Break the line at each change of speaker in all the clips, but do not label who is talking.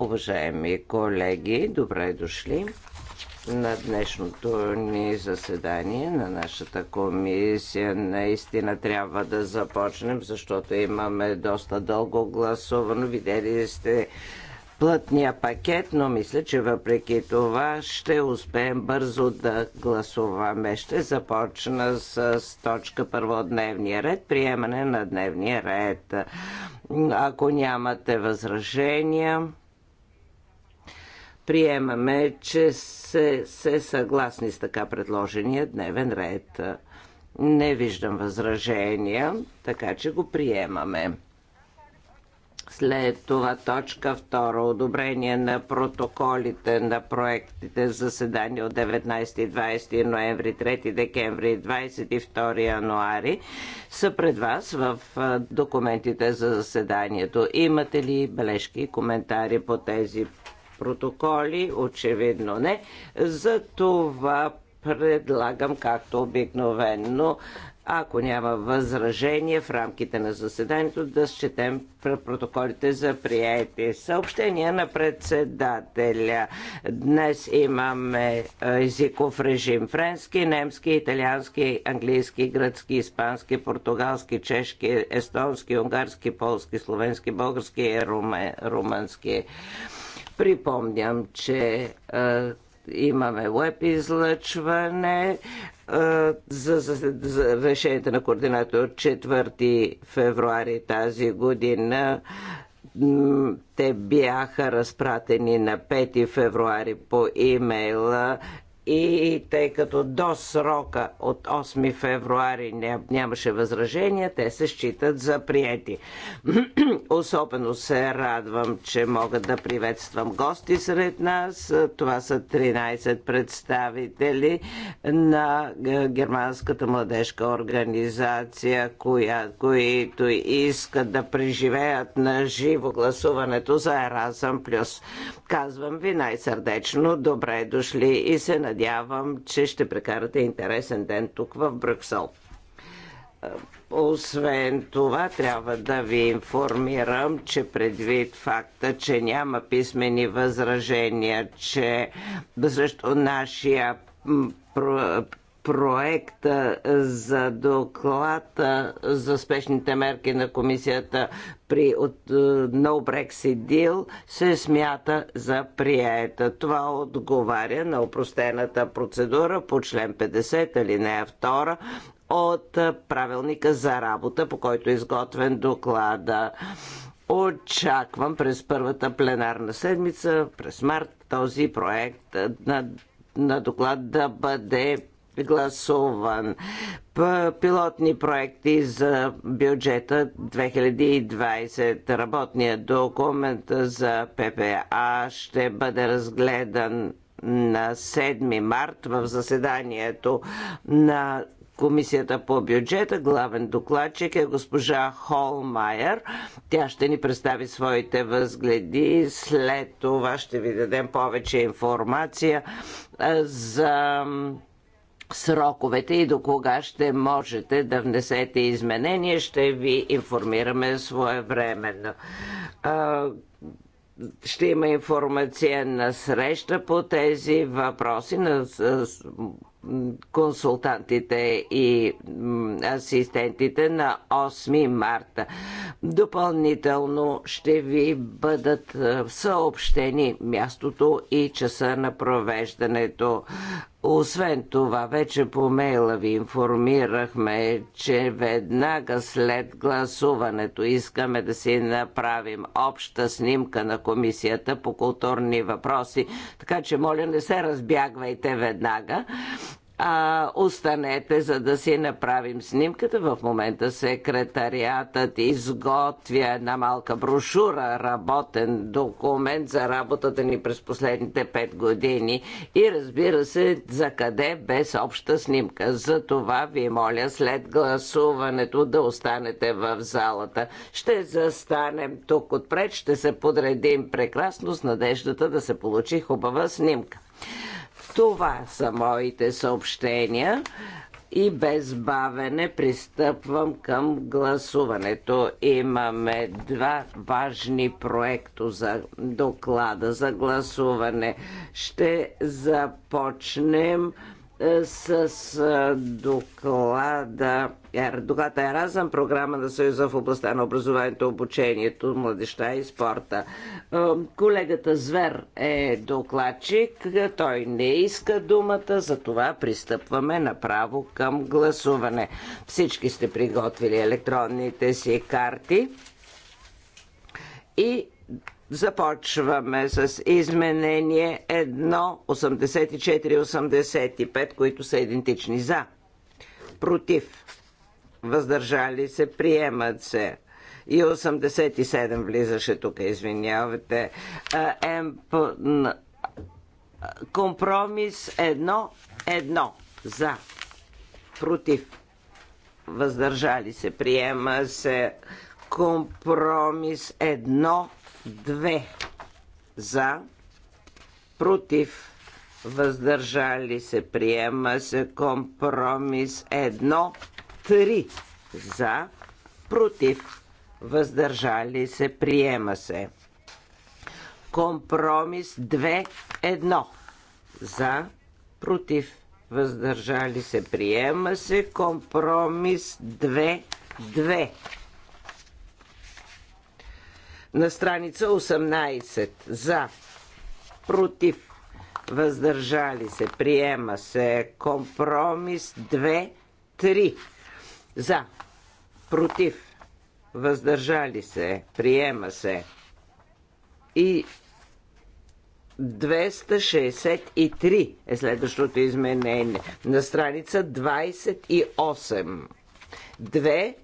Уважаеми колеги, добре дошли на днешното ни заседание на нашата комисия. Наистина трябва да започнем, защото имаме доста дълго гласувано. Видели сте плътния пакет, но мисля, че въпреки това ще успеем бързо да гласуваме. Ще започна с точка първо дневния ред, приемане на дневния ред. Ако нямате възражения, приемаме, че се, се съгласни с така предложения дневен ред. Не виждам възражения, така че го приемаме. След това точка 2. Одобрение на протоколите на проектите за заседания от 19 и 20 ноември, 3 декември и 22 януари са пред вас в документите за заседанието. Имате ли бележки и коментари по тези протоколи? Очевидно не. За това предлагам, както обикновено. Ако няма възражение в рамките на заседанието, да счетем протоколите за приятие. Съобщение на председателя. Днес имаме езиков режим френски, немски, италиански, английски, гръцки, испански, португалски, чешки, естонски, унгарски, полски, словенски, български и румънски. Припомням, че Имаме веб излъчване е, за, за, за решението на координатор 4 февруари тази година те бяха разпратени на 5 февруари по имейла и тъй като до срока от 8 февруари нямаше възражения, те се считат за приети. Особено се радвам, че мога да приветствам гости сред нас. Това са 13 представители на е, Германската младежка организация, коя, които искат да преживеят на живо гласуването за Erasmus+. Плюс. Казвам ви най-сърдечно добре дошли и се надявам надявам, че ще прекарате интересен ден тук в Брюксел. Освен това, трябва да ви информирам, че предвид факта, че няма писмени възражения, че срещу нашия проекта за доклада за спешните мерки на комисията при от е, No Brexit Deal се смята за приета. Това отговаря на упростената процедура по член 50 или не 2 от е, правилника за работа, по който е изготвен доклада. Очаквам през първата пленарна седмица, през март, този проект е, на на доклад да бъде гласуван. Пилотни проекти за бюджета 2020. Работният документ за ППА ще бъде разгледан на 7 март в заседанието на Комисията по бюджета. Главен докладчик е госпожа Холмайер. Тя ще ни представи своите възгледи. След това ще ви дадем повече информация за сроковете и до кога ще можете да внесете изменения. Ще ви информираме своевременно ще има информация на среща по тези въпроси на консултантите и асистентите на 8 марта. Допълнително ще ви бъдат е, съобщени мястото и часа на провеждането. Освен това, вече по мейла ви информирахме, че веднага след гласуването искаме да си направим обща снимка на Комисията по културни въпроси, така че моля не се разбягвайте веднага а, останете, за да си направим снимката. В момента секретариатът изготвя една малка брошура, работен документ за работата ни през последните пет години и разбира се, за къде без обща снимка. За това ви моля след гласуването да останете в залата. Ще застанем тук отпред, ще се подредим прекрасно с надеждата да се получи хубава снимка. Това са моите съобщения и без бавене пристъпвам към гласуването. Имаме два важни проекто за доклада за гласуване. Ще започнем с доклада, доклада разъм програма на Съюза в областта на образованието, обучението, младеща и спорта. Колегата Звер е докладчик, той не иска думата, затова пристъпваме направо към гласуване. Всички сте приготвили електронните си карти и Започваме с изменение 1.84.85, 84-85, които са идентични за. Против. Въздържали се, приемат се. И 87 влизаше тук, извинявате. МП, компромис 1.1. за. Против. Въздържали се, приема се. Компромис 1 2 за, против, въздържали се, приема се компромис 1, 3 за, против, въздържали се, приема се. Компромис 2, 1 за, против, въздържали се, приема се. Компромис 2, 2 на страница 18. За, против, въздържали се, приема се компромис 2, 3. За, против, въздържали се, приема се. И 263 е следващото изменение на страница 28. 3.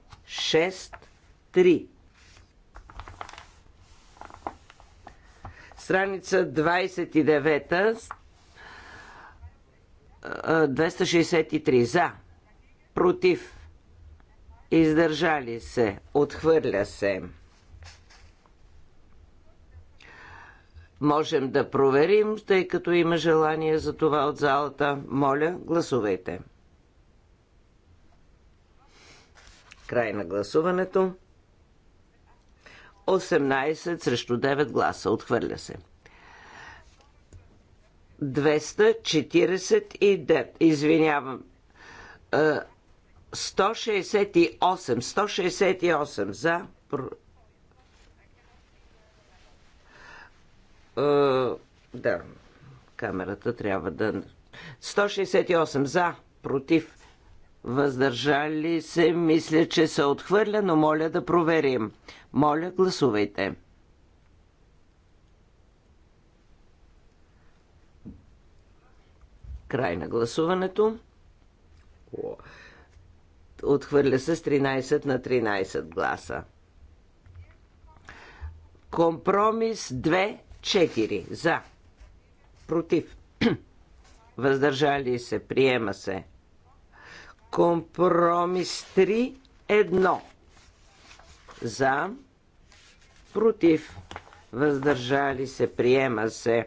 страница 29, 263 за, против, издържали се, отхвърля се. Можем да проверим, тъй като има желание за това от залата. Моля, гласувайте. Край на гласуването. 18 срещу 9 гласа. Отхвърля се. 249. Извинявам. 168. Е, 168 за. Е, да. Камерата трябва да. 168 за. Против въздържали се, мисля, че се отхвърля, но моля да проверим. Моля, гласувайте. Край на гласуването. Отхвърля се с 13 на 13 гласа. Компромис 2-4. За. Против. Въздържали се. Приема се. Компромис 3, 1. За, против, въздържали се, приема се.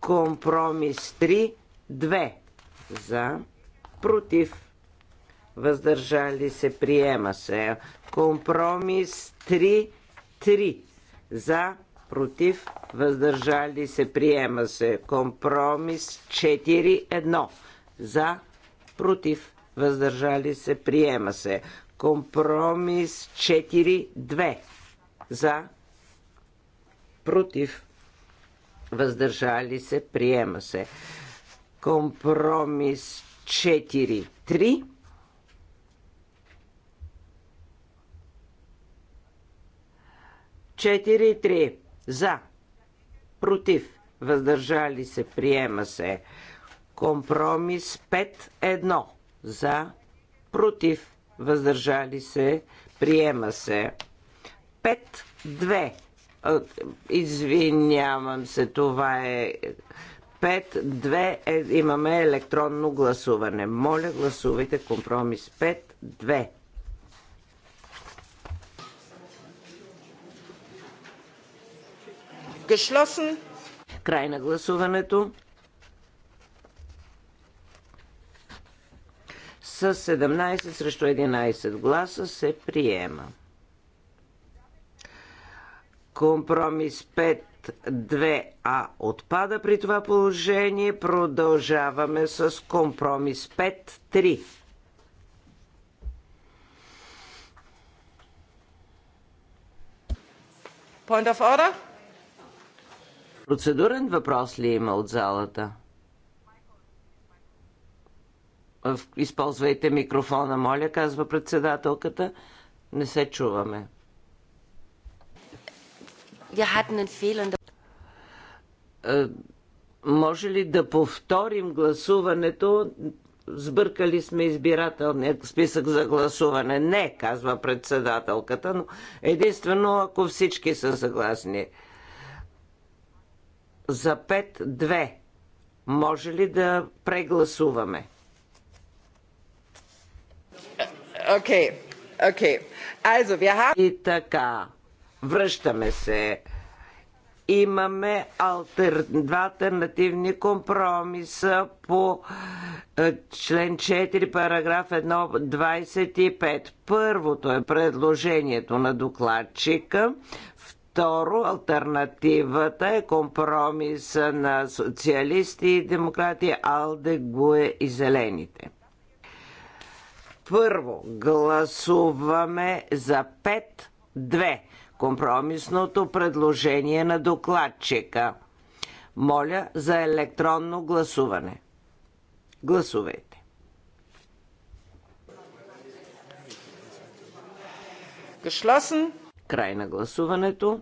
Компромис 3, 2. За, против, въздържали се, приема се. Компромис 3, 3. За, против, въздържали се, приема се. Компромис 4, 1. За, против, въздържали се, приема се. Компромис 4-2 за, против, въздържали се, приема се. Компромис 4-3 4-3 за, против, въздържали се, приема се. Компромис 5-1 за, против, въздържали се, приема се. 5-2. Извинявам се, това е 5-2. Е, имаме електронно гласуване. Моля, гласувайте компромис 5-2. Geschlossen. Край на гласуването. С 17 срещу 11 гласа се приема. Компромис 5 2А отпада при това положение. Продължаваме с компромис 5-3.
Point of order?
Процедурен въпрос ли има от залата? Използвайте микрофона, моля, казва председателката. Не се чуваме. Е, може ли да повторим гласуването? Сбъркали сме избирателния списък за гласуване. Не, казва председателката, но единствено ако всички са съгласни. За 5-2. Може ли да прегласуваме? Окей. Окей. Айзо, И така, връщаме се. Имаме два альтернативни компромиса по е, член 4, параграф 1, 25. Първото е предложението на докладчика. Второ, альтернативата е компромиса на социалисти и демократи, Алде, Гуе и Зелените. Първо гласуваме за 5-2 компромисното предложение на докладчика. Моля за електронно гласуване. Гласувайте. Край на гласуването.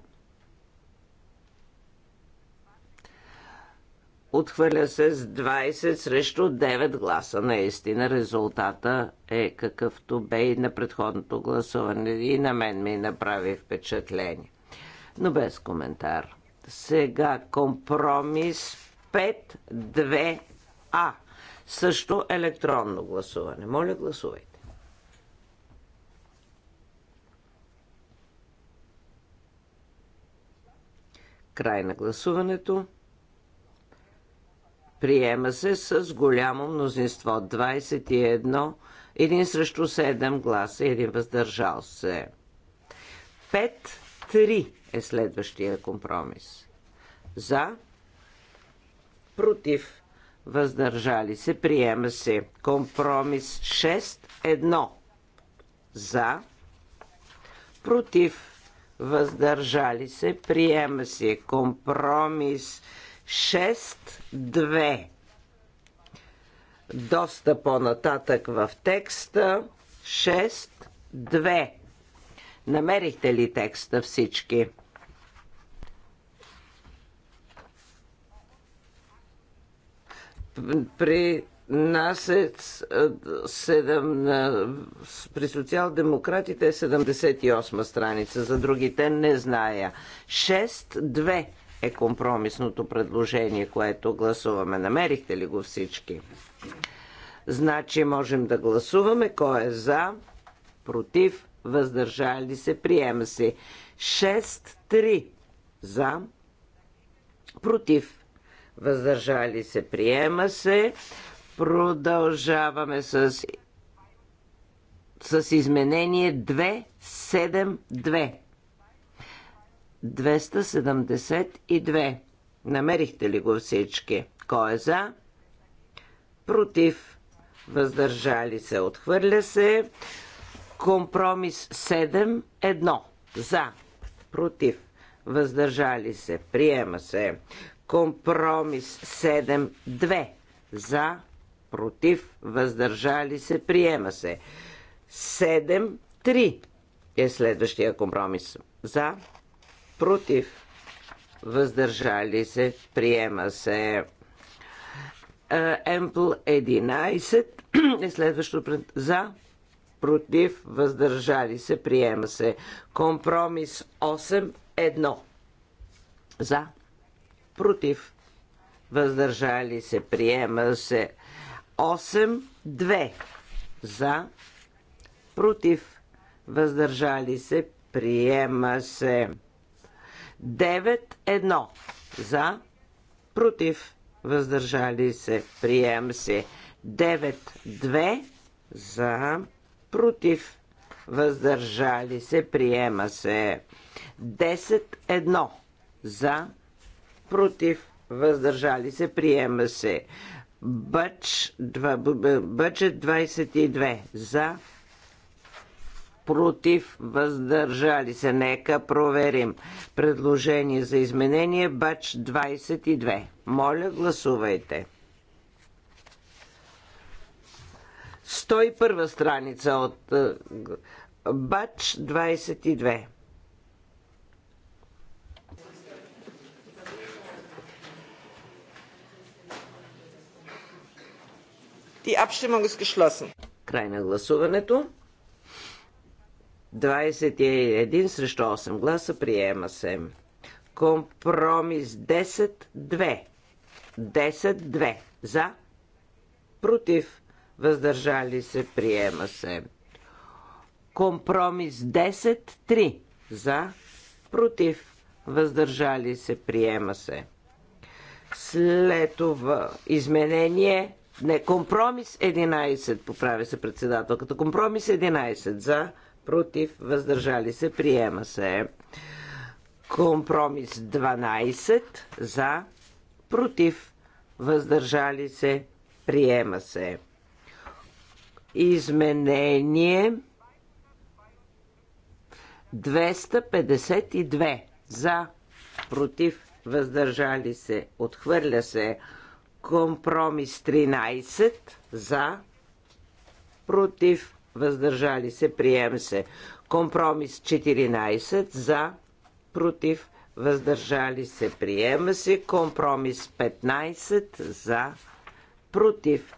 Отхвърля се с 20 срещу 9 гласа. Наистина резултата е какъвто бе и на предходното гласуване. И на мен ми направи впечатление. Но без коментар. Сега компромис 5-2А. Също електронно гласуване. Моля, гласувайте. Край на гласуването. Приема се с голямо мнозинство 21, един срещу 7 гласа, един въздържал се. 5-3 е следващия компромис. За, против, въздържали се, приема се. Компромис 6-1. За, против, въздържали се, приема се. Компромис 6 6-2. Доста по-нататък в текста. 6-2. Намерихте ли текста всички? При нас е 7, при социал-демократите е 78 страница, за другите не зная. 6-2 е компромисното предложение, което гласуваме. Намерихте ли го всички? Значи можем да гласуваме кой е за, против, въздържали се, приема се. 6-3 за, против, въздържали се, приема се. Продължаваме с, с изменение 272 272. Намерихте ли го всички? Кой е за? Против. Въздържали се. Отхвърля се. Компромис 7-1. За. Против. Въздържали се. Приема се. Компромис 7-2. За. Против. Въздържали се. Приема се. 7-3 е следващия компромис. За против, въздържали се, приема се. Е, Емпл 11 е следващо пред... за, против, въздържали се, приема се. Компромис 8, 1 за, против, въздържали се, приема се. 8, 2 за, против, въздържали се, приема се. 9-1 за, против, въздържали се, приема се. 9-2 за, против, въздържали се, приема се. 10-1 за, против, въздържали се, приема се. Бъч, 22 за, против, въздържали се. Нека проверим. Предложение за изменение бач 22. Моля, гласувайте. 101 страница от е, бач 22.
Die Abstimmung ist geschlossen.
Край на гласуването. 21 срещу 8 гласа приема се. Компромис 10-2. 10-2. За. Против. Въздържали се. Приема се. Компромис 10-3. За. Против. Въздържали се. Приема се. След това изменение. Не, компромис 11. Поправя се председателката. Компромис 11. За против, въздържали се, приема се. Компромис 12 за, против, въздържали се, приема се. Изменение 252 за, против, въздържали се, отхвърля се. Компромис 13 за, против, въздържали се, приема се. Компромис 14 за, против, въздържали се, приема се. Компромис 15 за, против,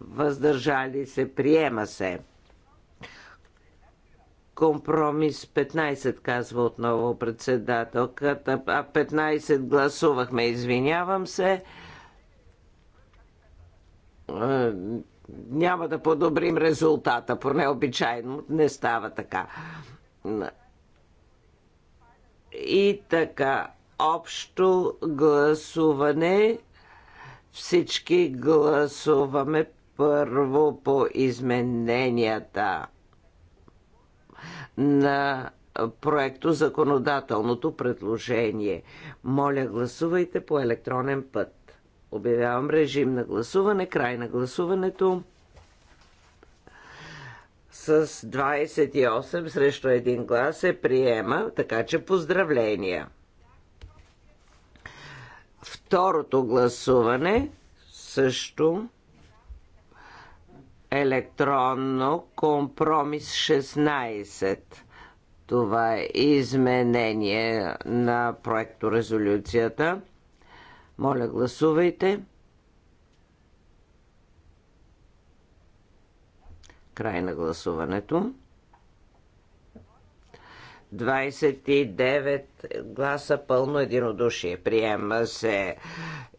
въздържали се, приема се. Компромис 15, казва отново председателката. А 15 гласувахме, извинявам се е, няма да подобрим резултата. Поне обичайно не става така. И така, общо гласуване. Всички гласуваме първо по измененията на проекто законодателното предложение. Моля, гласувайте по електронен път. Обявявам режим на гласуване, край на гласуването с 28 срещу един глас се приема, така че поздравления. Второто гласуване също електронно компромис 16. Това е изменение на проекто резолюцията моля, гласувайте. Край на гласуването. 29 гласа пълно единодушие. Приема се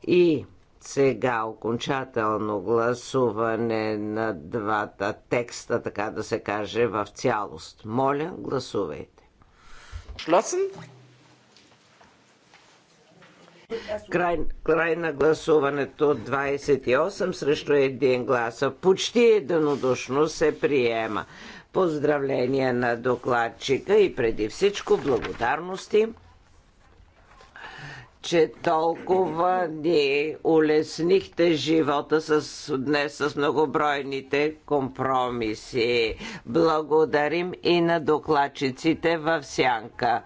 и сега окончателно гласуване на двата текста, така да се каже, в цялост. Моля, гласувайте. Шлосен? Край, край на гласуването 28 срещу един гласа. Почти единодушно се приема. Поздравления на докладчика и преди всичко благодарности че толкова ни улеснихте живота с, днес с многобройните компромиси. Благодарим и на докладчиците в Сянка,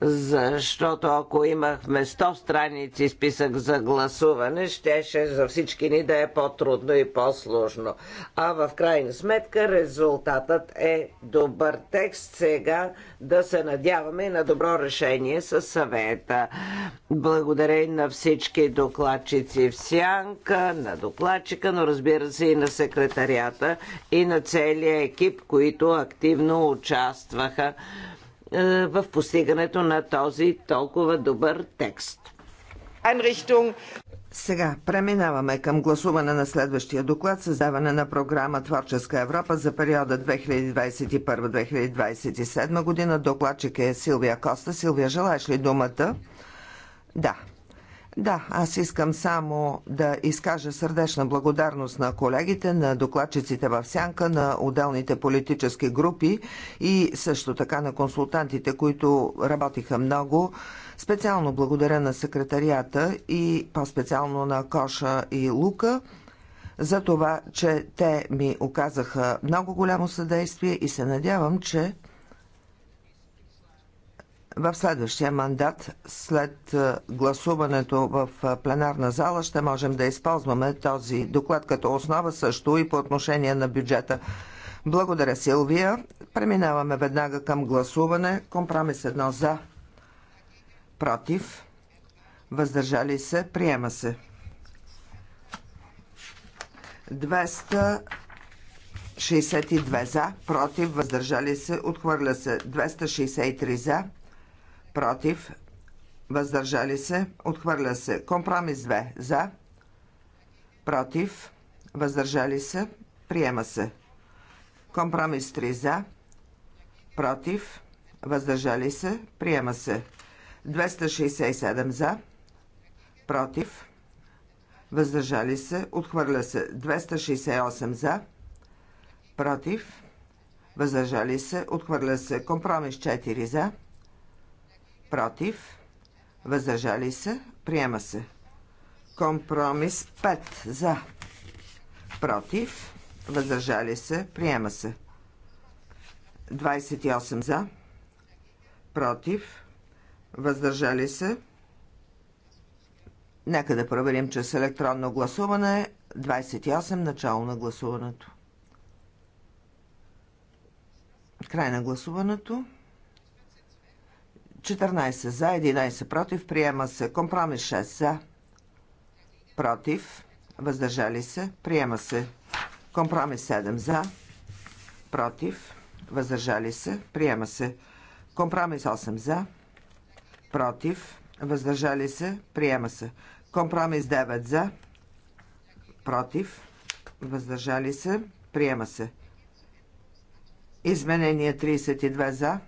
защото ако имахме 100 страници списък за гласуване, щеше за всички ни да е по-трудно и по-сложно. А в крайна сметка резултатът е добър текст сега да се надяваме на добро решение със съвета. Благодарим благодаря и на всички докладчици в Сянка, на докладчика, но разбира се и на секретарията и на целия екип, които активно участваха е, в постигането на този толкова добър текст.
Сега преминаваме към гласуване на следващия доклад създаване на програма Творческа Европа за периода 2021-2027 година. Докладчик е Силвия Коста. Силвия, желаеш ли думата? Да. Да, аз искам само да изкажа сърдечна благодарност на колегите, на докладчиците в сянка, на отделните политически групи и също така на консултантите, които работиха много. Специално благодаря на секретарията и по-специално на Коша и Лука за това, че те ми оказаха много голямо съдействие и се надявам, че в следващия мандат, след е, гласуването в е, пленарна зала, ще можем да използваме този доклад като основа също и по отношение на бюджета. Благодаря, Силвия. Преминаваме веднага към гласуване. Компромис едно за, против, въздържали се, приема се. 262 за, против, въздържали се, отхвърля се. 263 за, против, въздържали се, отхвърля се. Компромис 2 за, против, въздържали се, приема се. Компромис 3 за, против, въздържали се, приема се. 267 за, против, въздържали се, отхвърля се. 268 за, против, въздържали се, отхвърля се. Компромис 4 за, против, въздържали се, приема се. Компромис 5 за, против, въздържали се, приема се. 28 за, против, въздържали се. Нека да проверим, че с електронно гласуване 28 начало на гласуването. Край на гласуването. 14 за, 11 против. Приема се. Компромис 6 за. Против. Въздържали се. Приема се. Компромис 7 за. Против. Въздържали се. Приема се. Компромис 8 за. Против. Въздържали се. Приема се. Компромис 9 за. Против. Въздържали се. Приема се. Изменение 32 за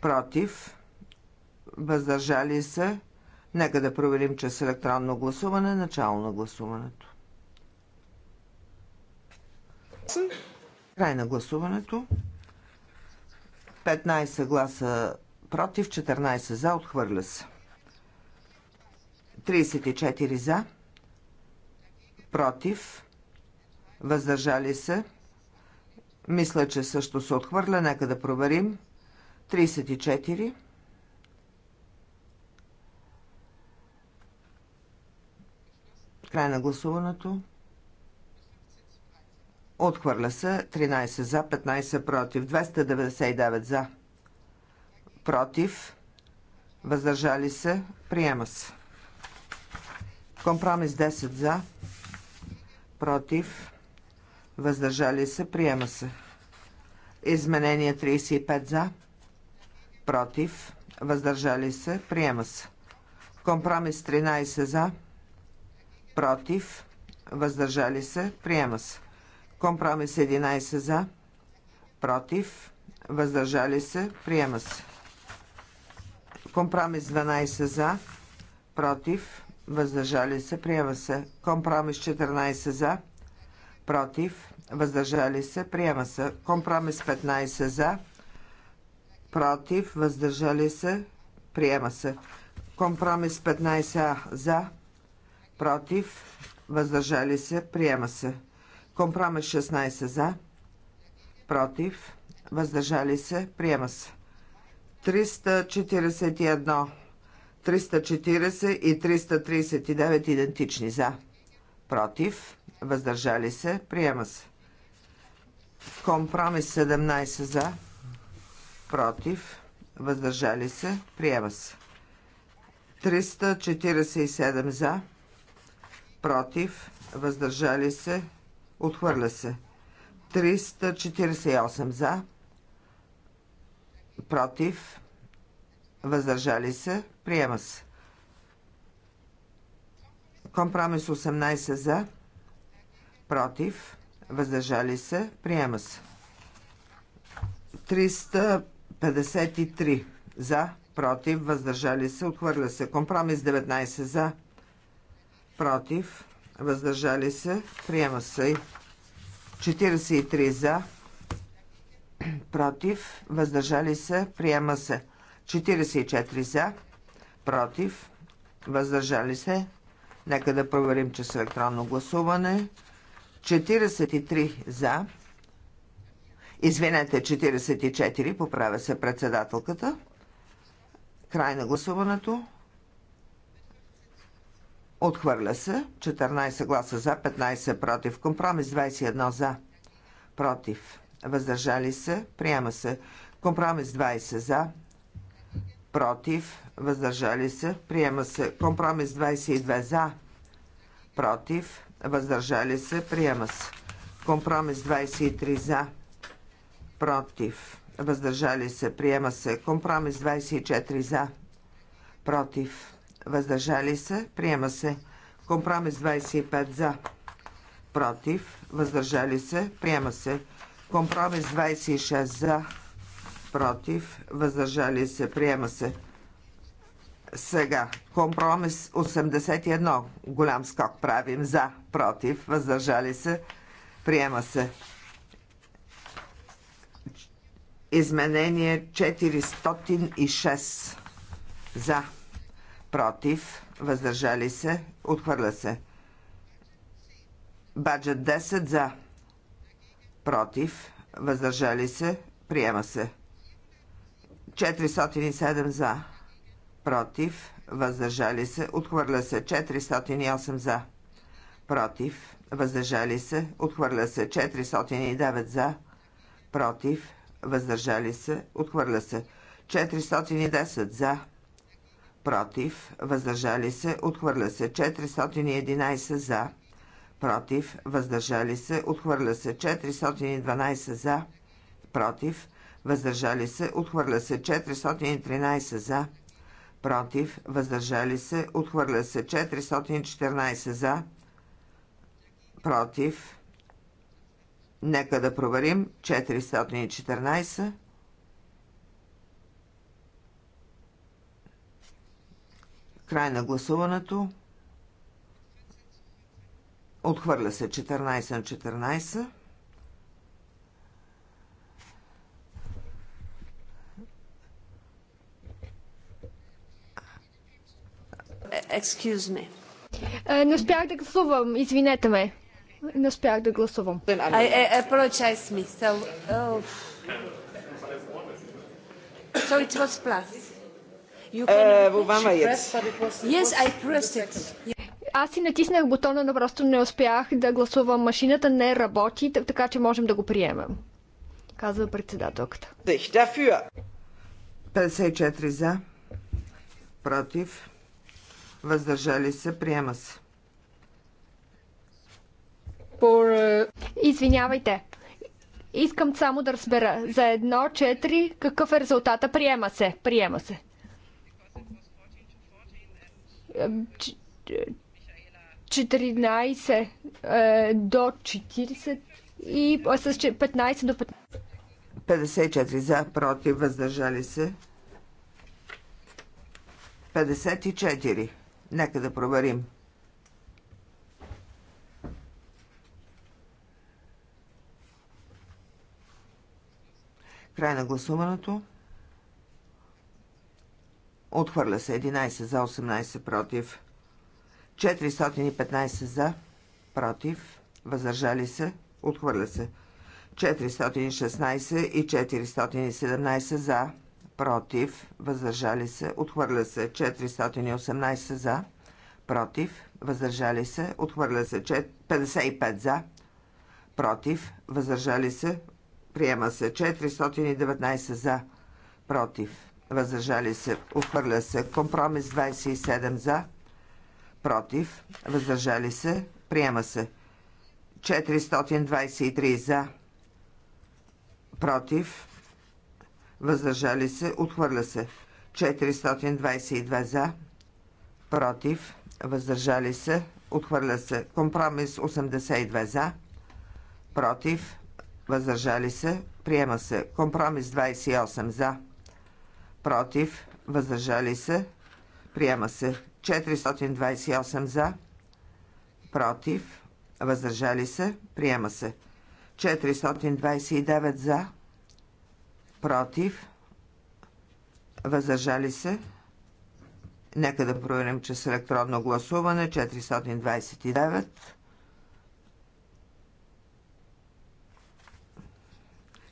против, въздържали се. Нека да проверим, чрез електронно гласуване начало на гласуването. Край на гласуването. 15 гласа против, 14 за, отхвърля се. 34 за, против, въздържали се. Мисля, че също се отхвърля. Нека да проверим. 34. Край на гласуването. Отхвърля се 13 за, 15 против, 299 за. Против. Въздържали се. Приема се. Компромис 10 за. Против. Въздържали се. Приема се. Изменение 35 за против, въздържали се, приема се. Компромис 13 за, против, въздържали се, приема се. Компромис 11 за, против, въздържали се, приема се. Компромис 12 за, против, въздържали се, приема се. Компромис 14 за, против, въздържали се, приема се. Компромис 15 за, против, въздържали се, приема се. Компромис 15А за, против, въздържали се, приема се. Компромис 16 за, против, въздържали се, приема се. 341, 340 и 339 идентични за, против, въздържали се, приема се. Компромис 17 за, против, въздържали се, приема се. 347 за, против, въздържали се, отхвърля се. 348 за, против, въздържали се, приема се. Компромис 18 за, против, въздържали се, приема се. 300 53 за, против, въздържали се, отхвърля се. Компромис 19 за, против, въздържали се, приема се. 43 за, против, въздържали се, приема се. 44 за, против, въздържали се. Нека да проверим, че с електронно гласуване. 43 за, Извинете, 44, поправя се председателката. Край на гласуването. Отхвърля се. 14 гласа за, 15 против. Компромис 21 за. Против. Въздържали се. Приема се. Компромис 20 за. Против. Въздържали се. Приема се. Компромис 22 за. Против. Въздържали се. Приема се. Компромис 23 за против, въздържали се, приема се. Компромис 24 за, против, въздържали се, приема се. Компромис 25 за, против, въздържали се, приема се. Компромис 26 за, против, въздържали се, приема се. Сега, компромис 81, голям скок правим за, против, въздържали се, приема се. Изменение 406. За. Против. Въздържали се. Отхвърля се. Баджет 10 за. Против. Въздържали се. Приема се. 407 за. Против. Въздържали се. Отхвърля се. 408 за. Против. Въздържали се. Отхвърля се. 409 за. Против въздържали се, отхвърля се. 410 за, против, въздържали се, отхвърля се. 411 за, против, въздържали се, отхвърля се. 412 за, против, въздържали се, отхвърля се. 413 за, против, въздържали се, отхвърля се. 414 за, против, Нека да проверим. 414. Край на гласуването. Отхвърля се 14 на 14.
Е, excuse me. Е, не успях да гласувам. Извинете ме не успях да гласувам. I, е, me, so, смисъл. Oh. so it was plus. Е, yes, I pressed it. Аз си натиснах бутона, но просто не успях да гласувам. Машината не работи, така че можем да го приемем.
Казва председателката. 54 за. Против. Въздържали се. Приема се.
For... Е, Извинявайте. Искам само да разбера. За едно 4 какъв е резултата? Приема се. Приема се. 14 е, до 40 и с 15 до 15.
54 за, против, въздържали се. 54. Нека да проверим. 54. Край на гласуването. Отхвърля се 11 за 18 против. 415 за против. Въздържали се. Отхвърля се. 416 и 417 за против. Въздържали се. Отхвърля се. 418 за против. Въздържали се. Отхвърля се. 55 за против. Въздържали се. Приема се 419 за, против, въздържали се, отхвърля се. Компромис 27 за, против, въздържали се, приема се. 423 за, против, въздържали се, отхвърля се. 422 за, против, въздържали се, отхвърля се. Компромис 82 за, против, въздържали се, приема се. Компромис 28 за, против, въздържали се, приема се. 428 за, против, въздържали се, приема се. 429 за, против, въздържали се. Нека да проверим, че с електронно гласуване 429.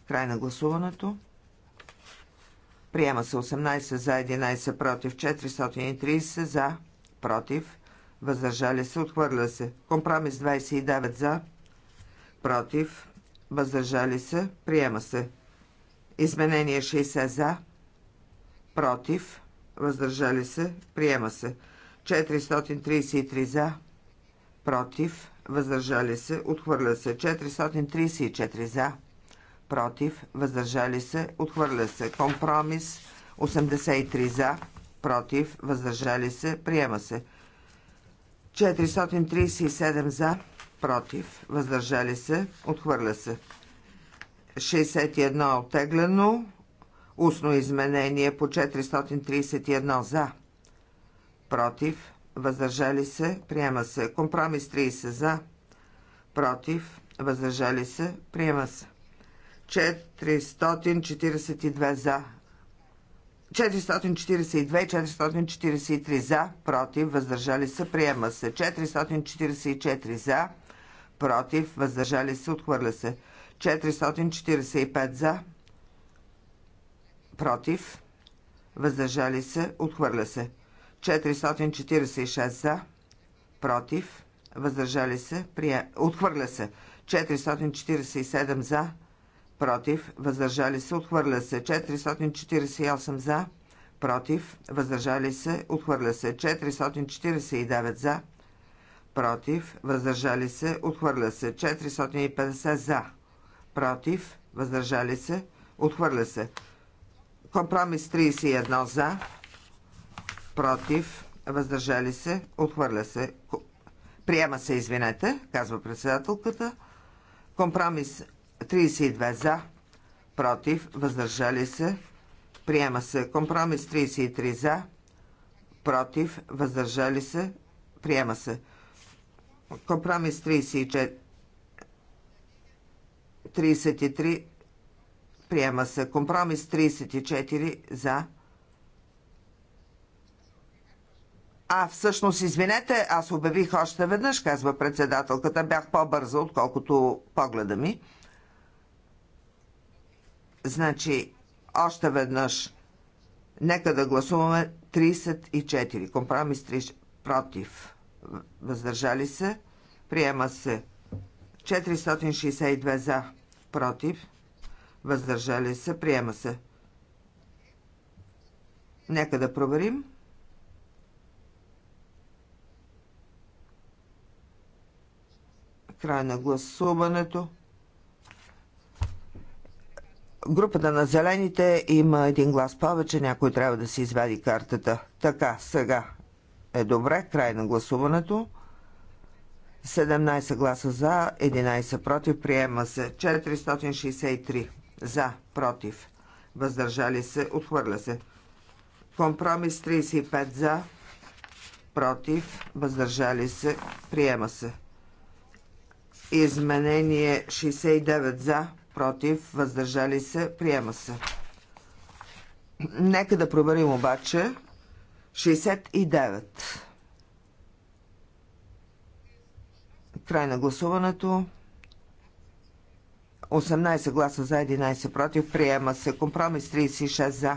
Край на гласуването. Приема се 18 за 11 против 430 за против. Въздържали се. Отхвърля се. Компромис 29 за против. Въздържали се. Приема се. Изменение 60 за против. Въздържали се. Приема се. 433 за против. Въздържали се. Отхвърля се. 434 за против, въздържали се, отхвърля се. Компромис 83 за, против, въздържали се, приема се. 437 за, против, въздържали се, отхвърля се. 61 отеглено, устно изменение по 431 за, против, въздържали се, приема се. Компромис 30 за, против, въздържали се, приема се. 442 за. 442 и 443 за, против, въздържали се, приема се. 444 за, против, въздържали се, отхвърля се. 445 за, против, въздържали се, отхвърля се. 446 за, против, въздържали се, прие... отхвърля се. 447 за, против, въздържали се, отхвърля се. 448 за, против, въздържали се, отхвърля се. 449 за, против, въздържали се, отхвърля се. 450 за, против, въздържали се, отхвърля се. Компромис 31 за, против, въздържали се, отхвърля се. Приема се, извинете, казва председателката. Компромис 32 за, против, въздържали се. Приема се компромис 33 за, против, въздържали се. Приема се. Компромис 34, 33 Приема се компромис 34 за. А, всъщност, извинете, аз обявих още веднъж, казва председателката. Бях по-бърза, отколкото погледа ми. Значи, още веднъж, нека да гласуваме 34. Компромис 3 против. Въздържали се. Приема се 462 за против. Въздържали се. Приема се. Нека да проверим. Край на гласуването групата на зелените има един глас повече, някой трябва да си извади картата. Така, сега е добре, край на гласуването. 17 гласа за, 11 против, приема се. 463 за, против, въздържали се, отхвърля се. Компромис 35 за, против, въздържали се, приема се. Изменение 69 за, против, въздържали се, приема се. Нека да проверим обаче 69. Край на гласуването. 18 гласа за, 11 против. Приема се. Компромис 36 за,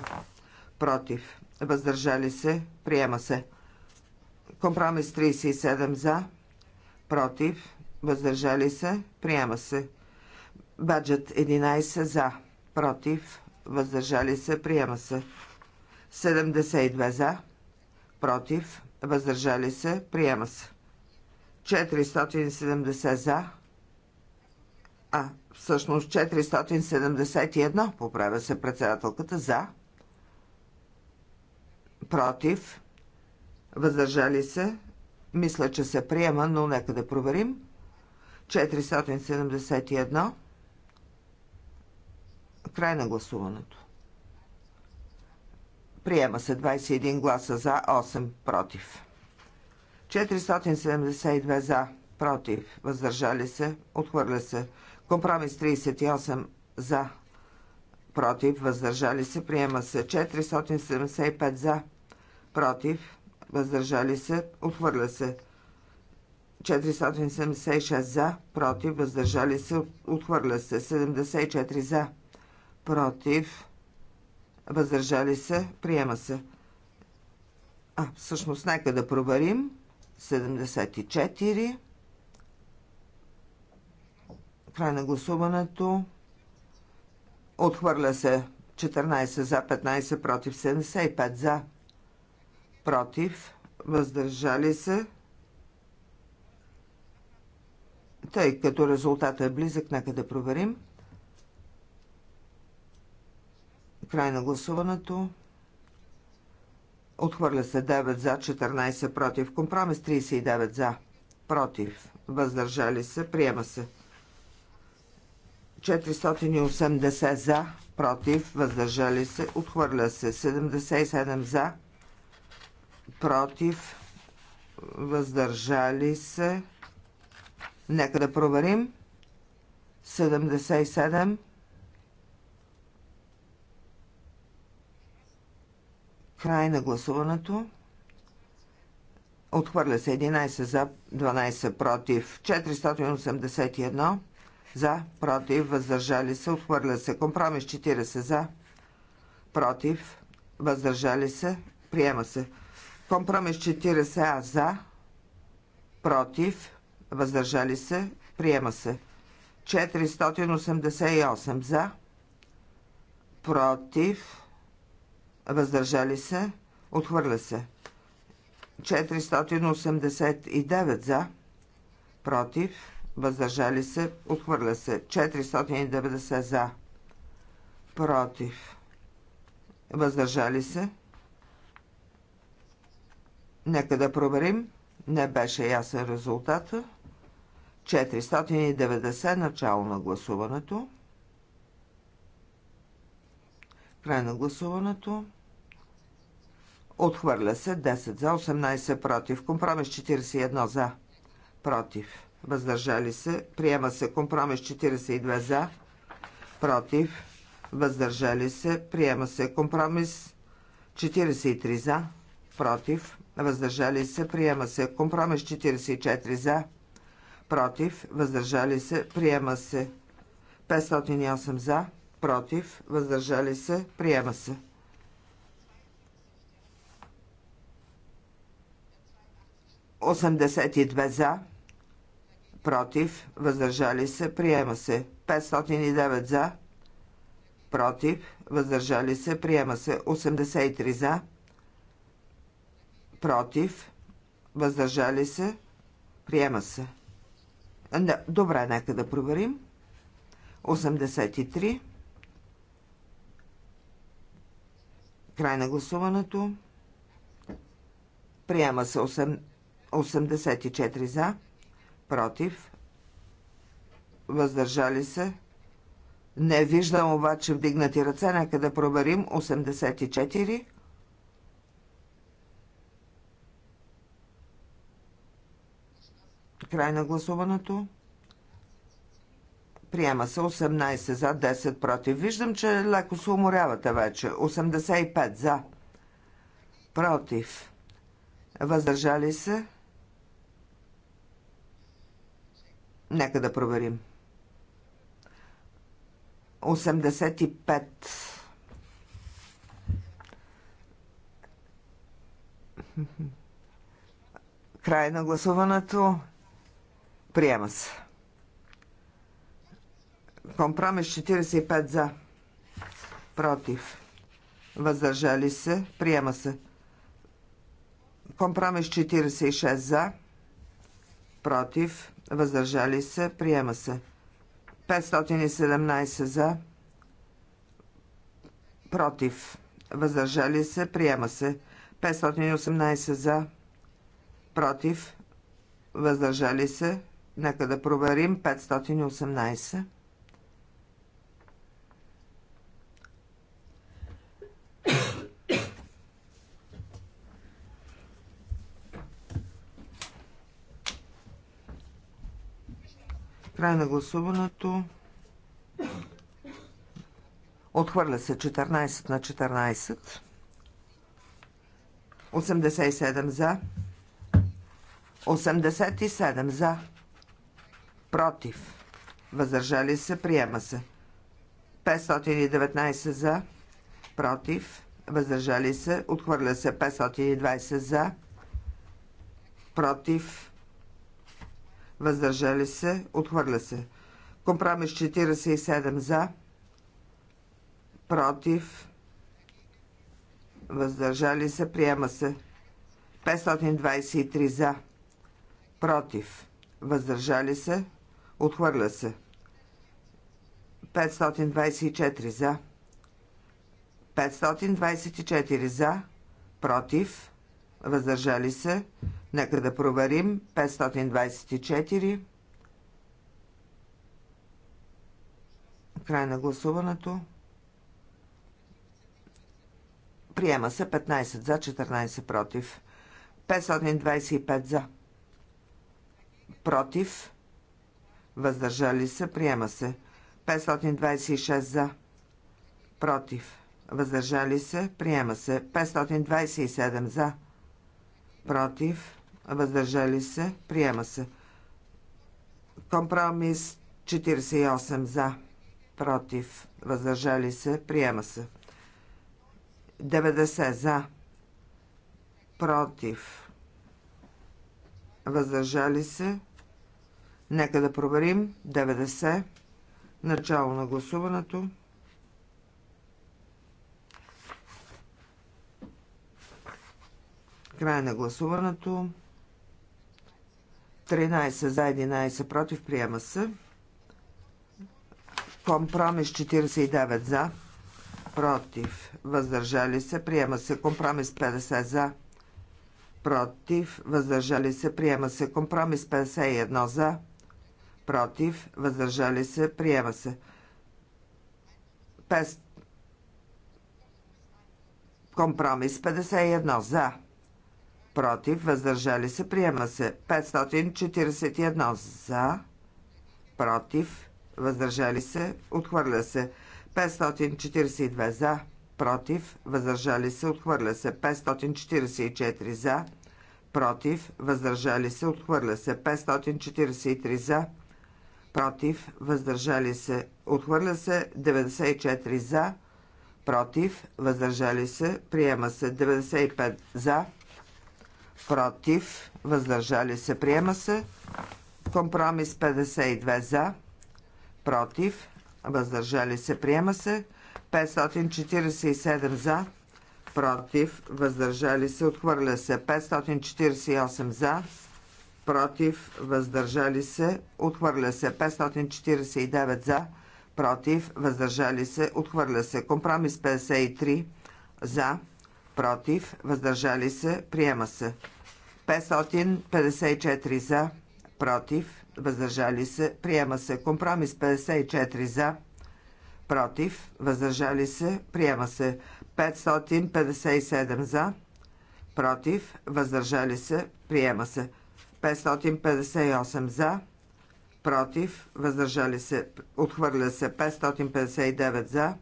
против. Въздържали се. Приема се. Компромис 37 за, против. Въздържали се. Приема се. Баджет 11 за, против, въздържали се, приема се. 72 за, против, въздържали се, приема се. 470 за, а всъщност 471 поправя се председателката за, против, въздържали се, мисля, че се приема, но нека да проверим. 471 Край на гласуването. Приема се 21 гласа за, 8 против. 472 за, против, въздържали се, отхвърля се. Компромис 38 за, против, въздържали се, приема се. 475 за, против, въздържали се, отхвърля се. 476 за, против, въздържали се, отхвърля се. 74 за, против, въздържали се, приема се. А, всъщност, нека да проверим. 74. Край на гласуването. Отхвърля се 14 за, 15 против, 75 за, против, въздържали се. Тъй като резултата е близък, нека да проверим. 74. Край на гласуването. Отхвърля се 9 за, 14 против. Компромис 39 за, против. Въздържали се. Приема се. 480 за, против. Въздържали се. Отхвърля се. 77 за, против. Въздържали се. Нека да проверим. 77. Край на гласуването. Отхвърля се 11 за, 12 против, 481 за, против, въздържали се, отхвърля се. Компромис 40 за, против, въздържали се, приема се. Компромис 40а за, против, въздържали се, приема се. 488 за, против, въздържали се, отхвърля се. 489 за, против, въздържали се, отхвърля се. 490 за, против, въздържали се. Нека да проверим. Не беше ясен резултата. 490 начало на гласуването. Край на гласуването. Отхвърля се 10 за 18 против. Компромис 41 за против. Въздържали се. Приема се компромис 42 за против. Въздържали се. Приема се компромис 43 за против. Въздържали се. Приема се компромис 44 за против. Въздържали се. Приема се 508 за против. Въздържали се. Приема се. 82 за, против, въздържали се, приема се. 509 за, против, въздържали се, приема се. 83 за, против, въздържали се, приема се. Добре, нека да проверим. 83. Край на гласуването. Приема се 8. 84 за, против, въздържали се. Не виждам обаче вдигнати ръце. Нека да проверим. 84. Край на гласуването. Приема се 18 за, 10 против. Виждам, че леко се уморявате вече. 85 за. Против. Въздържали се. Нека да проверим. 85. Край на гласуването. Приема се. Компромис 45 за. Против. Въздържали се. Приема се. Компромис 46 за. Против въздържали се, приема се. 517 за, против, въздържали се, приема се. 518 за, против, въздържали се. Нека да проверим 518. Край на гласуването. Отхвърля се 14 на 14. 87 за. 87 за. Против. Въздържали се. Приема се. 519 за. Против. Въздържали се. Отхвърля се. 520 за. Против въздържали се, отхвърля се. Компромис 47 за, против, въздържали се, приема се. 523 за, против, въздържали се, отхвърля се. 524 за, 524 за, против, въздържали се. Нека да проверим. 524. Край на гласуването. Приема се 15 за, 14 против. 525 за. Против. Въздържали се. Приема се. 526 за. Против. Въздържали се. Приема се. 527 за против, въздържали се, приема се. Компромис 48 за, против, въздържали се, приема се. 90 за, против, въздържали се. Нека да проверим. 90. Начало на гласуването. Край на гласуването. 13 за 11 против. Приема се. Компромис 49 за. Против. Въздържали се. Приема се. Компромис 50 за. Против. Въздържали се. Приема се. Компромис 51 за. Против. Въздържали се. Приема се. 5. Компромис 51 за против, въздържали се, приема се. 541 за, против, въздържали се, отхвърля се. 542 за, против, въздържали се, отхвърля се. 544 за, против, въздържали се, отхвърля се. 543 за, против, въздържали се, отхвърля се. 94 за, против, въздържали се, приема се. 95 за, против, въздържали се, приема се. Компромис 52 за, против, въздържали се, приема се. 547 за, против, въздържали се, отхвърля се. 548 за, против, въздържали се, отхвърля се. 549 за, против, въздържали се, отхвърля се. Компромис 53 за, против, против, въздържали се, приема се. 554 за, против, въздържали се, приема се. Компромис 54 за, против, въздържали се, приема се. 557 за, против, въздържали се, приема се. 558 за, против, въздържали се, отхвърля се. 559 за,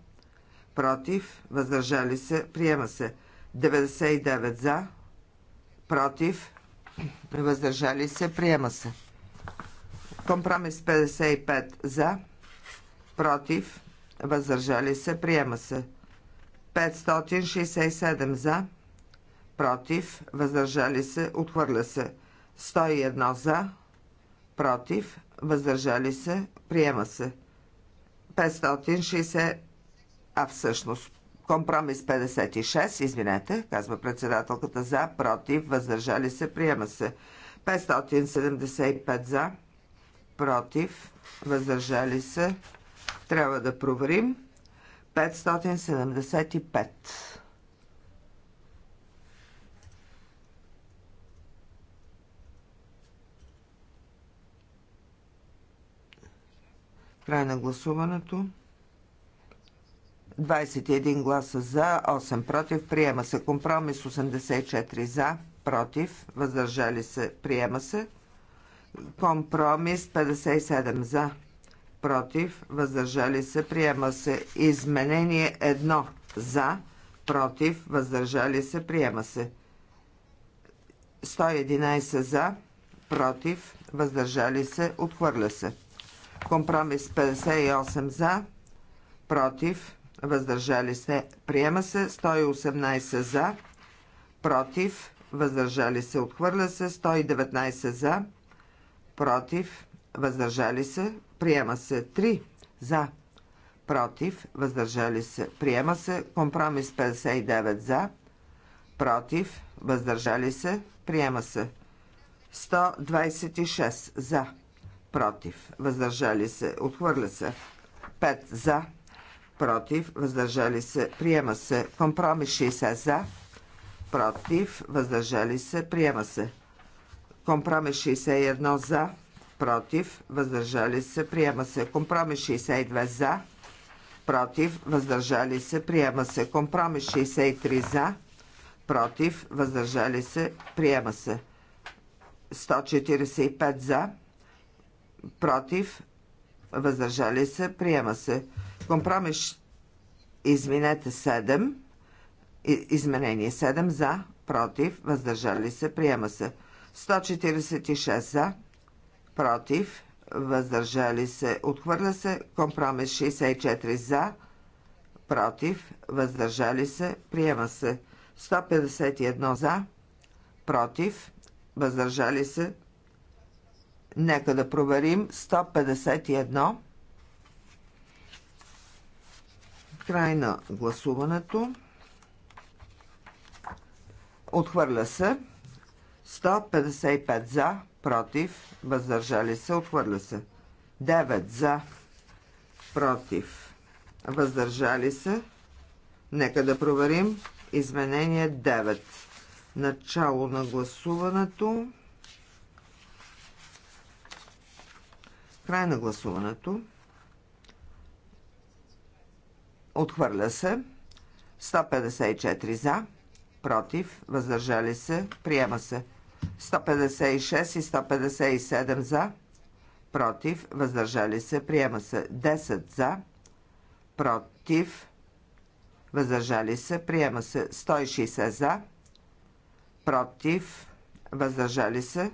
против, въздържали се, приема се. 99 за, против, въздържали се, приема се. Компромис 55 за, против, въздържали се, приема се. 567 за, против, въздържали се, отхвърля се. 101 за, против, въздържали се, приема се. 560, а всъщност Компромис 56, извинете, казва председателката за, против, въздържали се, приема се. 575 за, против, въздържали се. Трябва да проверим. 575. Край на гласуването. 21 гласа за, 8 против. Приема се компромис 84 за, против. Въздържали се. Приема се. Компромис 57 за, против. Въздържали се. Приема се. Изменение 1 за, против. Въздържали се. Приема се. 111 за, против. Въздържали се. Отхвърля се. Компромис 58 за, против въздържали се, приема се 118 за, против, въздържали се, отхвърля се 119 за, против, въздържали се, приема се 3 за, против, въздържали се, приема се компромис 59 за, против, въздържали се, приема се 126 за, против, въздържали се, отхвърля се 5 за, против, въздържали се, приема се. Компромис 60 за, против, въздържали се, приема се. Компромис 61 за, против, въздържали се, приема се. Компромис 62 за, против, въздържали се, приема се. Компромис 63 за, против, въздържали се, приема се. 145 за, против, въздържали се, приема се. Компромиш, извинете, 7. Изменение 7 за, против, въздържали се, приема се. 146 за, против, въздържали се, отхвърля се. Компромис 64 за, против, въздържали се, приема се. 151 за, против, въздържали се. Нека да проверим 151. Край на гласуването. Отхвърля се. 155 за, против, въздържали се, отхвърля се. 9 за, против, въздържали се. Нека да проверим. Изменение 9. Начало на гласуването. Край на гласуването. Отхвърля се. 154 за. Против. Въздържали се. Приема се. 156 и 157 за. Против. Въздържали се. Приема се. 10 за. Против. Въздържали се. Приема се. 160 за. Против. Въздържали се.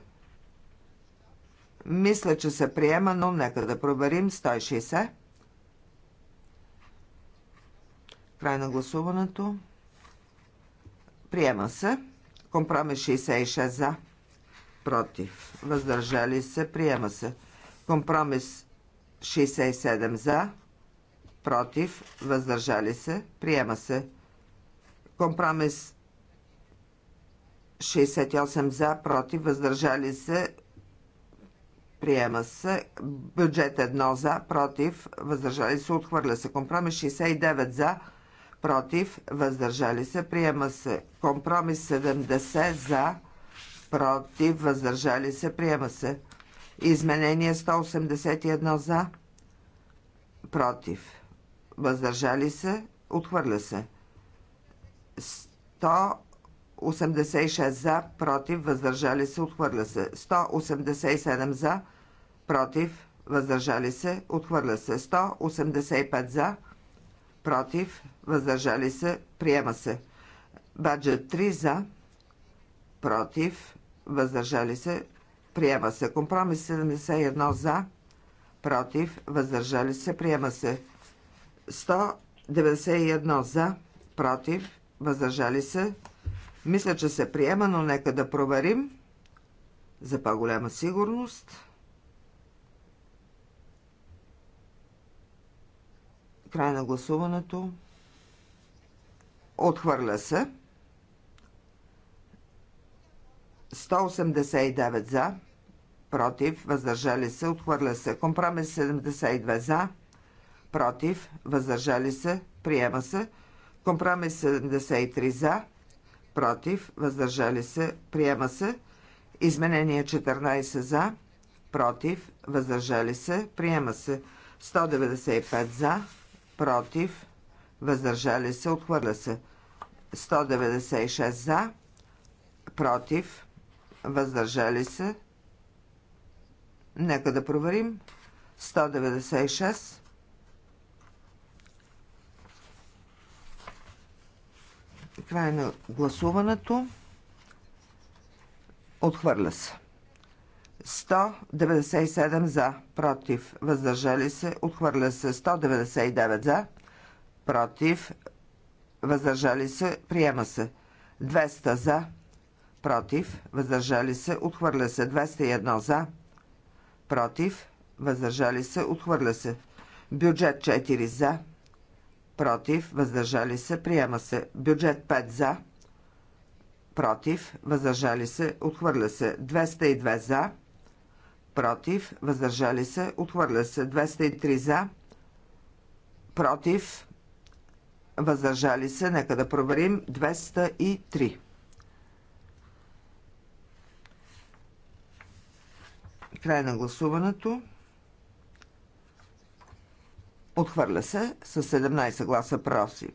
Мисля, че се приема, но нека да проверим. 160. Край на гласуването. Приема се. Компромис 66 за. Против. Въздържали се. Приема се. Компромис 67 за. Против. Въздържали се. Приема се. Компромис 68 за. Против. Въздържали се. Приема се. Бюджет 1 за. Против. Въздържали се. Отхвърля се. Компромис 69 за против, въздържали се, приема се. Компромис 70 за, против, въздържали се, приема се. Изменение 181 за, против, въздържали се, отхвърля се. 186 за, против, въздържали се, отхвърля се. 187 за, против, въздържали се, отхвърля се. 185 за, против, против, въздържали се, приема се. Баджа 3 за, против, въздържали се, приема се. Компромис 71 за, против, въздържали се, приема се. 191 за, против, въздържали се. Мисля, че се приема, но нека да проверим за по-голяма сигурност. Край на гласуването. Отхвърля се. 189 за, против, въздържали се, отхвърля се. Компромис 72 за, против, въздържали се, приема се. Компромис 73 за, против, въздържали се, приема се. Изменение 14 за, против, въздържали се, приема се. 195 за, против, въздържали се, отхвърля се. 196 за, против, въздържали се. Нека да проверим. 196. Край на гласуването. Отхвърля се. 197 за, против, въздържали се, отхвърля се 199 за, против, въздържали се, приема се 200 за, против, въздържали се, отхвърля се 201 за, против, въздържали се, отхвърля се бюджет 4 за, против, въздържали се, приема се бюджет 5 за, против, въздържали се, отхвърля се 202 за, против, въздържали се, отхвърля се. 203 за, против, въздържали се. Нека да проверим. 203. Край на гласуването. Отхвърля се с 17 гласа против.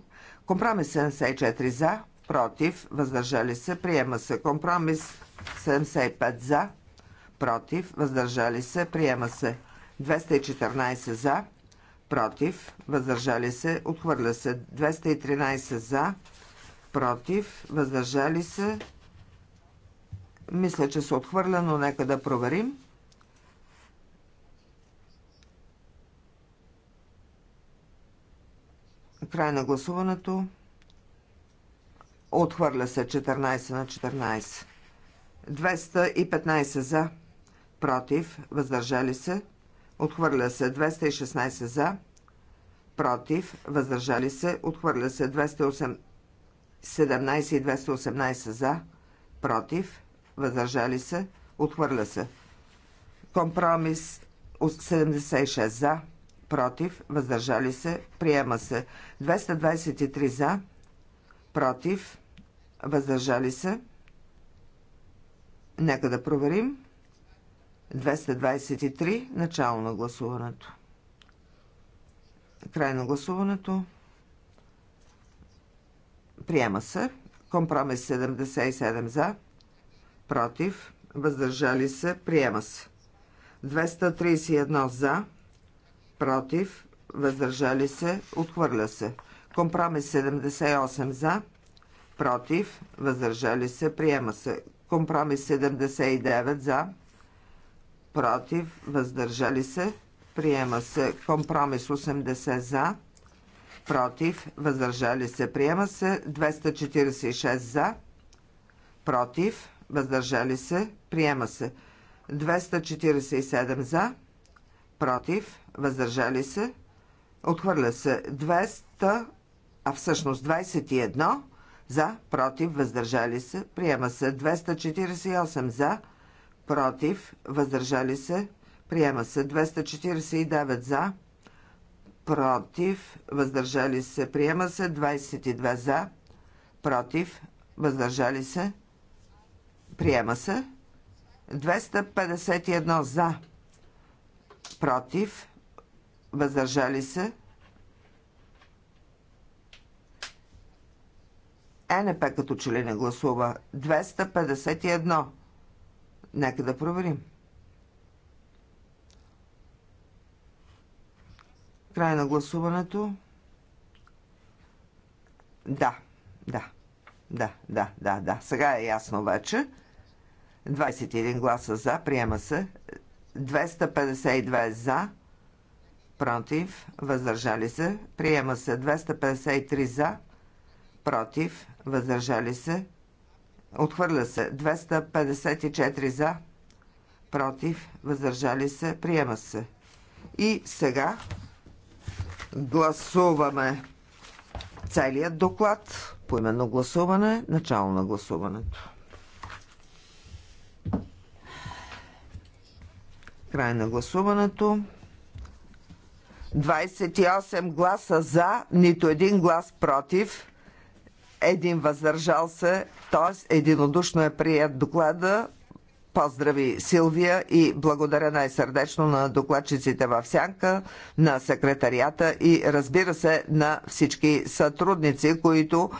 Компромис 74 за, против, въздържали се, приема се. Компромис 75 за, против, въздържали се, приема се. 214 за, против, въздържали се, отхвърля се. 213 за, против, въздържали се. Мисля, че се отхвърля, но нека да проверим. Край на гласуването. Отхвърля се 14 на 14. 215 за против, въздържали се, отхвърля се 216 за, против, въздържали се, отхвърля се 217 и 218 за, против, въздържали се, отхвърля се. Компромис 76 за, против, въздържали се, приема се. 223 за, против, въздържали се. Нека да проверим. 223. Начало на гласуването. Край на гласуването. Приема се. Компромис 77 за. Против. Въздържали се. Приема се. 231 за. Против. Въздържали се. Отхвърля се. Компромис 78 за. Против. Въздържали се. Приема се. Компромис 79 за против, въздържали се. Приема се компромис 80 за, против, въздържали се. Приема се 246 за, против, въздържали се. Приема се 247 за, против, въздържали се. Отхвърля се 200, а всъщност 21 за, против, въздържали се. Приема се 248 за, против, против, въздържали се, приема се. 249 за, против, въздържали се, приема се. 22 за, против, въздържали се, приема се. 251 за, против, въздържали се. Е, НП като че ли не гласува. 251 Нека да проверим. Край на гласуването. Да, да, да, да, да, да. Сега е ясно вече. 21 гласа за, приема се. 252 за, против, въздържали се. Приема се 253 за, против, въздържали се. Отхвърля се. 254 за. Против. Въздържали се. Приема се. И сега гласуваме целият доклад. по именно гласуване. Начало на гласуването. Край на гласуването. 28 гласа за, нито един глас против един въздържал се, т.е. единодушно е прият доклада. Поздрави Силвия и благодаря най-сърдечно на докладчиците в Сянка, на секретарията и разбира се на всички сътрудници, които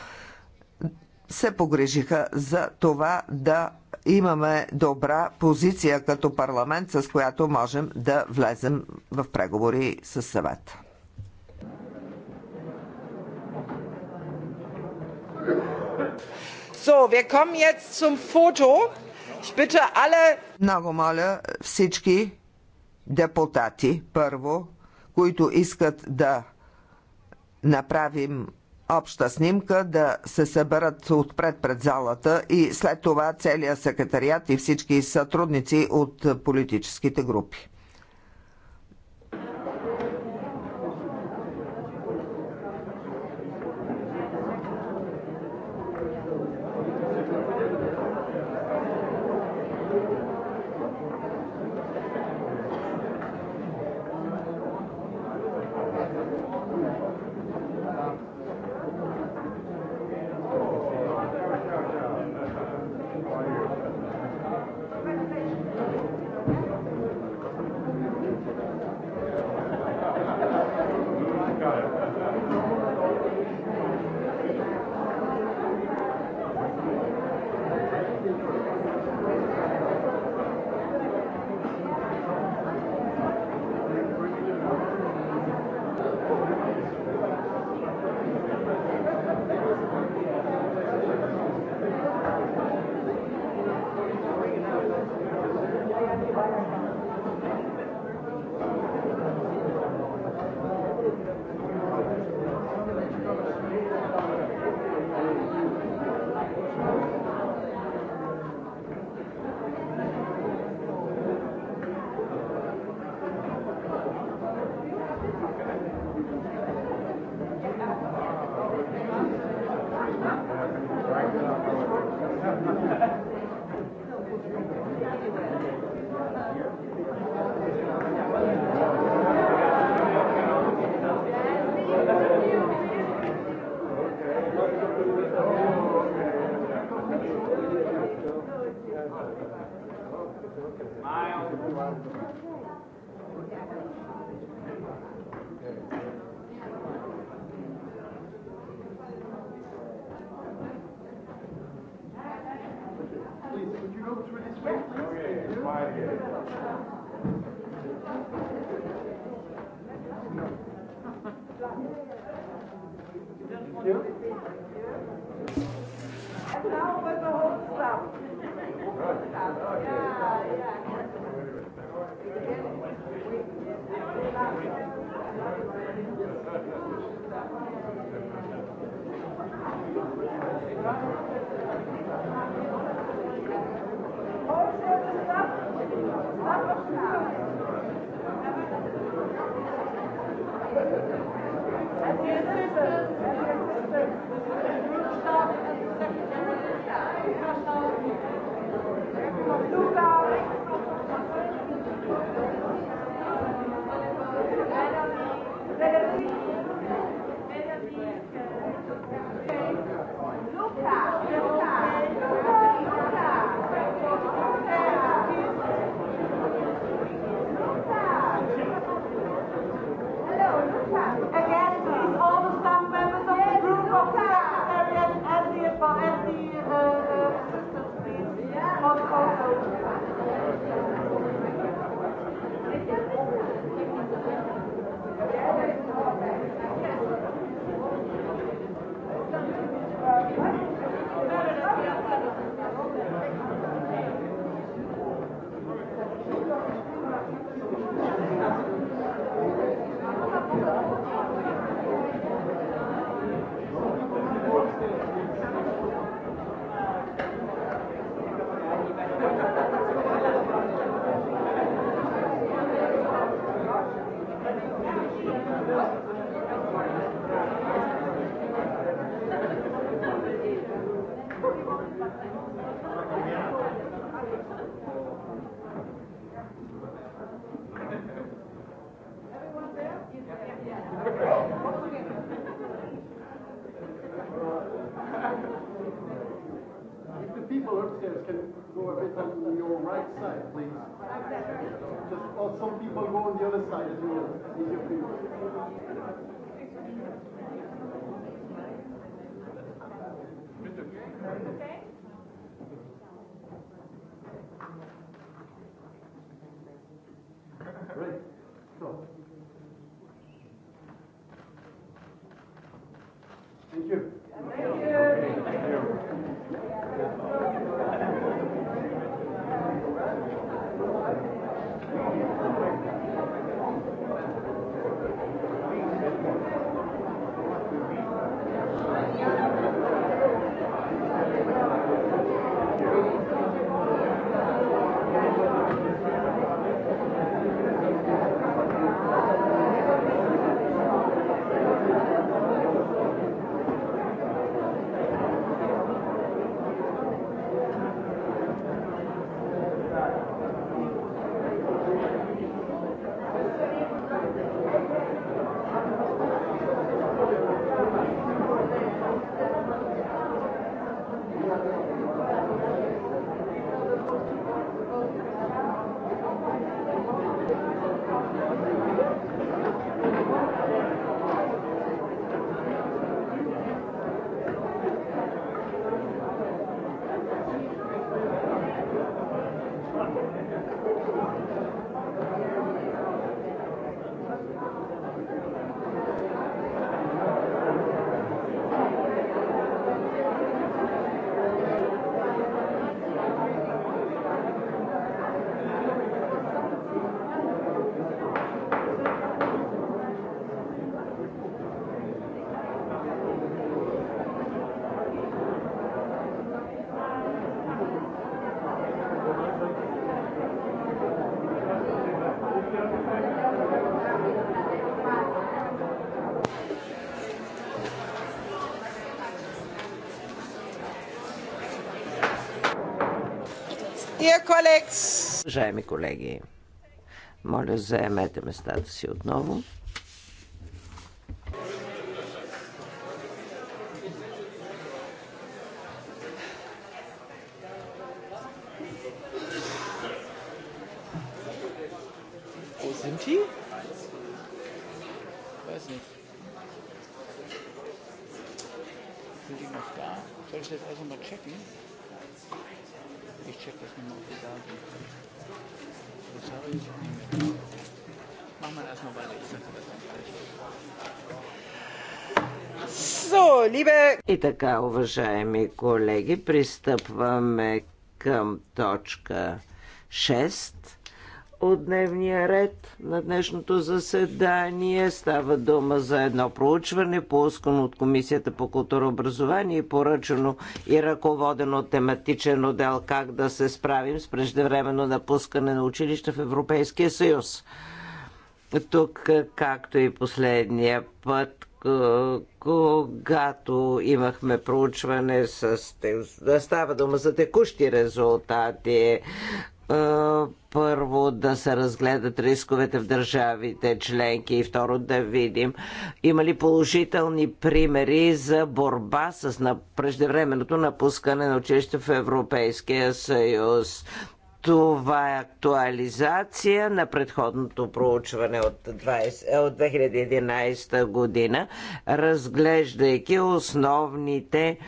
се погрежиха за това да имаме добра позиция като парламент, с която можем да влезем в преговори с съвет. So, wir kommen jetzt zum Foto. Ich bitte alle... Много моля всички депутати, първо, които искат да направим обща снимка, да се съберат отпред пред залата и след това целият секретариат и всички сътрудници от политическите групи.
right side, please. Just, oh, some people go on the other side as well. If you please. Okay. Thank you.
Колекс,
Уважаеми колеги, моля заемете местата си отново. така, уважаеми колеги, пристъпваме към точка 6 от дневния ред на днешното заседание. Става дума за едно проучване, Поускано от Комисията по култура образование и поръчено и ръководено тематичен отдел как да се справим с преждевременно напускане на училища в Европейския съюз. Тук, както и последния път, когато имахме проучване с... да Става дума за текущи резултати е, първо да се разгледат рисковете в държавите членки и второ да видим има ли положителни примери за борба с преждевременното напускане на училище в Европейския съюз. Това е актуализация на предходното проучване от, 20, е, от 2011 година, разглеждайки основните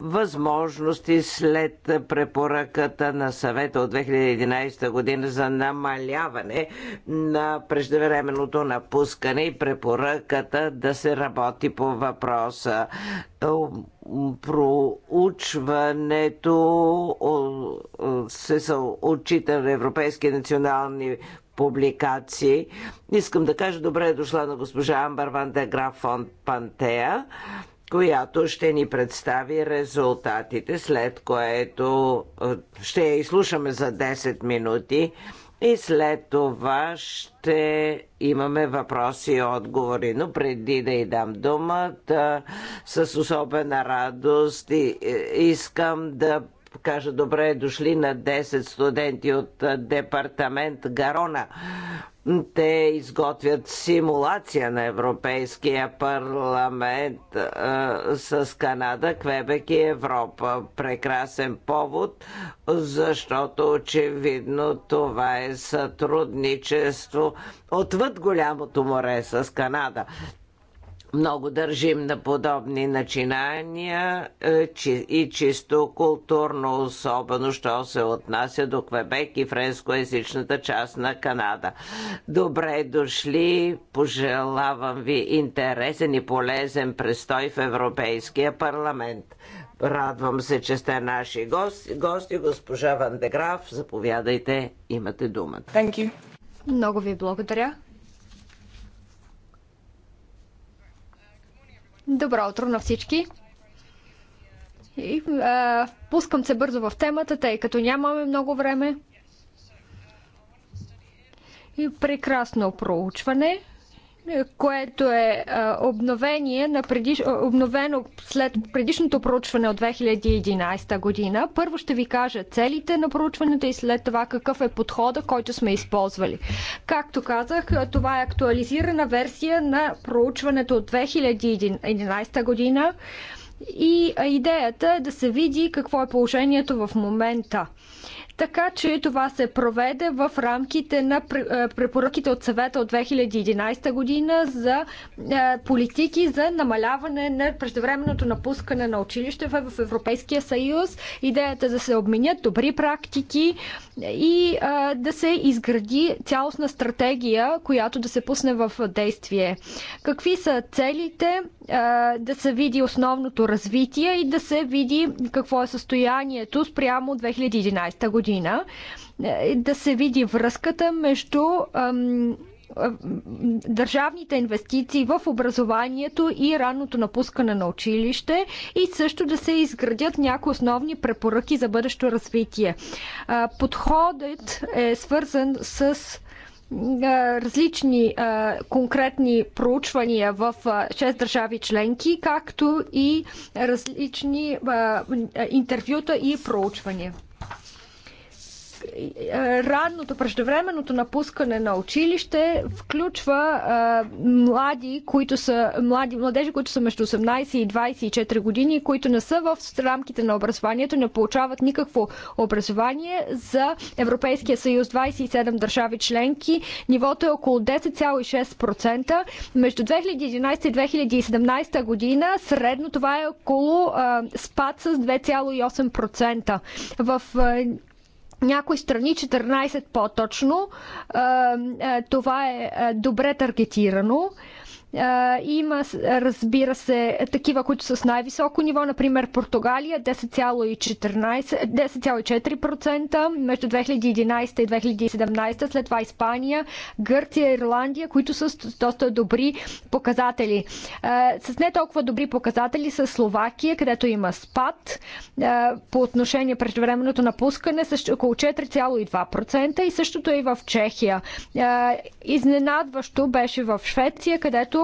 възможности след препоръката на съвета от 2011 година за намаляване на преждевременното напускане и препоръката да се работи по въпроса проучването се отчита на европейски национални публикации. Искам да кажа добре е дошла на госпожа Амбар Ван де Граф фон Пантея която ще ни представи резултатите, след което е, ще я изслушаме за 10 минути и след това ще имаме въпроси и отговори. Но преди да й дам думата, с особена радост е, искам да кажа добре дошли на 10 студенти от департамент Гарона. Те изготвят симулация на Европейския парламент а, с Канада, Квебек и Европа. Прекрасен повод, защото очевидно това е сътрудничество отвъд голямото море с Канада. Много държим на подобни начинания е, и чисто културно, особено, що се отнася до Квебек и френскоязичната част на Канада. Добре дошли, пожелавам ви интересен и полезен престой в Европейския парламент. Радвам се, че сте наши гости. Гости, госпожа Вандеграф, заповядайте, имате думата.
Thank you. Много ви благодаря. Добро утро на всички. И, а, пускам се бързо в темата, тъй като нямаме много време. И прекрасно проучване което е обновение на предиш... обновено след предишното проучване от 2011 година. Първо ще ви кажа целите на проучването и след това какъв е подхода, който сме използвали. Както казах, това е актуализирана версия на проучването от 2011 година и идеята е да се види какво е положението в момента. Така че това се проведе в рамките на е, препоръките от съвета от 2011 година за е, политики за намаляване на преждевременното напускане на училище в Европейския съюз. Идеята е да се обменят добри практики и да се изгради цялостна стратегия, която да се пусне в действие. Какви са целите? Да се види основното развитие и да се види какво е състоянието спрямо 2011 година година, е, да се види връзката между държавните инвестиции в образованието и ранното напускане на училище и също да се изградят някои основни препоръки за бъдещо развитие. Подходът е свързан с различни конкретни проучвания в 6 държави членки, както и различни интервюта и проучвания ранното, преждевременното напускане на училище включва а, млади, които са, млади, младежи, които са между 18 и 24 години, които не са в рамките на образованието, не получават никакво образование за Европейския съюз 27 държави членки. Нивото е около 10,6%. Между 2011 и 2017 година средно това е около а, спад с 2,8%. В а, някои страни, 14 по-точно. Това е добре таргетирано има, разбира се, такива, които са с най-високо ниво, например Португалия 10,4% между 2011 и 2017, след това Испания, Гърция, Ирландия, които са с доста добри показатели. С не толкова добри показатели са Словакия, където има спад по отношение преждевременното напускане, с около 4,2% и същото е и в Чехия. Изненадващо беше в Швеция, където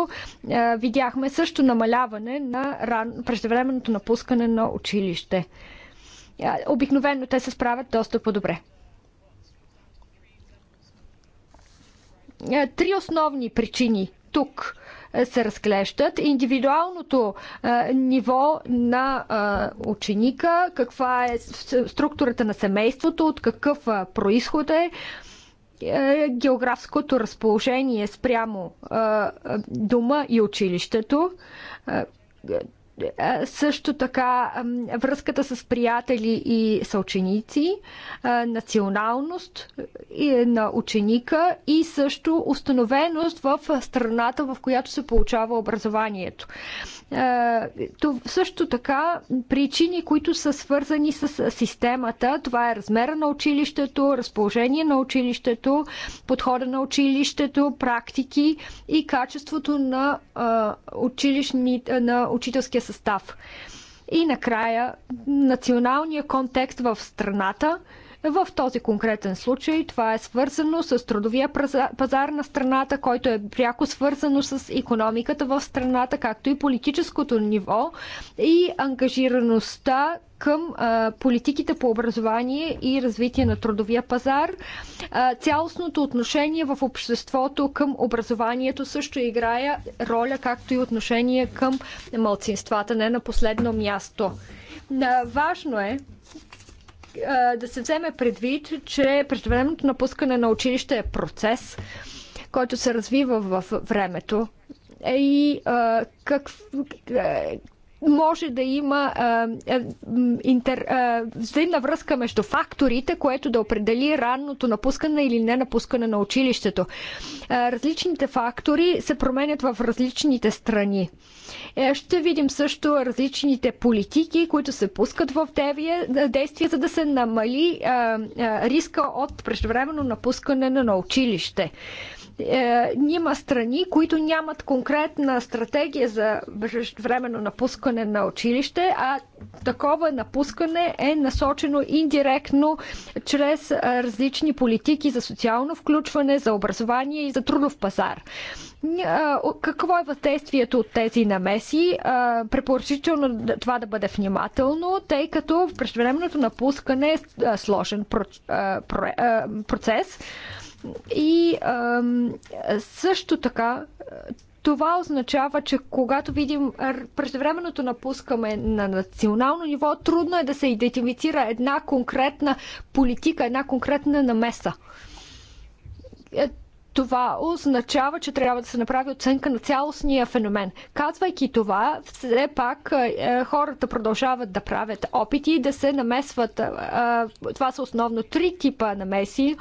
а, видяхме също намаляване на ран... преждевременното напускане на училище. А, обикновено те се справят доста по-добре. три основни причини тук се разклещат. Индивидуалното а, ниво на а, ученика, каква е структурата на семейството, от какъв а, происход е. А, е, географското разположение спрямо е, е, дома и училището е, също така връзката с приятели и съученици, е, националност е, на ученика и също установеност в страната, в която се получава образованието. Също така причини, които са свързани с системата, това е размера на училището, разположение на училището, подхода на училището, практики и качеството на, училищни, на учителския състав. И накрая националния контекст в страната – в този конкретен случай това е свързано с трудовия пазар на страната, който е пряко свързано с економиката в страната, както и политическото ниво и ангажираността към а, политиките по образование и развитие на трудовия пазар. А, цялостното отношение в обществото към образованието също играе роля, както и отношение към малцинствата, не на последно място. А, важно е да се вземе предвид, че преждевременното напускане на училище е процес, който се развива във времето. Е, и а, как, е, може да има а, интер, а, взаимна връзка между факторите, което да определи ранното напускане или не напускане на училището. А, различните фактори се променят в различните страни. Е, ще видим също различните политики, които се пускат в действие, за да се намали а, а, риска от преждевременно напускане на училище е, има страни, които нямат конкретна стратегия за временно напускане на училище, а такова напускане е насочено индиректно чрез различни политики за социално включване, за образование и за трудов пазар. Какво е въздействието от тези намеси? Препоръчително това да бъде внимателно, тъй като преждевременното напускане е сложен процес. И а, също така, това означава, че когато видим преждевременното напускаме на национално ниво, трудно е да се идентифицира една конкретна политика, една конкретна намеса е, това означава, че трябва да се направи оценка на цялостния феномен. Казвайки това, все пак е, е, хората продължават да правят опити да се намесват. Е, това са основно три типа намеси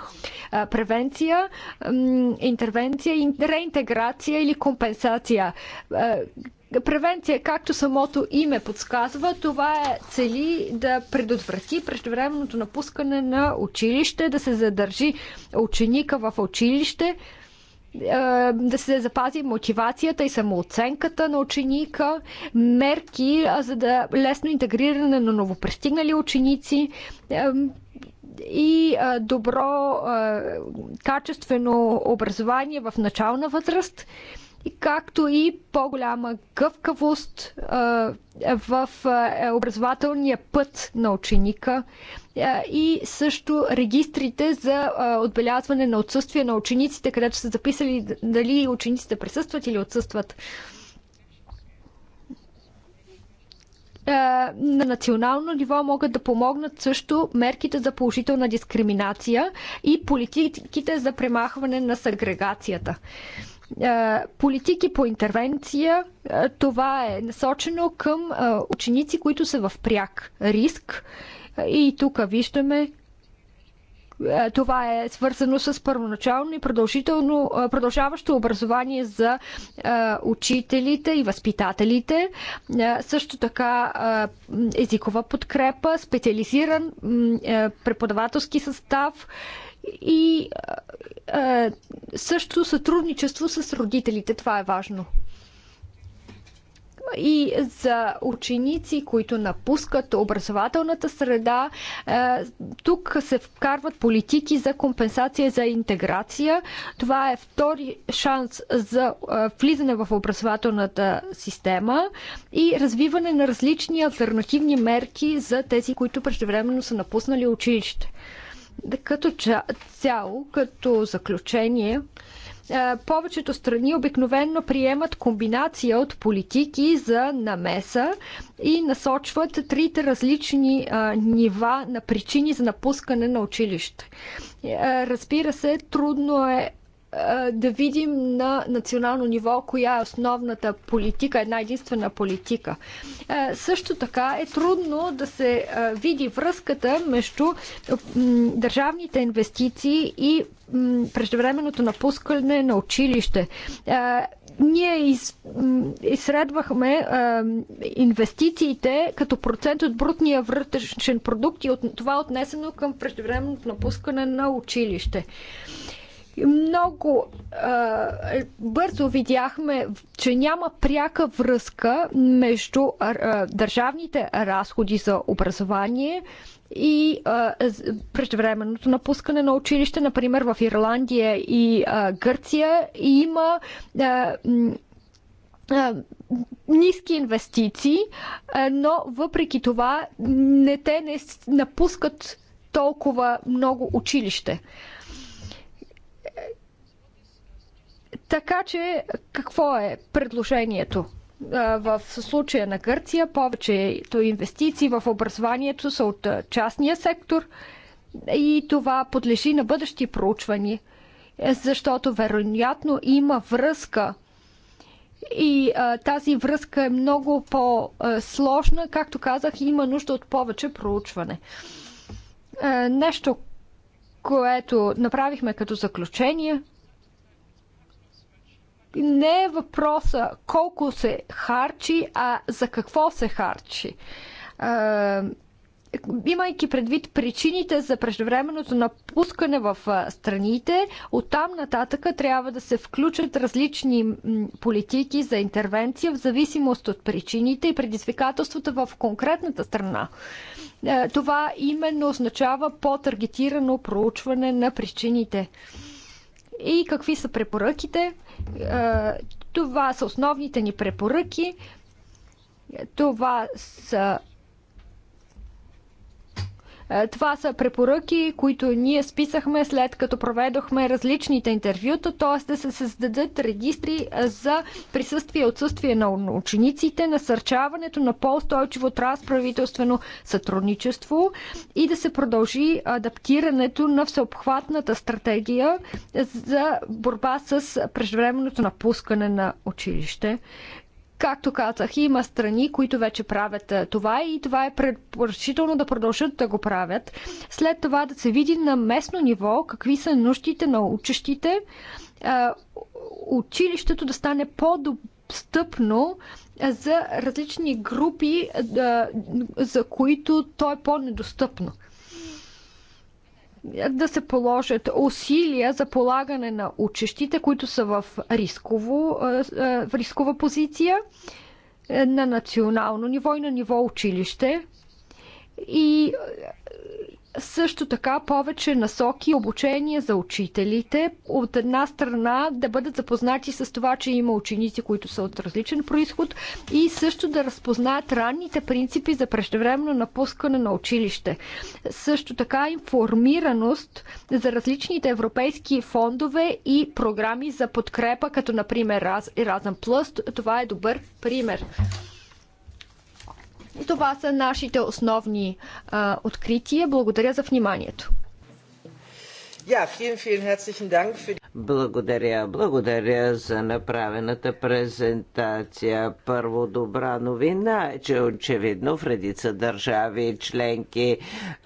превенция, интервенция, реинтеграция или компенсация. Превенция, както самото име подсказва, това е цели да предотврати преждевременното напускане на училище, да се задържи ученика в училище, е, да се запази мотивацията и самооценката на ученика, мерки за да лесно интегриране на новопристигнали ученици е, и е, добро качествено образование в начална възраст – и както и по-голяма гъвкавост в е, образователния път на ученика и също регистрите за отбелязване на отсъствие на учениците, където са записали дали учениците присъстват или отсъстват. на национално ниво могат да помогнат също мерките за положителна дискриминация и политиките за премахване на сегрегацията. Е, политики по интервенция. Е, това е насочено към е, ученици, които са в пряк риск. И тук виждаме това е свързано с първоначално и продължително, продължаващо образование за учителите и възпитателите. Също така езикова подкрепа, специализиран преподавателски състав и а, също сътрудничество с родителите. Това е важно. И за ученици, които напускат образователната среда, тук се вкарват политики за компенсация за интеграция. Това е втори шанс за влизане в образователната система и развиване на различни альтернативни мерки за тези, които преждевременно са напуснали училище като цяло, като заключение, повечето страни обикновенно приемат комбинация от политики за намеса и насочват трите различни а, нива на причини за напускане на училище. Е, разбира се, трудно е да видим на национално ниво коя е основната политика, една единствена политика. Също така е трудно да се види връзката между държавните инвестиции и преждевременното напускане на училище. Ние изследвахме инвестициите като процент от брутния вътрешен продукт и от, това отнесено към преждевременното напускане на училище. Много а, бързо видяхме, че няма пряка връзка между а, държавните разходи за образование и а, преждевременното напускане на училище. Например, в Ирландия и а, Гърция има. А, ниски инвестиции, но въпреки това не те не напускат толкова много училище. Така че, какво е предложението? в случая на Гърция повечето инвестиции в образованието са от частния сектор и това подлежи на бъдещи проучвания, е, защото вероятно има връзка и а, тази връзка е много по-сложна. Както казах, има нужда от повече проучване. А, нещо, което направихме като заключение, не е въпроса колко се харчи, а за какво се харчи. Имайки предвид причините за преждевременното напускане в страните, оттам нататък трябва да се включат различни политики за интервенция в зависимост от причините и предизвикателствата в конкретната страна. Е, това именно означава по-таргетирано проучване на причините. И какви са препоръките? Е, това са основните ни препоръки. Е, това са е, това са препоръки, които ние списахме след като проведохме различните интервюта, т.е. да се създадат регистри е, за присъствие и отсъствие на учениците, насърчаването на по-устойчиво трансправителствено сътрудничество и да се продължи адаптирането на всеобхватната стратегия за борба с преждевременното напускане на училище. Както казах, има страни, които вече правят това и това е предпоръчително да продължат да го правят. След това да се види на местно ниво какви са нуждите на учещите, училището да стане по-достъпно за различни групи, за които то е по-недостъпно да се положат усилия за полагане на учещите, които са в, рисково, в рискова позиция е, на национално ниво и на ниво училище. И също така повече насоки, обучение за учителите. От една страна да бъдат запознати с това, че има ученици, които са от различен происход и също да разпознаят ранните принципи за преждевременно напускане на училище. Също така информираност за различните европейски фондове и програми за подкрепа, като например Erasmus Plus. Това е добър пример. Това са нашите основни а, открития. Благодаря за вниманието.
благодаря, благодаря за направената презентация. Първо добра новина е, че очевидно в редица държави и членки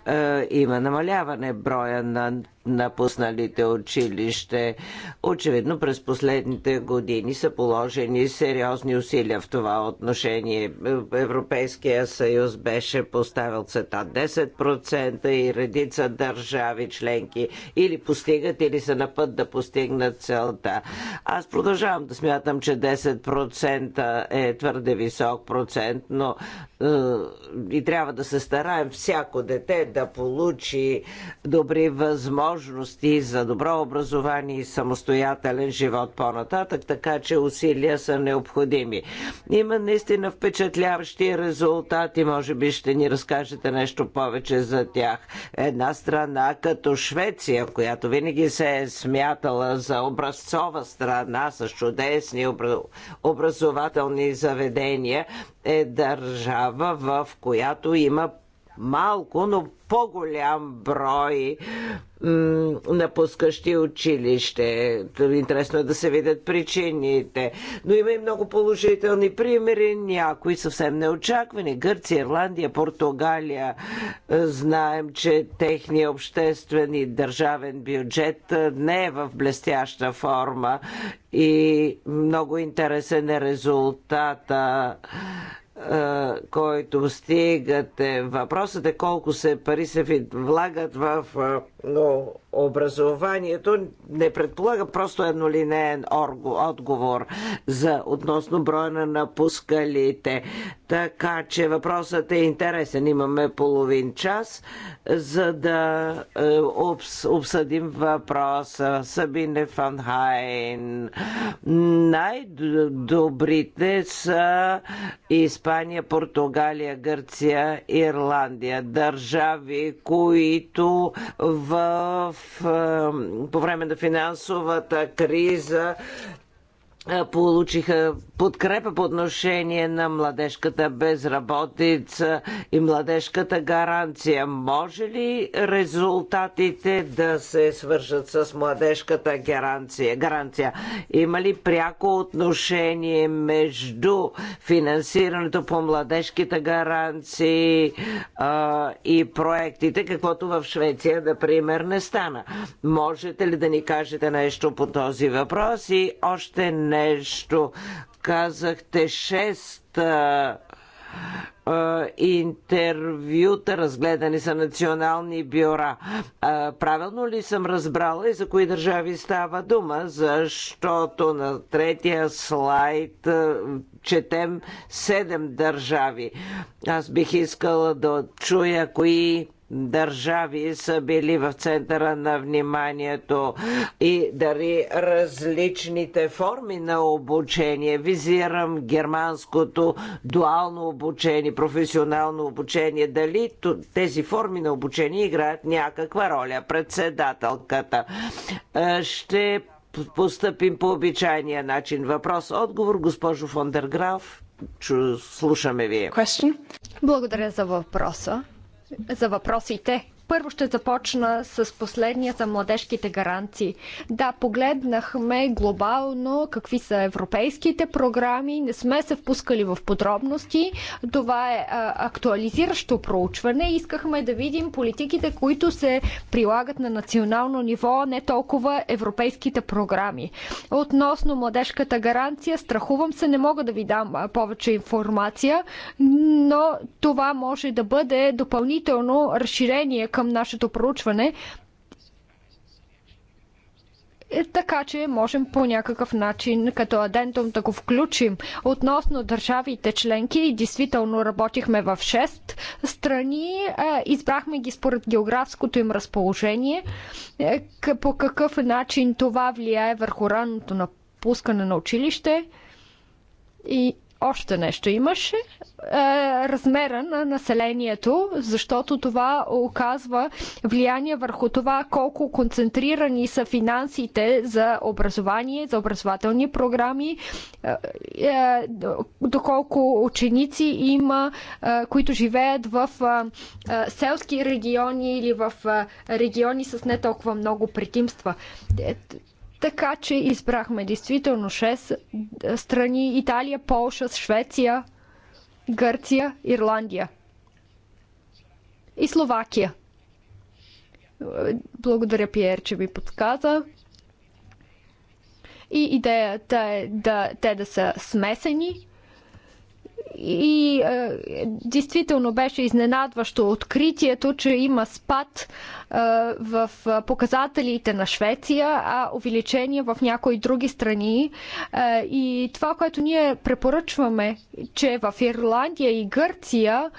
е, има намаляване броя на напусналите училище. Очевидно през последните години са положени сериозни усилия в това отношение. Европейския съюз беше поставил цета 10% и редица държави членки или постигат, или са на път да постигнат целта. Аз продължавам да смятам, че 10% е твърде висок процент, но е, и трябва да се стараем всяко дете да получи добри възможности възможности за добро образование и самостоятелен живот по-нататък, така че усилия са необходими. Има наистина впечатляващи резултати, може би ще ни разкажете нещо повече за тях. Една страна като Швеция, която винаги се е смятала за образцова страна с чудесни образователни заведения, е държава, в която има малко, но по-голям брой напускащи училище. Интересно е да се видят причините. Но има и много положителни примери, някои съвсем неочаквани. Гърция, Ирландия, Португалия. Е, знаем, че техният обществен и държавен бюджет е, не е в блестяща форма и много интересен е резултата който стигате. Въпросът е колко се пари се влагат в но образованието не предполага просто еднолинеен отговор за относно броя на напускалите. Така че въпросът е интересен. Имаме половин час, за да е, обс, обсъдим въпроса. Сабине Фанхайн. Най-добрите са Испания, Португалия, Гърция, Ирландия. Държави, които в в, е, по време на финансовата криза получиха подкрепа по отношение на младежката безработица и младежката гаранция. Може ли резултатите да се свържат с младежката гаранция? гаранция? Има ли пряко отношение между финансирането по младежките гаранции а, и проектите, каквото в Швеция, например, не стана? Можете ли да ни кажете нещо по този въпрос и още не нещо. Казахте а, интервюта, разгледани са национални бюра. Правилно ли съм разбрала и за кои държави става дума? Защото на третия слайд четем седем държави. Аз бих искала да чуя кои държави са били в центъра на вниманието и дари различните форми на обучение. Визирам германското дуално обучение, професионално обучение. Дали тези форми на обучение играят някаква роля? Председателката е, ще постъпим по обичайния начин. Въпрос, отговор, госпожо Фондерграф. Слушаме
ви. Question. Благодаря за въпроса за въпросите, първо ще започна с последния за младежките гаранции. Да, погледнахме глобално какви са европейските програми, не сме се впускали в подробности. Това е а, актуализиращо проучване. Искахме да видим политиките, които се прилагат на национално ниво, а не толкова европейските програми. Относно младежката гаранция, страхувам се, не мога да ви дам повече информация, но това може да бъде допълнително разширение към към нашето проучване. Е, така че можем по някакъв начин като адентум да го включим. Относно държавите членки, действително работихме в 6 страни. Избрахме ги според географското им разположение. Е, по какъв начин това влияе върху ранното напускане на училище и още нещо имаше е, размера на населението, защото това оказва влияние върху това колко концентрирани са финансите за образование, за образователни програми, е, е, доколко ученици има, е, които живеят в е, е селски региони или в е, региони с не толкова много предимства. Е, така че избрахме действително 6 страни Италия, Полша, Швеция, Гърция, Ирландия и Словакия. Благодаря, Пиер, че ми подсказа. И идеята е да, те да са смесени и е, действително беше изненадващо откритието, че има спад е, в показателите на Швеция, а увеличение в някои други страни. Е, и това, което ние препоръчваме, че в Ирландия и Гърция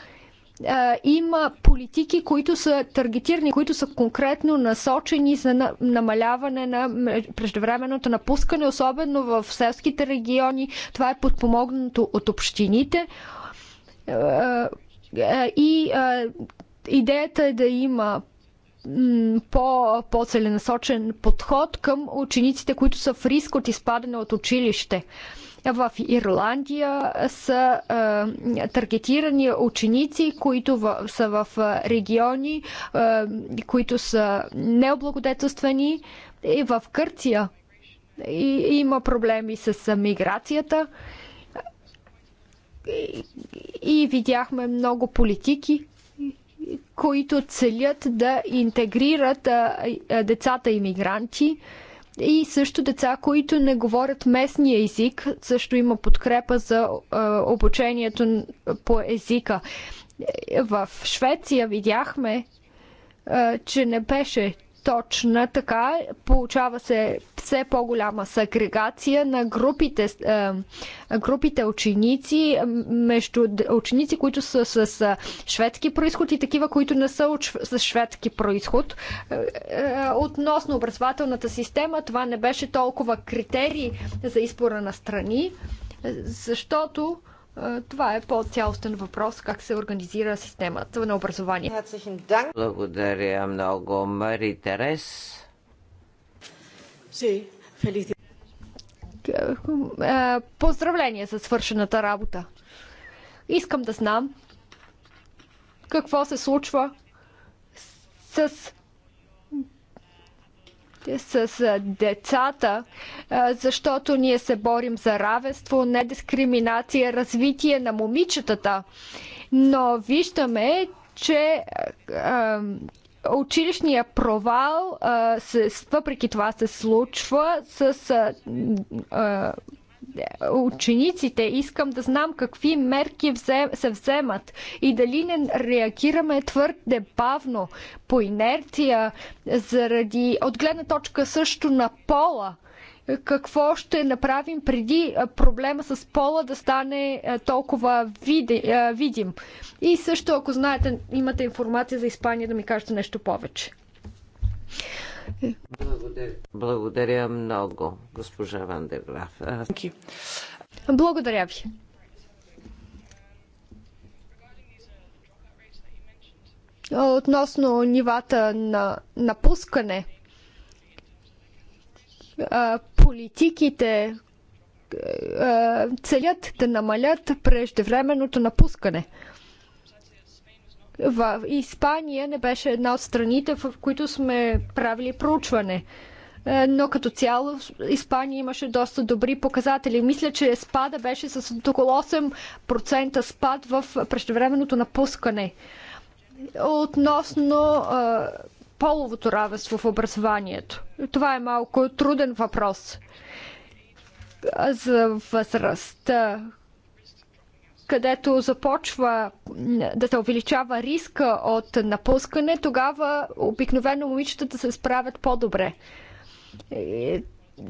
а, има политики, които са таргетирани, които са конкретно насочени за намаляване на преждевременното напускане, особено в селските региони. Това е подпомогнато от общините. И идеята е да има по-целенасочен подход към учениците, които са в риск от изпадане от училище в Ирландия са е, таргетирани ученици, които в, са в региони, е, които са необлагодетелствани и в Кърция. И, има проблеми с е, миграцията. И, и видяхме много политики, които целят да интегрират а, е, а, е, децата иммигранти. И също деца, които не говорят местния език, също има подкрепа за обучението по езика. Е, в Швеция видяхме, че не беше точна така. Получава се все по-голяма сегрегация на групите, е, групите ученици, между ученици, които са с шведски происход и такива, които не са с шведски происход. Е, е, относно образователната система, това не беше толкова критерий за избора на страни, защото е, това е по-цялостен въпрос, как се организира системата на образование.
Благодаря много, Мари Терес.
Е, поздравления за свършената работа. Искам да знам какво се случва с с децата, защото ние се борим за равенство, недискриминация, развитие на момичетата. Но виждаме, че училищния провал, въпреки това, се случва с учениците, искам да знам какви мерки се вземат и дали не реагираме твърде бавно, по инерция, заради от гледна точка също на пола. Какво ще направим преди проблема с пола да стане толкова видим? И също, ако знаете, имате информация за Испания, да ми кажете нещо повече. Благодаря.
Благодаря много, госпожа Вандерграф.
Благодаря ви. Относно нивата на напускане, политиките целят да намалят преждевременното напускане. В Испания не беше една от страните, в които сме правили проучване е, но като цяло Испания имаше доста добри показатели. Мисля, че спада беше с около 8% спад в преждевременното напускане. Относно а, е, половото равенство в образованието. Това е малко труден въпрос. За възрастта където започва да се увеличава риска от напускане, тогава обикновено момичетата се справят по-добре.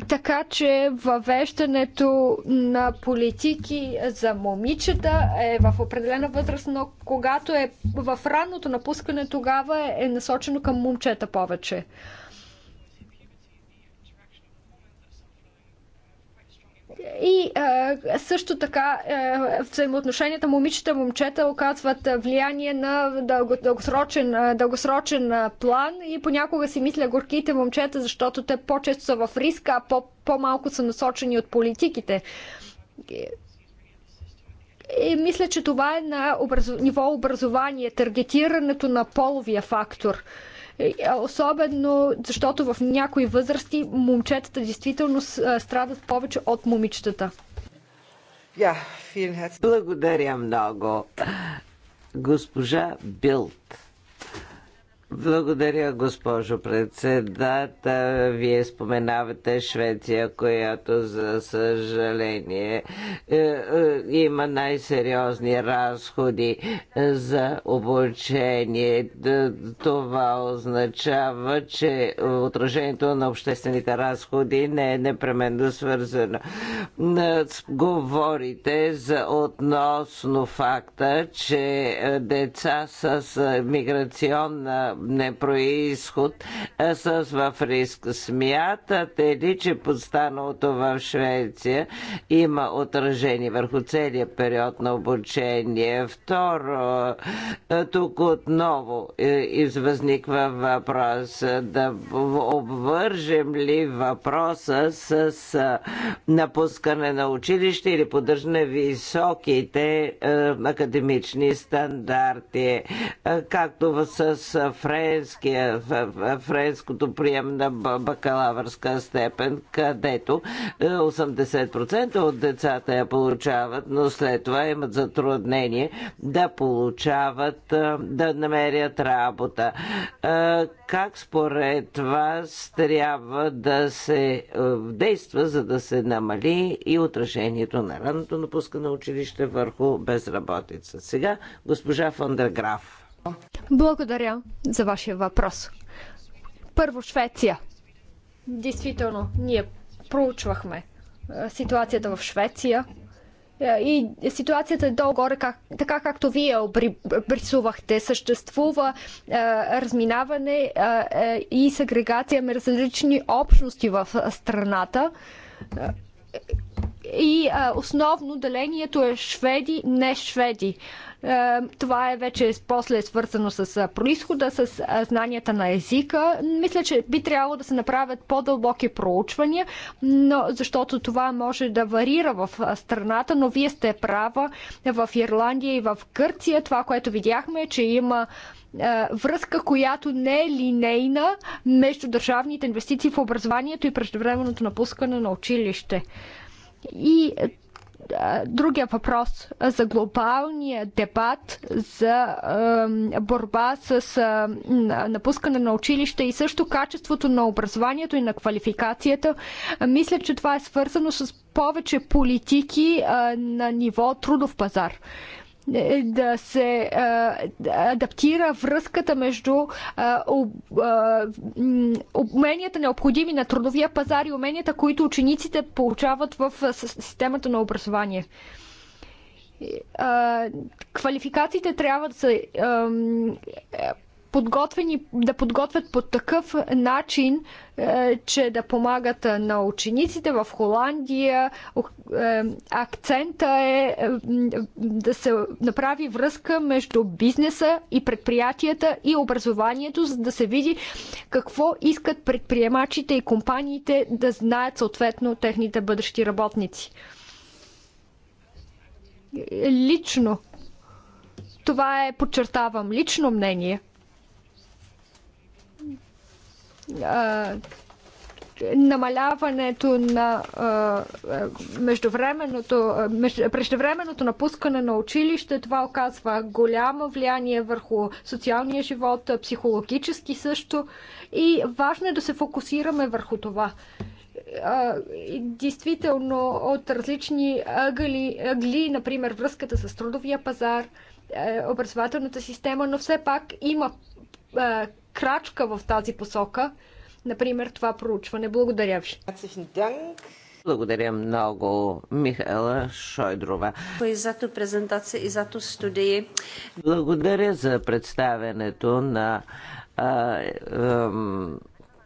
Така че въвеждането на политики за момичета е в определена възраст, но когато е в ранното напускане, тогава е насочено към момчета повече. И а, също така а, взаимоотношенията момичета-момчета оказват влияние на дълго, дългосрочен, дългосрочен план и понякога си мисля горките момчета, защото те по-често са в риска, а по- по-малко са насочени от политиките. И мисля, че това е на образ... ниво образование, таргетирането на половия фактор. Е, особено защото в някои възрасти момчетата действително е, страдат повече от момичетата.
Благодаря много.
Госпожа Билт. Благодаря, госпожо председател. Вие споменавате Швеция, която за съжаление е, е, има най-сериозни разходи е, за обучение. Това означава, че отражението на обществените разходи не е непременно свързано. Говорите за относно факта, че деца с миграционна не происход с в риск. Смятате ли, че подстаналото в Швеция има отражение върху целия период на обучение? Второ, тук отново е, възниква въпрос да обвържем ли въпроса с напускане на училище или поддържане високите академични стандарти, както с френския, френското прием на бакалавърска степен, където 80% е, от децата я получават, но след това имат затруднение да получават, е, да намерят работа. Е, как според вас трябва да се действа, за да се намали и отражението на ранното напускане на училище върху безработица? Сега госпожа Фондерграф.
Благодаря за вашия въпрос. Първо Швеция. Действително, ние проучвахме ситуацията в Швеция и ситуацията е долу-горе, как, така както вие обрисувахте, съществува е, разминаване е, е, и сегрегация на различни общности в страната. И а, основно делението е шведи, не шведи. А, е, това е вече после свързано с происхода, с а, знанията на езика. Мисля, че би трябвало да се направят по-дълбоки проучвания, но, защото това може да варира в страната, но вие сте права в Ирландия и в Гърция. Това, което видяхме е, че има връзка, която не е линейна между държавните инвестиции в образованието и преждевременното напускане на училище. И другия въпрос за глобалния дебат за е, борба с е, напускане на училище и също качеството на образованието и на квалификацията. Мисля, че това е свързано с повече политики е, на ниво трудов пазар. Е, да се адаптира връзката между уменията необходими на трудовия пазар и уменията, които учениците получават в системата на образование квалификациите трябва да са подготвени, да подготвят по такъв начин, е, че да помагат е, на учениците в Холандия. Е, акцента е да се направи връзка между бизнеса и предприятията и образованието, за да се види какво искат предприемачите и компаниите да знаят съответно техните бъдещи работници. Лично това е, подчертавам, лично мнение – намаляването на междувременното, преждевременното напускане на училище, това оказва голямо влияние върху социалния живот, психологически също. И важно е да се фокусираме върху това действително от различни ъгли, ъгли, например връзката с трудовия пазар, е, образователната система, но все пак има а, е, крачка в тази посока. Например, това проучване. Благодаря ви.
Благодаря много, Михаела Шойдрова.
И за ту презентация, и за ту студии.
Благодаря за представенето на а, а,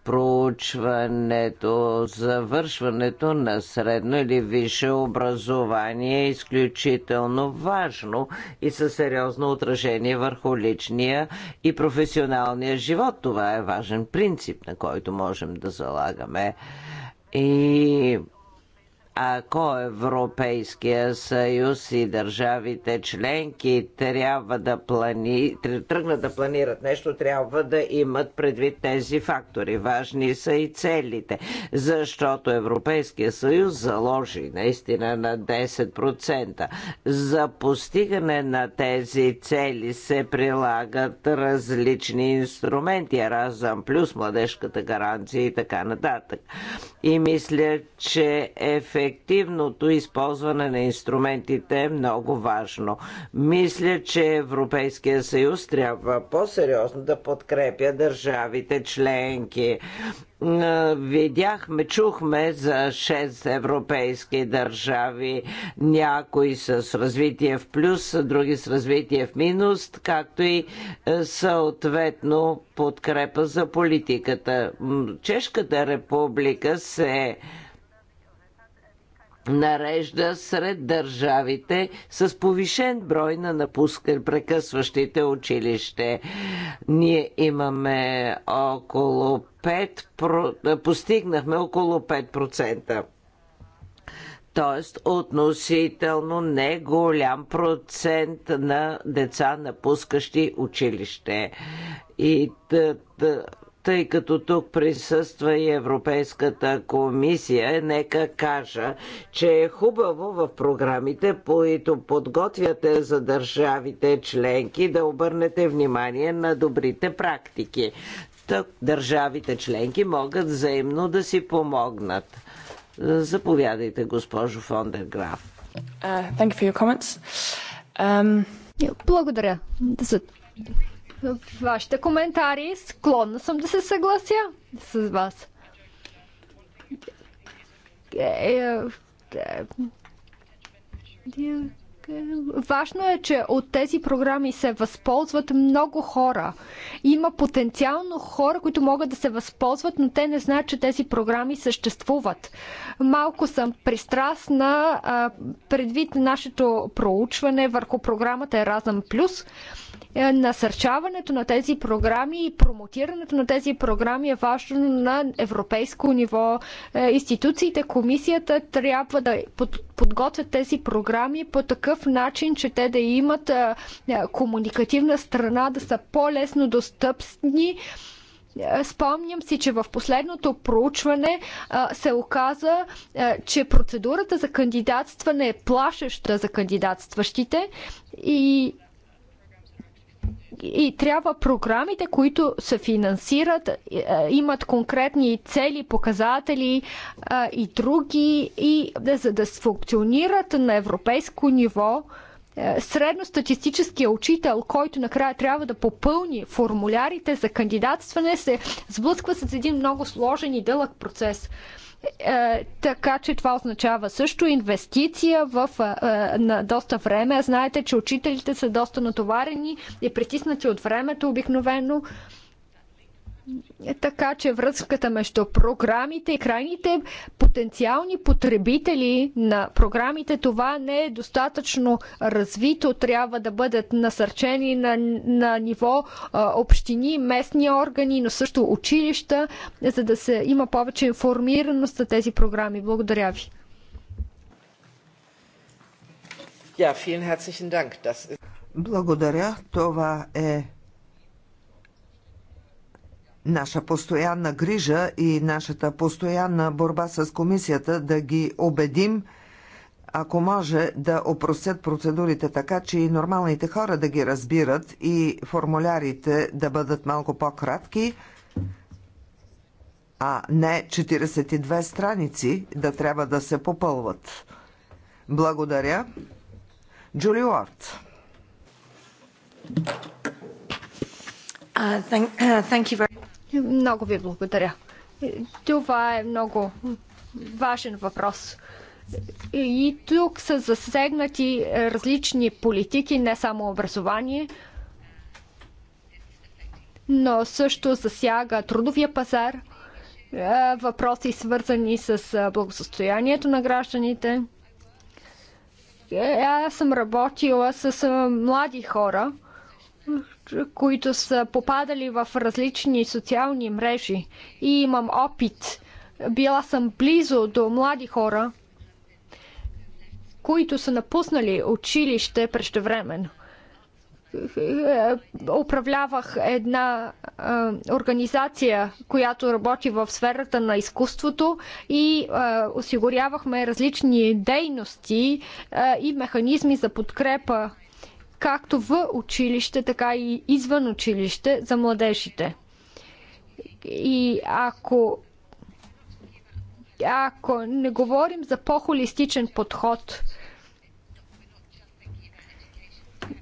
проучването, завършването на средно или висше образование е изключително важно и със сериозно отражение върху личния и професионалния живот. Това е важен принцип, на който можем да залагаме. И ако Европейския съюз и държавите членки трябва да плани... тръгнат да планират нещо, трябва да имат предвид тези фактори. Важни са и целите, защото Европейския съюз заложи наистина на 10%. За постигане на тези цели се прилагат различни инструменти, разъм плюс младежката гаранция и така нататък. И мисля, че ефективно ефективното използване на инструментите е много важно. Мисля, че Европейския съюз трябва по-сериозно да подкрепя държавите членки видяхме, чухме за 6 европейски държави, някои с развитие в плюс, други с развитие в минус, както и е, съответно подкрепа за политиката. Чешката република се нарежда сред държавите с повишен брой на напускане прекъсващите училище. Ние имаме около 5, постигнахме около 5% т.е. относително не голям процент на деца напускащи училище. И тът, тъй като тук присъства и Европейската комисия, нека кажа, че е хубаво в програмите, които подготвяте за държавите членки, да обърнете внимание на добрите практики. Тък държавите членки могат взаимно да си помогнат. Заповядайте, госпожо Фондерграф.
Uh, thank you for your comments. Um... Благодаря вашите коментари. Склонна съм да се съглася с вас. Е, е, е, важно е, че от тези програми се възползват много хора. Има потенциално хора, които могат да се възползват, но те не знаят, че тези програми съществуват. Малко съм пристрастна предвид нашето проучване върху програмата Еразъм Плюс. Е, насърчаването на тези програми и промотирането на тези програми е важно на европейско ниво. Е, институциите, комисията трябва да подготвят тези програми по такъв начин, че те да имат е, комуникативна страна, да са по-лесно достъпни Спомням си, че в последното проучване а, се оказа, а, че процедурата за кандидатстване е плашеща за кандидатстващите и и трябва програмите, които се финансират, е, имат конкретни цели, показатели е, и други, и за да функционират на европейско ниво, е, средностатистическия учител, който накрая трябва да попълни формулярите за кандидатстване, се сблъсква с един много сложен и дълъг процес. Е, така че това означава също инвестиция в е, е, на доста време. Знаете, че учителите са доста натоварени и притиснати от времето обикновено. Е така че връзката между програмите и крайните потенциални потребители на програмите, това не е достатъчно развито. Трябва да бъдат насърчени на, на ниво а, общини, местни органи, но също училища, за да се има повече информираност за тези програми. Благодаря ви.
Благодаря. Това е наша постоянна грижа и нашата постоянна борба с комисията да ги убедим, ако може да опростят процедурите така, че и нормалните хора да ги разбират и формулярите да бъдат малко по-кратки, а не 42 страници да трябва да се попълват. Благодаря. Джули Уорд.
Uh, thank, uh, thank много ви благодаря. Това е много важен въпрос. И тук са засегнати различни политики, не само образование, но също засяга трудовия пазар, е, въпроси свързани с е, благосостоянието на гражданите. Е, аз съм работила с млади хора – които са попадали в различни социални мрежи и имам опит. Била съм близо до млади хора, които са напуснали училище преждевременно. Управлявах една организация, която работи в сферата на изкуството и осигурявахме различни дейности и механизми за подкрепа както в училище, така и извън училище за младежите. И ако ако не говорим за по-холистичен подход,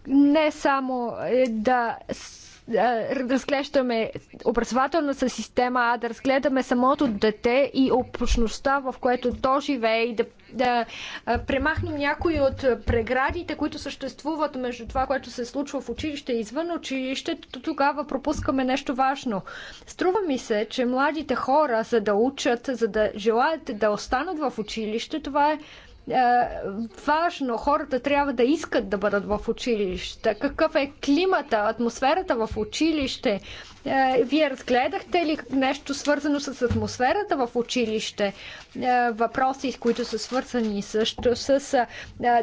не само е, да разглеждаме образователната система, а да разгледаме самото дете и общността, в което то живее и да, да премахнем някои от преградите, които съществуват между това, което се случва в училище и извън училището, тогава пропускаме нещо важно. Струва ми се, че младите хора, за да учат, за да желаят да останат в училище, това е е, важно. Хората трябва да искат да бъдат в училище. Какъв е климата, атмосферата в училище? Е, вие разгледахте ли нещо свързано с атмосферата в училище? Е, въпроси, които са свързани също с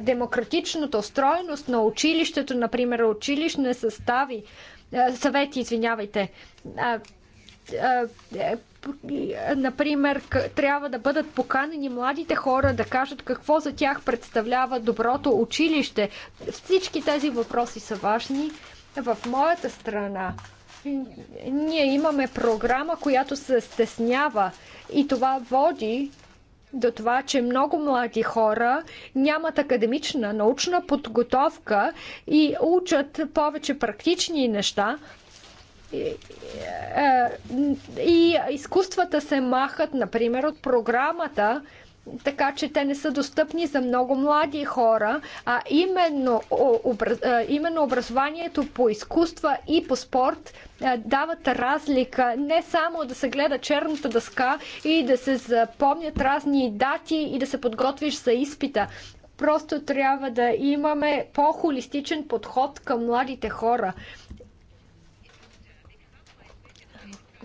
демократичната устроеност на училището, например, училищни състави, съвети, извинявайте е, например, трябва да бъдат поканени младите хора да кажат какво за тях представлява доброто училище. Всички тези въпроси са важни. В моята страна ние имаме програма, която се стеснява и това води до това, че много млади хора нямат академична научна подготовка и учат повече практични неща, е, е, и изкуствата се махат, например, от програмата, така че те не са достъпни за много млади хора, а именно, образ, е, именно образованието по изкуства и по спорт дават разлика. Не само да се гледа черната дъска и да се запомнят разни дати и да се подготвиш за изпита. Просто трябва да имаме по-холистичен подход към младите хора.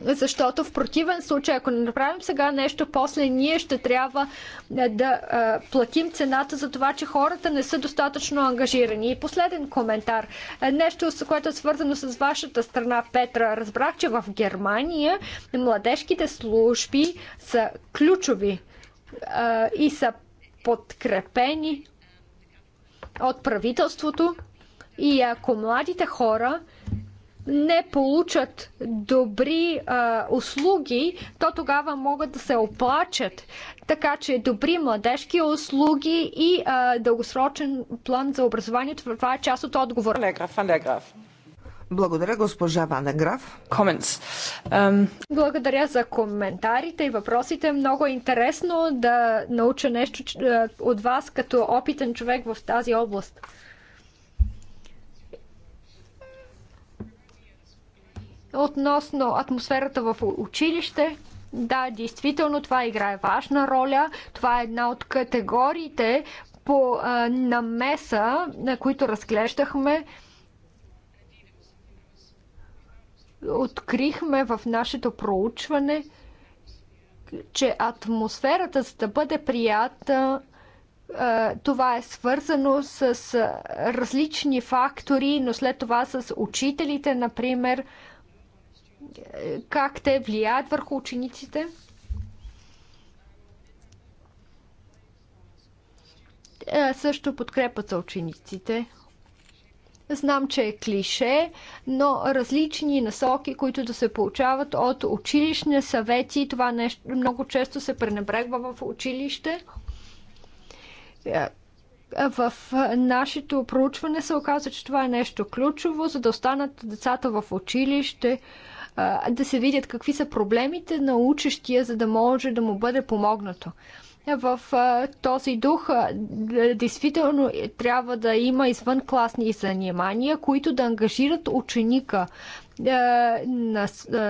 Защото в противен случай, ако не направим сега нещо, после ние ще трябва е, да е, платим цената за това, че хората не са достатъчно ангажирани. И последен коментар. Е, нещо, което е свързано с вашата страна, Петра. Разбрах, че в Германия младежките служби са ключови и са подкрепени от правителството. И ако младите хора не получат добри а, услуги, то тогава могат да се оплачат. Така че добри младежки услуги и а, дългосрочен план за образование. това е част от отговора.
Благодаря, госпожа Ванеграф. Um...
Благодаря за коментарите и въпросите. Много е интересно да науча нещо от вас като опитен човек в тази област. Относно атмосферата в училище, да, действително това играе важна роля. Това е една от категориите по а, намеса, на които разглеждахме. Открихме в нашето проучване, че атмосферата, за да бъде приятна, това е свързано с различни фактори, но след това с учителите, например, как те влияят върху учениците. Е, също подкрепа за учениците. Знам, че е клише, но различни насоки, които да се получават от училищни съвети, това нещо много често се пренебрегва в училище е, в нашето проучване се оказа, че това е нещо ключово, за да останат децата в училище да се видят какви са проблемите на учещия, за да може да му бъде помогнато в този дух действително трябва да има извънкласни занимания, които да ангажират ученика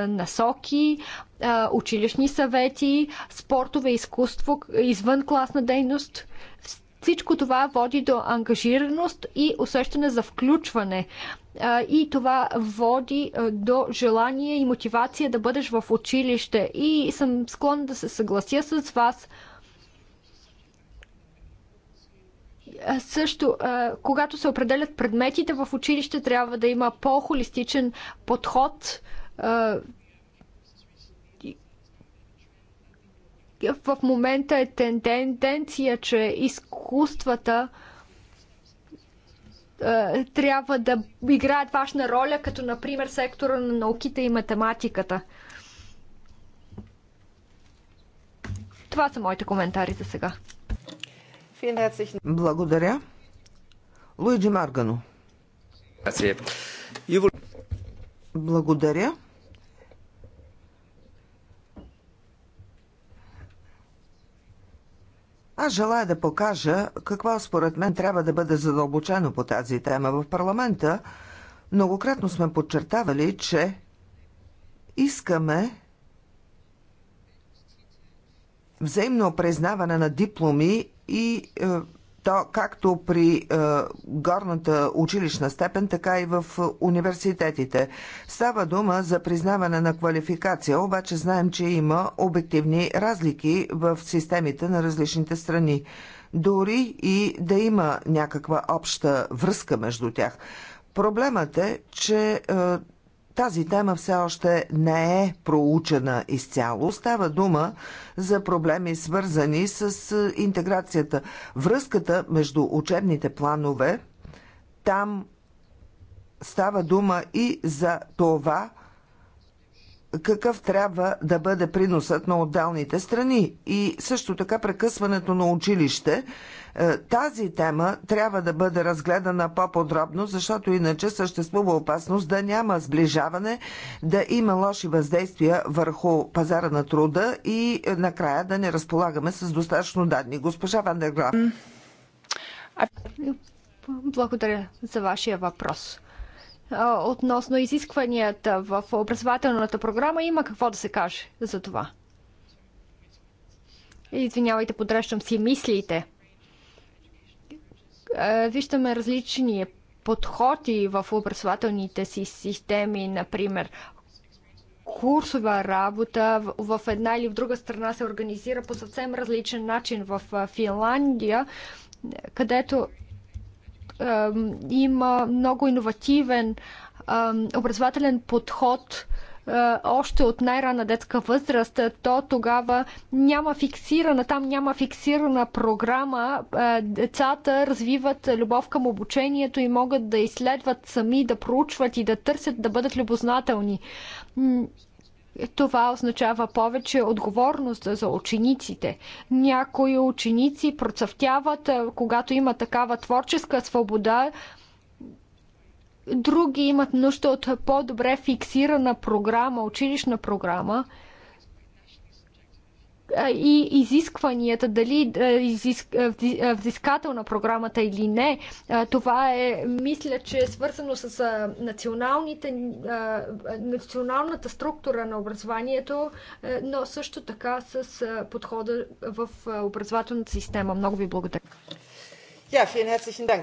насоки, училищни съвети, спортове, изкуство, извънкласна дейност. Всичко това води до ангажираност и усещане за включване и това води до желание и мотивация да бъдеш в училище. И съм склонна да се съглася с вас. Също, когато се определят предметите в училище, трябва да има по-холистичен подход в момента е тенденция, че изкуствата е, трябва да играят важна роля, като например сектора на науките и математиката. Това са моите коментари за сега.
Благодаря. Луиджи Маргано. Благодаря. Аз желая да покажа какво според мен трябва да бъде задълбочено по тази тема. В парламента многократно сме подчертавали, че искаме взаимно признаване на дипломи и е, то както при е, горната училищна степен, така и в е, университетите. Става дума за признаване на квалификация, обаче знаем, че има обективни разлики в системите на различните страни. Дори и да има някаква обща връзка между тях. Проблемът е, че е, тази тема все още не е проучена изцяло. Става дума за проблеми свързани с интеграцията. Връзката между учебните планове, там става дума и за това, какъв трябва да бъде приносът на отдалните страни и също така прекъсването на училище е, тази тема трябва да бъде разгледана по-подробно, защото иначе съществува опасност да няма сближаване, да има лоши въздействия върху пазара на труда и е, накрая да не разполагаме с достатъчно данни. Госпожа Вандерграф.
Благодаря за вашия въпрос е, относно изискванията в образователната програма, има какво да се каже за това. Извинявайте, подрещам си мислите. Е, виждаме различни подходи в образователните си системи, например курсова работа в една или в друга страна се организира по съвсем различен начин. В Финландия, където има много иновативен образователен подход е, още от най-рана детска възраст, е, то тогава няма фиксирана, там няма фиксирана програма. Е, децата развиват любов към обучението и могат да изследват сами, да проучват и да търсят, да бъдат любознателни. Това означава повече отговорност за учениците. Някои ученици процъфтяват, когато има такава творческа свобода, други имат нужда от по-добре фиксирана програма, училищна програма и изискванията, дали изиск, взискателна програмата или не, това е, мисля, че е свързано с националните, националната структура на образованието, но също така с подхода в образователната система. Много ви благодаря.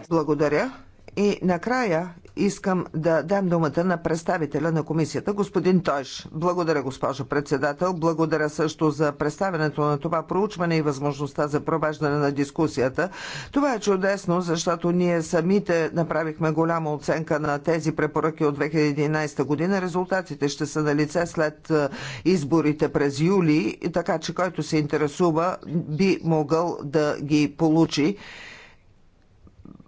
Благодаря. И накрая искам да дам думата на представителя на комисията, господин Тойш. Благодаря, госпожо председател. Благодаря също за представенето на това проучване и възможността за провеждане на дискусията. Това е чудесно, защото ние самите направихме голяма оценка на тези препоръки от 2011 година. Резултатите ще са на лице след е, изборите през юли, така че който се интересува би могъл да ги получи.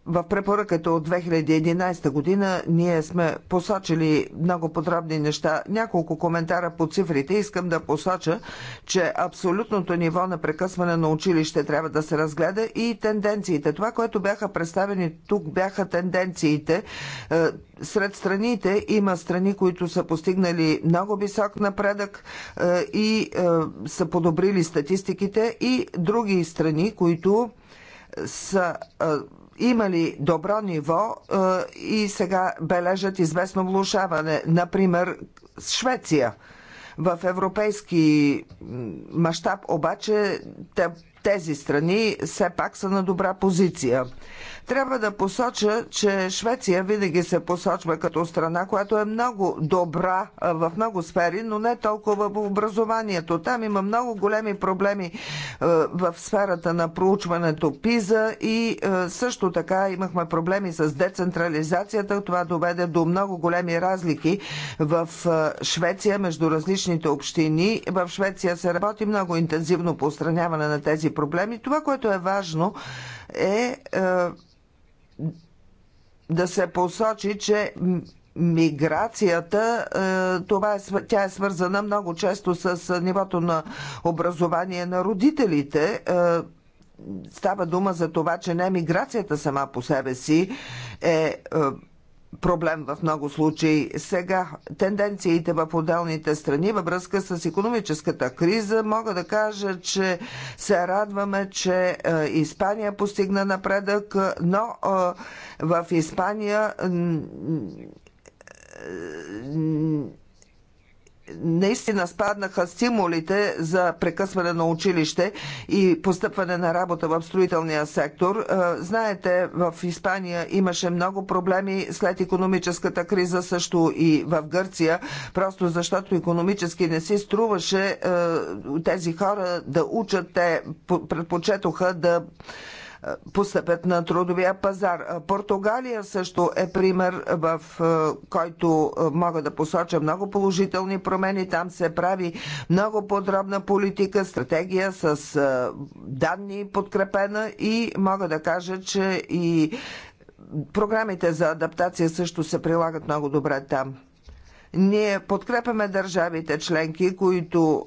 В препоръката от 2011 година ние сме посочили много подробни неща. Няколко коментара по цифрите. Искам да посоча, че абсолютното ниво на прекъсване на училище трябва да се разгледа и тенденциите. Това, което бяха представени тук, бяха тенденциите. Е, сред страните има страни, които са постигнали много висок напредък е, и е, са подобрили статистиките и други страни, които са имали добро ниво е, и сега бележат известно влушаване. Например, Швеция. В европейски мащаб обаче те тези страни все пак са на добра позиция. Трябва да посоча, че Швеция винаги се посочва като страна, която е много добра в много сфери, но не толкова в образованието. Там има много големи проблеми в сферата на проучването ПИЗа и също така имахме проблеми с децентрализацията. Това доведе до много големи разлики в Швеция между различните общини. В Швеция се работи много интензивно по устраняване на тези проблеми. Това, което е важно е, е да се посочи, че миграцията, е, това е, тя е свързана много често с нивото на образование на родителите. Е, става дума за това, че не миграцията сама по себе си е, е проблем в много случаи. Сега тенденциите в отделните страни във връзка с економическата криза мога да кажа, че се радваме, че е, Испания постигна напредък, но е, в Испания наистина спаднаха стимулите за прекъсване на училище и постъпване на работа в строителния сектор. Е, знаете, в Испания имаше много проблеми след економическата криза, също и в Гърция, просто защото економически не си струваше е, тези хора да учат. Те предпочетоха да е, постъпят на трудовия пазар. Е, Португалия също е пример, в е, който мога да посоча много положителни промени. Там се прави много подробна политика, стратегия с данни подкрепена и мога да кажа, че и програмите за адаптация също се прилагат много добре там. Ние подкрепяме държавите членки, които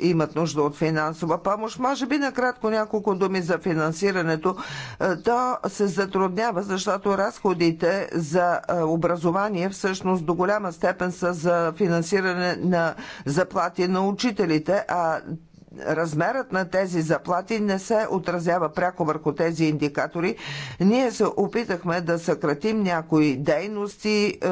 е, имат нужда от финансова помощ. Може би накратко няколко думи за финансирането. Е, то се затруднява, защото разходите за е, образование всъщност до голяма степен са за финансиране на заплати на учителите, а размерът на тези заплати не се отразява пряко върху тези индикатори. Ние се опитахме да съкратим някои дейности, е,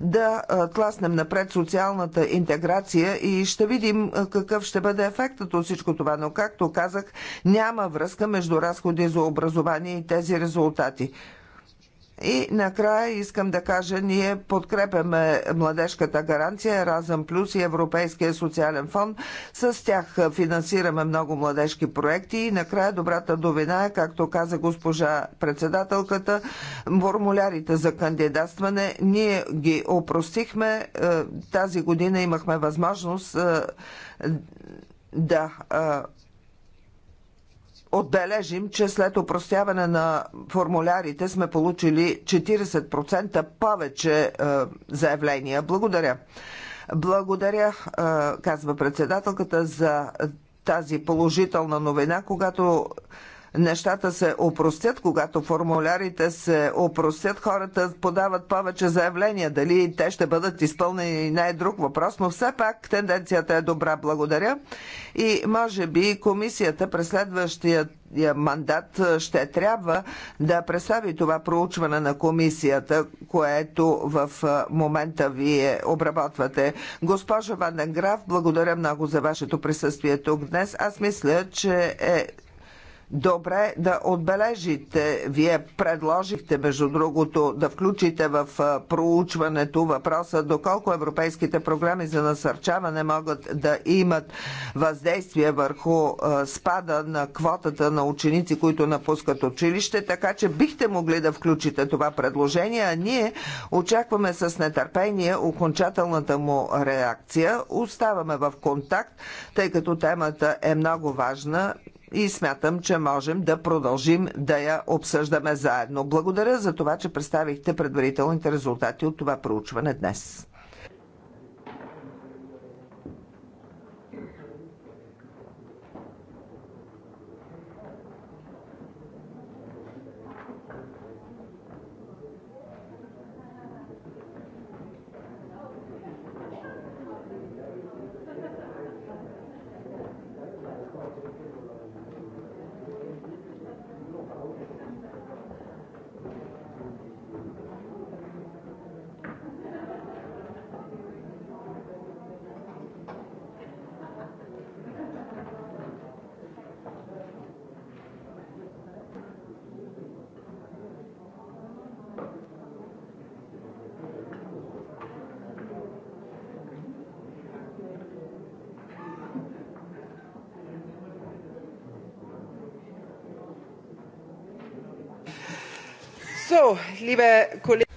да е, тласнем напред социалната интеграция и ще видим е, какъв ще бъде ефектът от всичко това. Но, както казах, няма връзка между разходи за образование и тези резултати. И накрая искам да кажа, ние подкрепяме младежката гаранция Еразъм Плюс и Европейския социален фонд. С тях финансираме много младежки проекти и накрая добрата новина е, както каза госпожа председателката, формулярите за кандидатстване ние ги опростихме. Е, тази година имахме възможност е, да е, отбележим, че след опростяване на формулярите сме получили 40% повече е, заявления. Благодаря. Благодаря, е, казва председателката, за тази положителна новина, когато нещата се опростят, когато формулярите се опростят, хората подават повече заявления. Дали те ще бъдат изпълнени не е друг въпрос, но все пак тенденцията е добра. Благодаря. И може би комисията през следващия мандат ще трябва да представи това проучване на комисията, което в момента вие обработвате. Госпожа Ванденграф, благодаря много за вашето присъствие тук днес. Аз мисля, че е добре да отбележите. Вие предложихте, между другото, да включите в проучването въпроса доколко европейските програми за насърчаване могат да имат въздействие върху спада на квотата на ученици, които напускат училище, така че бихте могли да включите това предложение, а ние очакваме с нетърпение окончателната му реакция. Оставаме в контакт, тъй като темата е много важна и смятам, че можем да продължим да я обсъждаме заедно. Благодаря за това, че представихте предварителните резултати от това проучване днес.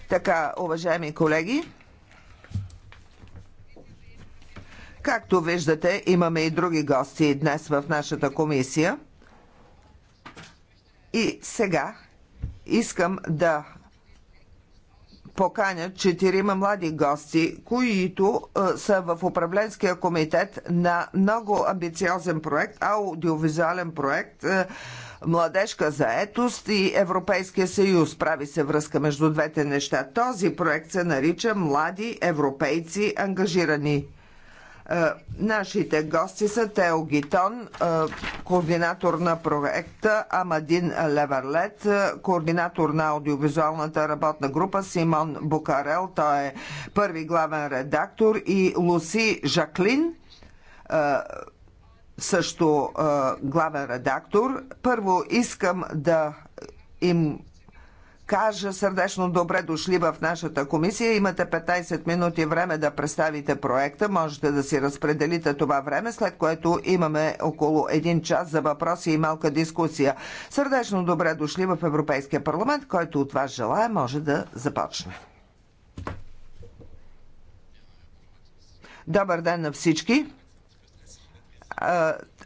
Така, уважаеми колеги, както виждате, имаме и други гости днес в нашата комисия. И сега искам да поканят четирима млади гости, които е, са в управленския комитет на много амбициозен проект, аудиовизуален проект, е, младежка заетост и Европейския съюз. Прави се връзка между двете неща. Този проект се нарича Млади европейци ангажирани. Е, нашите гости са Тео Гитон, е, координатор на проекта, Амадин Леварлет, е, координатор на аудиовизуалната работна група, Симон Букарел, той е първи главен редактор и Луси Жаклин, също главен редактор. Първо искам да им кажа сърдечно добре дошли в нашата комисия. Имате 15 минути време да представите проекта. Можете да си разпределите това време, след което имаме около 1 час за въпроси и малка дискусия. Сърдечно добре дошли в Европейския парламент. Който от вас желая, може да започне. Добър ден на всички!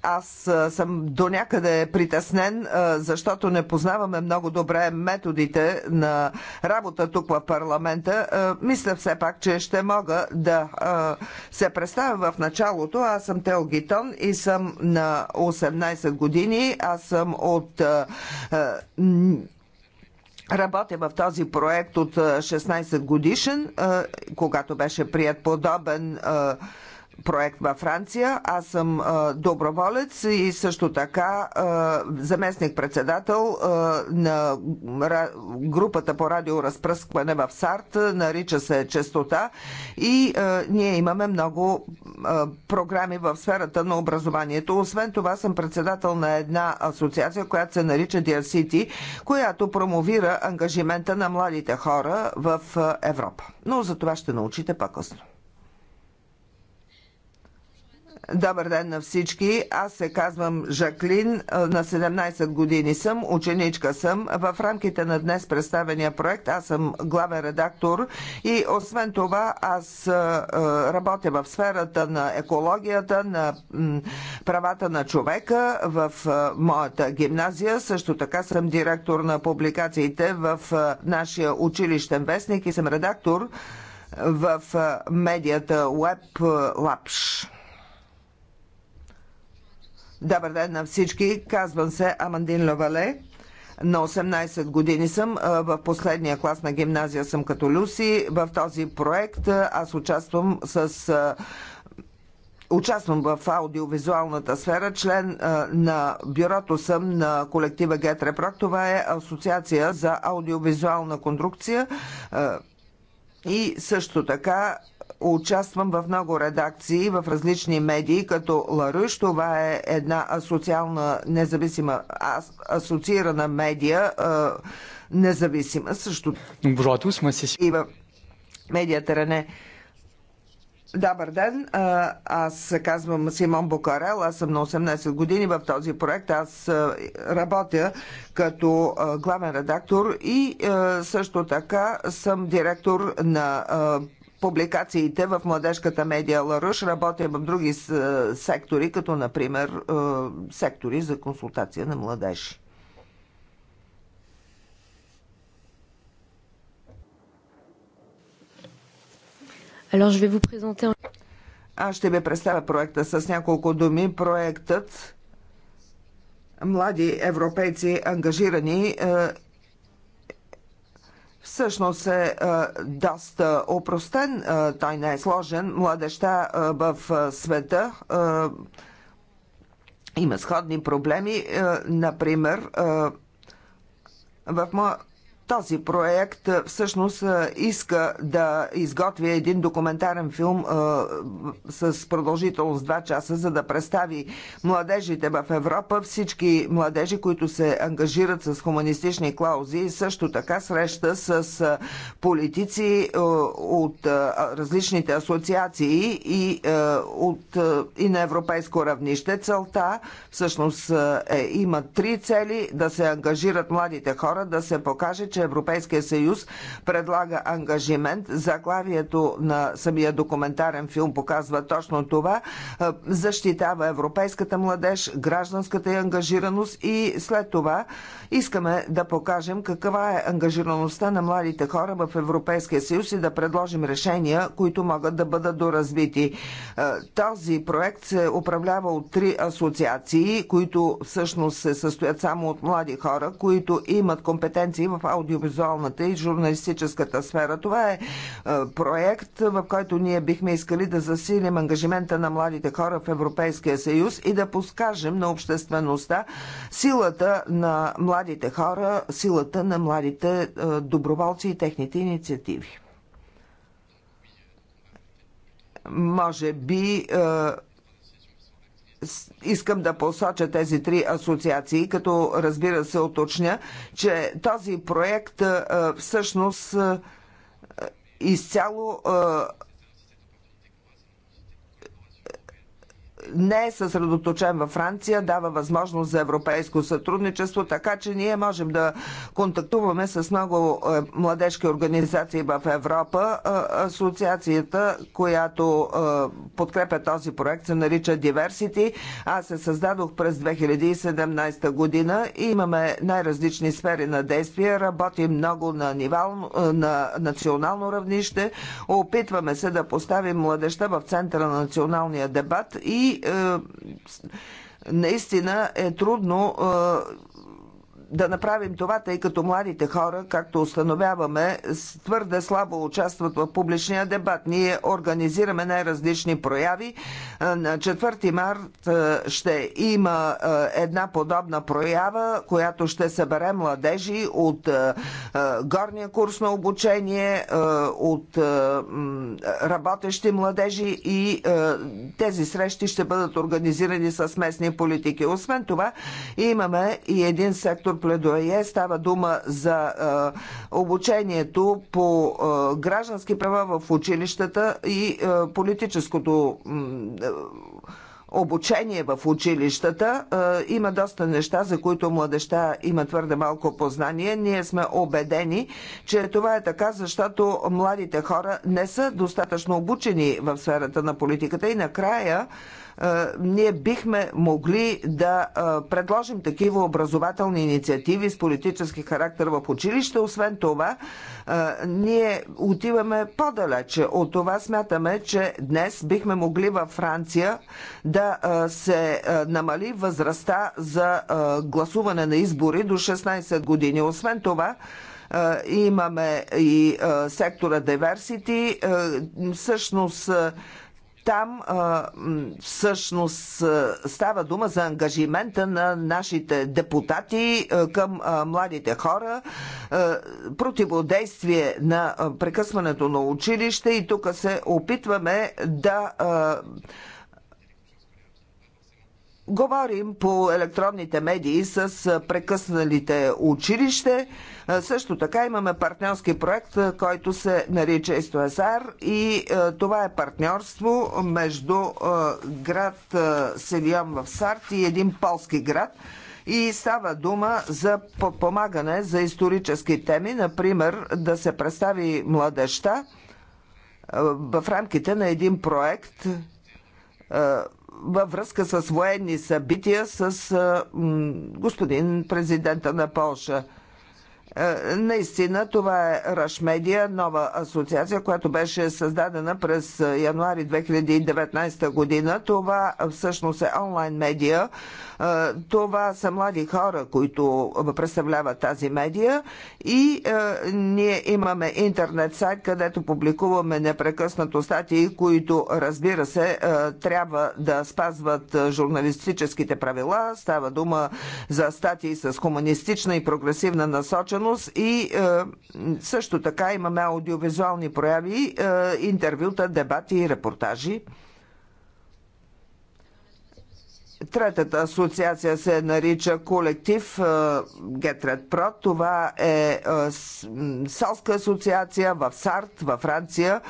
аз съм до някъде притеснен, защото не познаваме много добре методите на работа тук в парламента. Мисля все пак, че ще мога да се представя в началото. Аз съм Тел Гитон и съм на 18 години. Аз съм от Работя в този проект от 16 годишен, когато беше прият подобен проект във Франция. Аз съм доброволец и също така заместник-председател на групата по радиоразпръскване в САРТ, нарича се Честота и ние имаме много програми в сферата на образованието. Освен това съм председател на една асоциация, която се нарича Dear City, която промовира ангажимента на младите хора в Европа. Но за това ще научите по-късно. Добър ден на всички. Аз се казвам Жаклин, на 17 години съм, ученичка съм. В рамките на днес представения проект аз съм главен редактор и освен това аз работя в сферата на екологията, на правата на човека в моята гимназия. Също така съм директор на публикациите в нашия училищен вестник и съм редактор в медията Web Labs. Добър ден на всички. Казвам се Амандин Лавале. На 18 години съм. В последния клас на гимназия съм като Люси. В този проект аз участвам с участвам в аудиовизуалната сфера, член на бюрото съм на колектива Гетрепрак. Това е Асоциация за аудиовизуална конструкция и също така участвам в много редакции в различни медии, като Ларъж. Това е една асоциална, независима, асоциирана медия, а, независима също. И в медията Рене. Добър ден, аз казвам Симон Бокарел, аз съм на 18 години в този проект, аз работя като главен редактор и също така съм директор на публикациите в младежката медия Ларуш. Работя в други е, сектори, като например е, сектори за консултация на младежи.
Alors, je vais vous présenter...
Аз ще ви представя проекта с няколко думи. Проектът Млади европейци ангажирани е, всъщност е, е доста опростен, е, той не е сложен. Младеща е, в света има сходни проблеми. Например, в моя този проект всъщност иска да изготви един документарен филм с продължителност 2 часа, за да представи младежите в Европа, всички младежи, които се ангажират с хуманистични клаузи и също така среща с политици от различните асоциации и, от, и на европейско равнище. Целта всъщност е, има три цели да се ангажират младите хора, да се покаже, че че Европейския съюз предлага ангажимент. Заглавието на самия документарен филм показва точно това. Е, защитава европейската младеж, гражданската и ангажираност и след това искаме да покажем каква е ангажираността на младите хора в Европейския съюз и да предложим решения, които могат да бъдат доразвити. Е, този проект се управлява от три асоциации, които всъщност се състоят само от млади хора, които имат компетенции в аудио аудиовизуалната и журналистическата сфера. Това е, е проект, в който ние бихме искали да засилим ангажимента на младите хора в Европейския съюз и да подскажем на обществеността силата на младите хора, силата на младите е, доброволци и техните инициативи. Може би е, искам да посоча тези три асоциации, като разбира се оточня, че този проект всъщност изцяло не е съсредоточен във Франция, дава възможност за европейско сътрудничество, така че ние можем да контактуваме с много е, младежки организации в Европа. Асоциацията, която е, подкрепя този проект, се нарича Diversity. Аз се създадох през 2017 година и имаме най-различни сфери на действие. Работим много на, нива, е, на национално равнище. Опитваме се да поставим младеща в центъра на националния дебат и и е, наистина е трудно е, да направим това, тъй като младите хора, както установяваме, твърде слабо участват в публичния дебат. Ние организираме най-различни прояви. Е, на 4 март е, ще има е, една подобна проява, която ще събере младежи от горния курс на обучение, от работещи младежи и тези срещи ще бъдат организирани с местни политики. Освен това, имаме и един сектор пледоае. Става дума за обучението по граждански права в училищата и политическото обучение в училищата. Има доста неща, за които младеща има твърде малко познание. Ние сме убедени, че това е така, защото младите хора не са достатъчно обучени в сферата на политиката. И накрая е, ние бихме могли да е, предложим такива образователни инициативи с политически характер в училище. Освен това, е, ние отиваме по-далече. От това смятаме, че днес бихме могли във Франция да се намали възрастта за гласуване на избори до 16 години. Освен това, имаме и сектора Diversity. Всъщност, там а, всъщност става дума за ангажимента на нашите депутати към младите хора, противодействие на прекъсването на училище и тук се опитваме да Говорим по електронните медии с прекъсналите училище. Също така имаме партньорски проект, който се нарича Истоесар и това е партньорство между град Севион в Сарт и един полски град. И става дума за подпомагане за исторически теми, например да се представи младеща в рамките на един проект във връзка с военни събития с господин президента на Польша. Е, наистина, това е Rush Media, нова асоциация, която беше създадена през януари 2019 година. Това всъщност е онлайн медия. Е, това са млади хора, които представляват тази медия. И е, ние имаме интернет сайт, където публикуваме непрекъснато статии, които, разбира се, трябва да спазват журналистическите правила. Става дума за статии с хуманистична и прогресивна насоченост свързаност и е, също така имаме аудиовизуални прояви, е, интервюта, дебати и репортажи. Третата асоциация се нарича колектив е, Гетред Прод. Това е, е селска асоциация в Сарт, във Франция.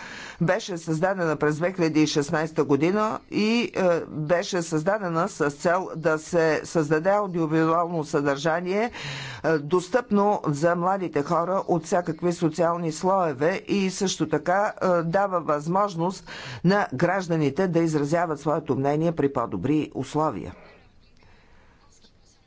Беше създадена през 2016 година и е, беше създадена с цел да се създаде аудиовизуално съдържание, достъпно за младите хора от всякакви социални слоеве и също така дава възможност на гражданите да изразяват своето мнение при по-добри условия.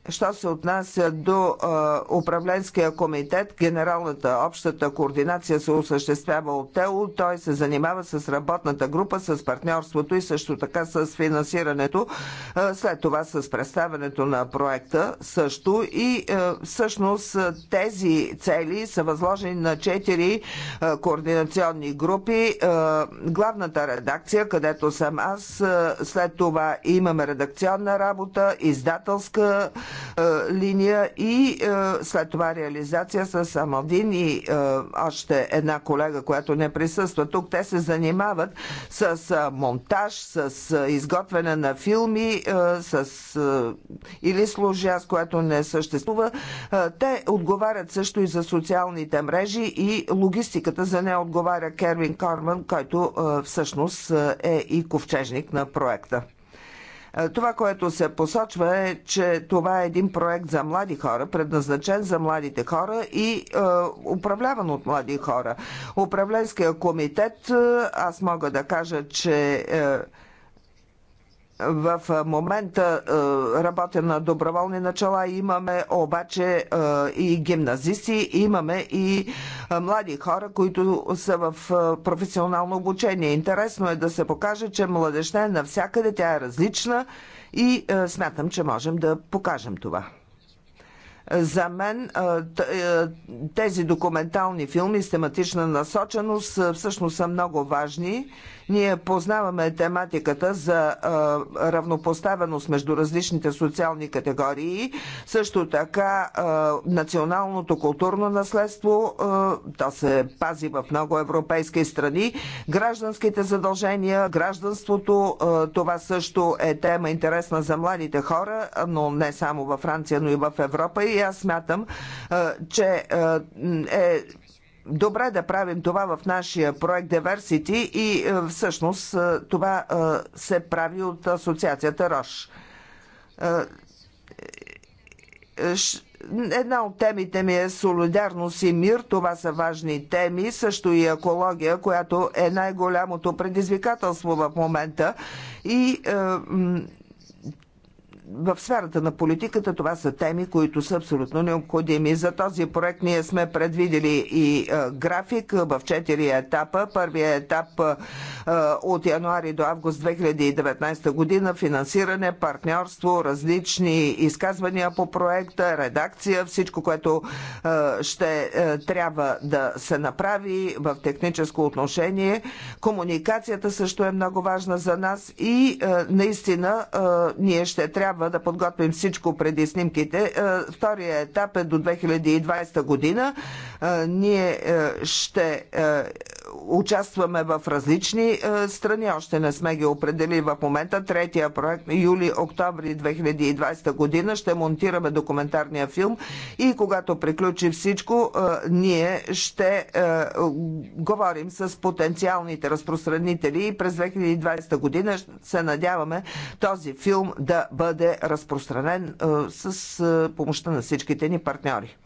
Що се отнася до а, управленския комитет, генералната общата координация се осъществява от ТЕО. Той се занимава с работната група, с партньорството и също така с финансирането, а, след това с представянето на проекта също. И а, всъщност тези цели са възложени на четири координационни групи. А, главната редакция, където съм аз, а, след това имаме редакционна работа, издателска е, линия и е, след това реализация с Амалдин и е, още една колега, която не присъства тук. Те се занимават с монтаж, с изготвяне на филми, с или служас, което не съществува. Те отговарят също и за социалните мрежи и логистиката за нея отговаря Кервин Корман, който всъщност е и ковчежник на проекта. Е, това, което се посочва е, че това е един проект за млади хора, предназначен за младите хора и е, управляван от млади хора. Управленския комитет, е, аз мога да кажа, че е, в момента работя на доброволни начала. Имаме обаче и гимназисти, имаме и млади хора, които са в професионално обучение. Интересно е да се покаже, че младеща е навсякъде, тя е различна и смятам, че можем да покажем това. За мен тези документални филми с тематична насоченост всъщност са много важни ние познаваме тематиката за равнопоставеност между различните социални категории, също така националното културно наследство, то се пази в много европейски страни, гражданските задължения, гражданството, това също е тема интересна за младите хора, но не само във Франция, но и в Европа. И аз смятам, че е добре да правим това в нашия проект Diversity и е, всъщност е, това е, се прави от асоциацията РОШ. Една от темите ми е солидарност и мир. Това са важни теми. Също и екология, която е най-голямото предизвикателство в момента. И в сферата на политиката това са теми, които са абсолютно необходими. За този проект ние сме предвидели и е, график в четири етапа. Първият етап е, от януари до август 2019 година финансиране, партньорство, различни изказвания по проекта, редакция, всичко, което е, ще трябва да се направи в техническо отношение. Комуникацията също е много важна за нас и наистина ние ще трябва трябва да подготвим всичко преди снимките. Е, втория етап е до 2020 година. Е, ние е, ще участваме в различни е, страни, още не сме ги определили в момента. Третия проект юли-октомври 2020 година ще монтираме документарния филм и когато приключи всичко, е, ние ще е, говорим с потенциалните разпространители и през 2020 година се надяваме този филм да бъде разпространен с помощта на всичките ни партньори.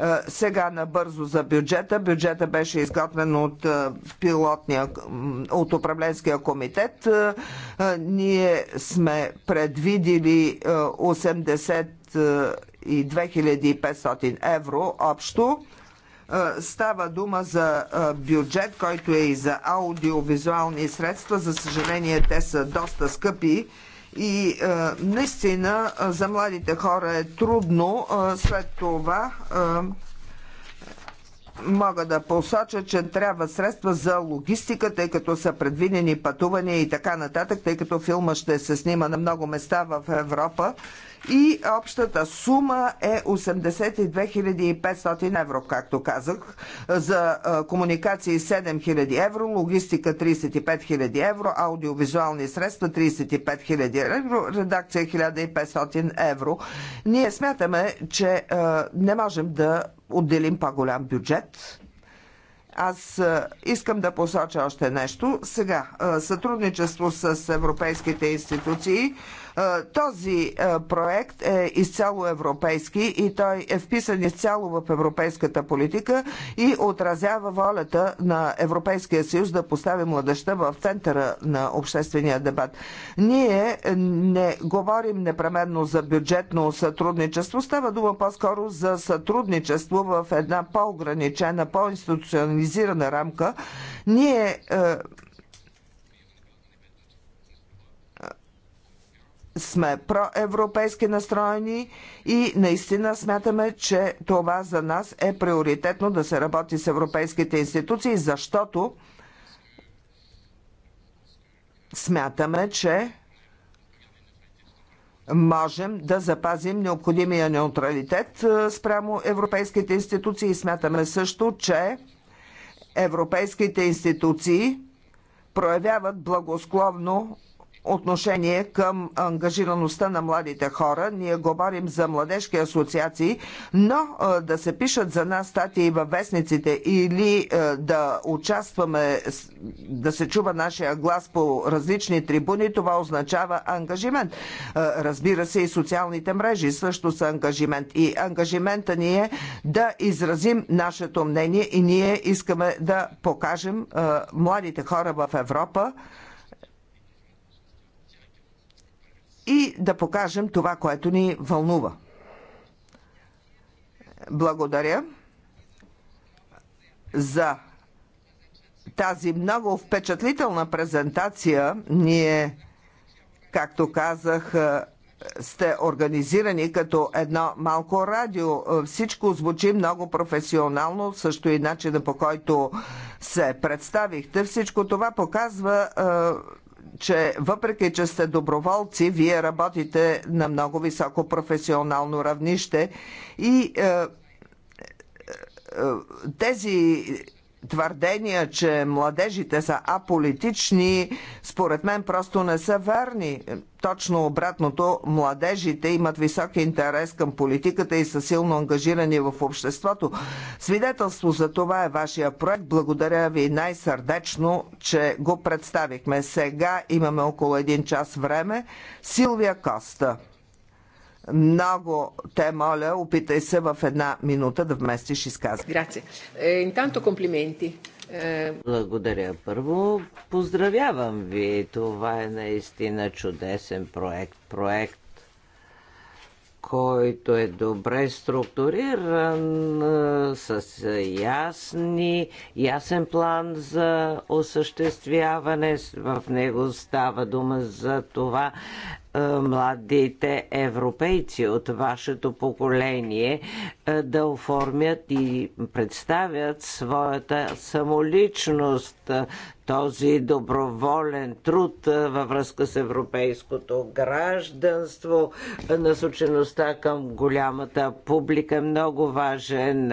Е, сега набързо за бюджета. Бюджета беше изготвен от е, пилотния, от управленския комитет. Е, ние сме предвидили 80 и 2500 евро общо. Става дума за бюджет, който е и за аудиовизуални средства. За съжаление, те са доста скъпи и е, наистина е, за младите хора е трудно. Е, след това мога да посоча, че трябва средства за логистика, тъй като са предвидени пътувания и така нататък, тъй като филма ще се снима на много места в Европа и общата сума е 82 500 евро, както казах. За комуникации 7000 евро, логистика 35 000 евро, аудиовизуални средства 35 000 евро, редакция 1500 евро. Ние смятаме, че не можем да отделим по-голям бюджет аз искам да посоча още нещо. Сега, сътрудничество с европейските институции. Е, този е, проект е изцяло европейски и той е вписан изцяло в европейската политика и отразява волята на Европейския съюз да постави младеща в центъра на обществения дебат. Ние не говорим непременно за бюджетно сътрудничество, става дума по-скоро за сътрудничество в една по-ограничена, по-институционализирана рамка. Ние е, сме проевропейски настроени и наистина смятаме, че това за нас е приоритетно да се работи с европейските институции, защото смятаме, че можем да запазим необходимия неутралитет спрямо европейските институции и смятаме също, че европейските институции проявяват благосклонно отношение към ангажираността на младите хора. Ние говорим за младежки асоциации, но да се пишат за нас статии във вестниците или да участваме, да се чува нашия глас по различни трибуни, това означава ангажимент. Разбира се, и социалните мрежи също са ангажимент. И ангажимента ни е да изразим нашето мнение и ние искаме да покажем младите хора в Европа, да покажем това, което ни вълнува. Благодаря за тази много впечатлителна презентация. Ние, както казах, е, сте организирани като едно малко радио. Е, всичко звучи много професионално, също и начина по който се представихте. Всичко това показва е, че въпреки, че сте доброволци, вие работите на много високо професионално равнище и е, е, е тези твърдения, че младежите са аполитични, според мен просто не са верни. Точно обратното, младежите имат висок интерес към политиката и са силно ангажирани в обществото. Свидетелство за това е вашия проект. Благодаря ви най-сърдечно, че го представихме. Сега имаме около един час време. Силвия Коста. Много те моля, опитай се в една минута да вместиш изказване. Грация.
Е, интанто комплименти. Е,
Благодаря.
Първо, поздравявам ви. Това е наистина чудесен проект. Проект, който е добре структуриран, е, с ясни, ясен план за осъществяване. В него става дума за това е, младите европейци от вашето поколение е, да оформят и представят своята самоличност, е, този доброволен труд във връзка с европейското гражданство, насочеността към голямата публика е много важен.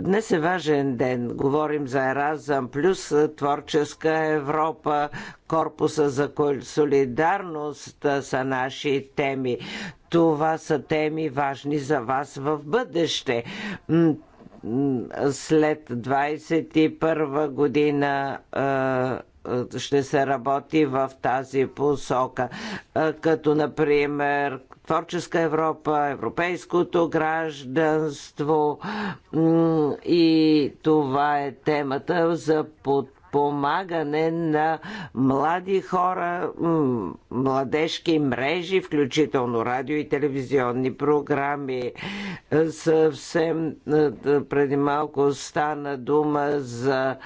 Днес е важен ден. Говорим за Еразъм плюс творческа Европа, корпуса за солидарност са наши теми. Това са теми важни за вас в бъдеще след 21 година ще се работи в тази посока. Като, например, Творческа Европа, Европейското гражданство и това е темата за под подпомагане на млади хора, младежки мрежи, включително радио и телевизионни програми. Е, съвсем е, преди малко стана дума за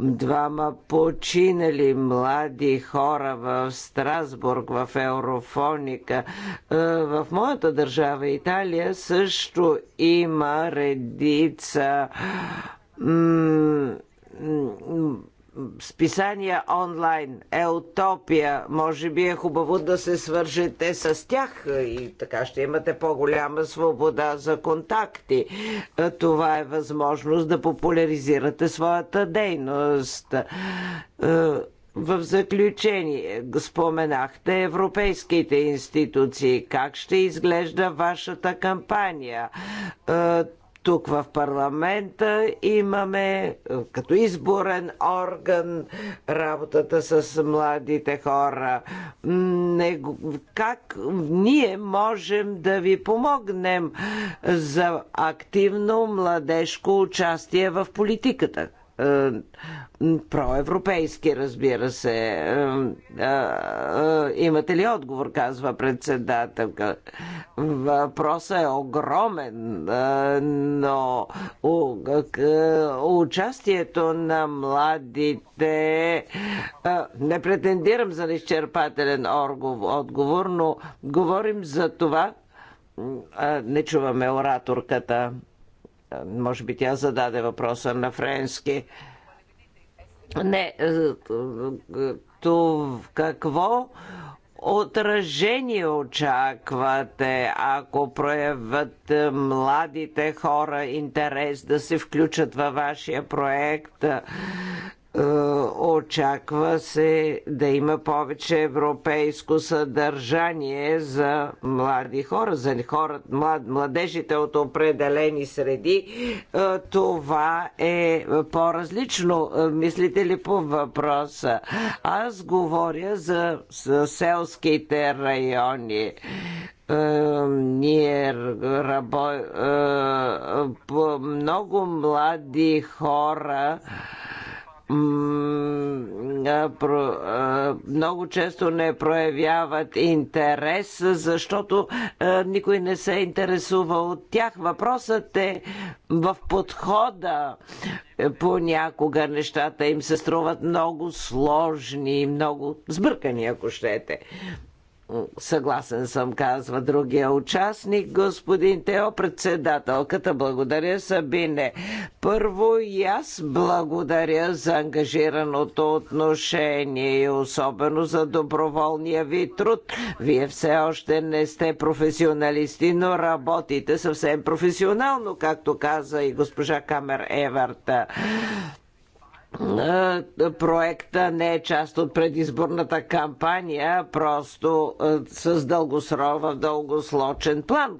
двама починали млади хора в Страсбург, в Еврофоника. Е, в моята държава Италия също има редица списания онлайн, е утопия. може би е хубаво да се свържете с тях и така ще имате по-голяма свобода за контакти. Това е възможност да популяризирате своята дейност. В заключение, споменахте европейските институции. Как ще изглежда вашата кампания? тук в парламента имаме е, като изборен орган работата с младите хора. как ние можем да ви помогнем за активно младежко участие в политиката? Е, проевропейски, разбира се. Е, е, имате ли отговор, казва председателка. Въпросът е огромен, но участието на младите... Не претендирам за изчерпателен отговор, но говорим за това... Не чуваме ораторката може би тя зададе въпроса на френски. Не, е, то какво отражение очаквате, ако проявят е, младите хора интерес да се включат във вашия проект? Е, очаква се да има повече европейско съдържание за млади хора, за хора, млад, младежите от определени среди. Е, това е по-различно. Е, мислите ли по въпроса? Аз говоря за селските райони ние рабо... много млади хора много често не проявяват интерес, защото никой не се интересува от тях. Въпросът е в подхода. Е, понякога нещата им се струват много сложни, много сбъркани, ако щете. Съгласен съм, казва другия участник. Господин Тео, председателката, благодаря Сабине. Първо и аз благодаря за ангажираното отношение и особено за доброволния ви труд. Вие все още не сте професионалисти, но работите съвсем професионално, както каза и госпожа Камер Еверта проекта не е част от предизборната кампания, просто с дългосрочен план.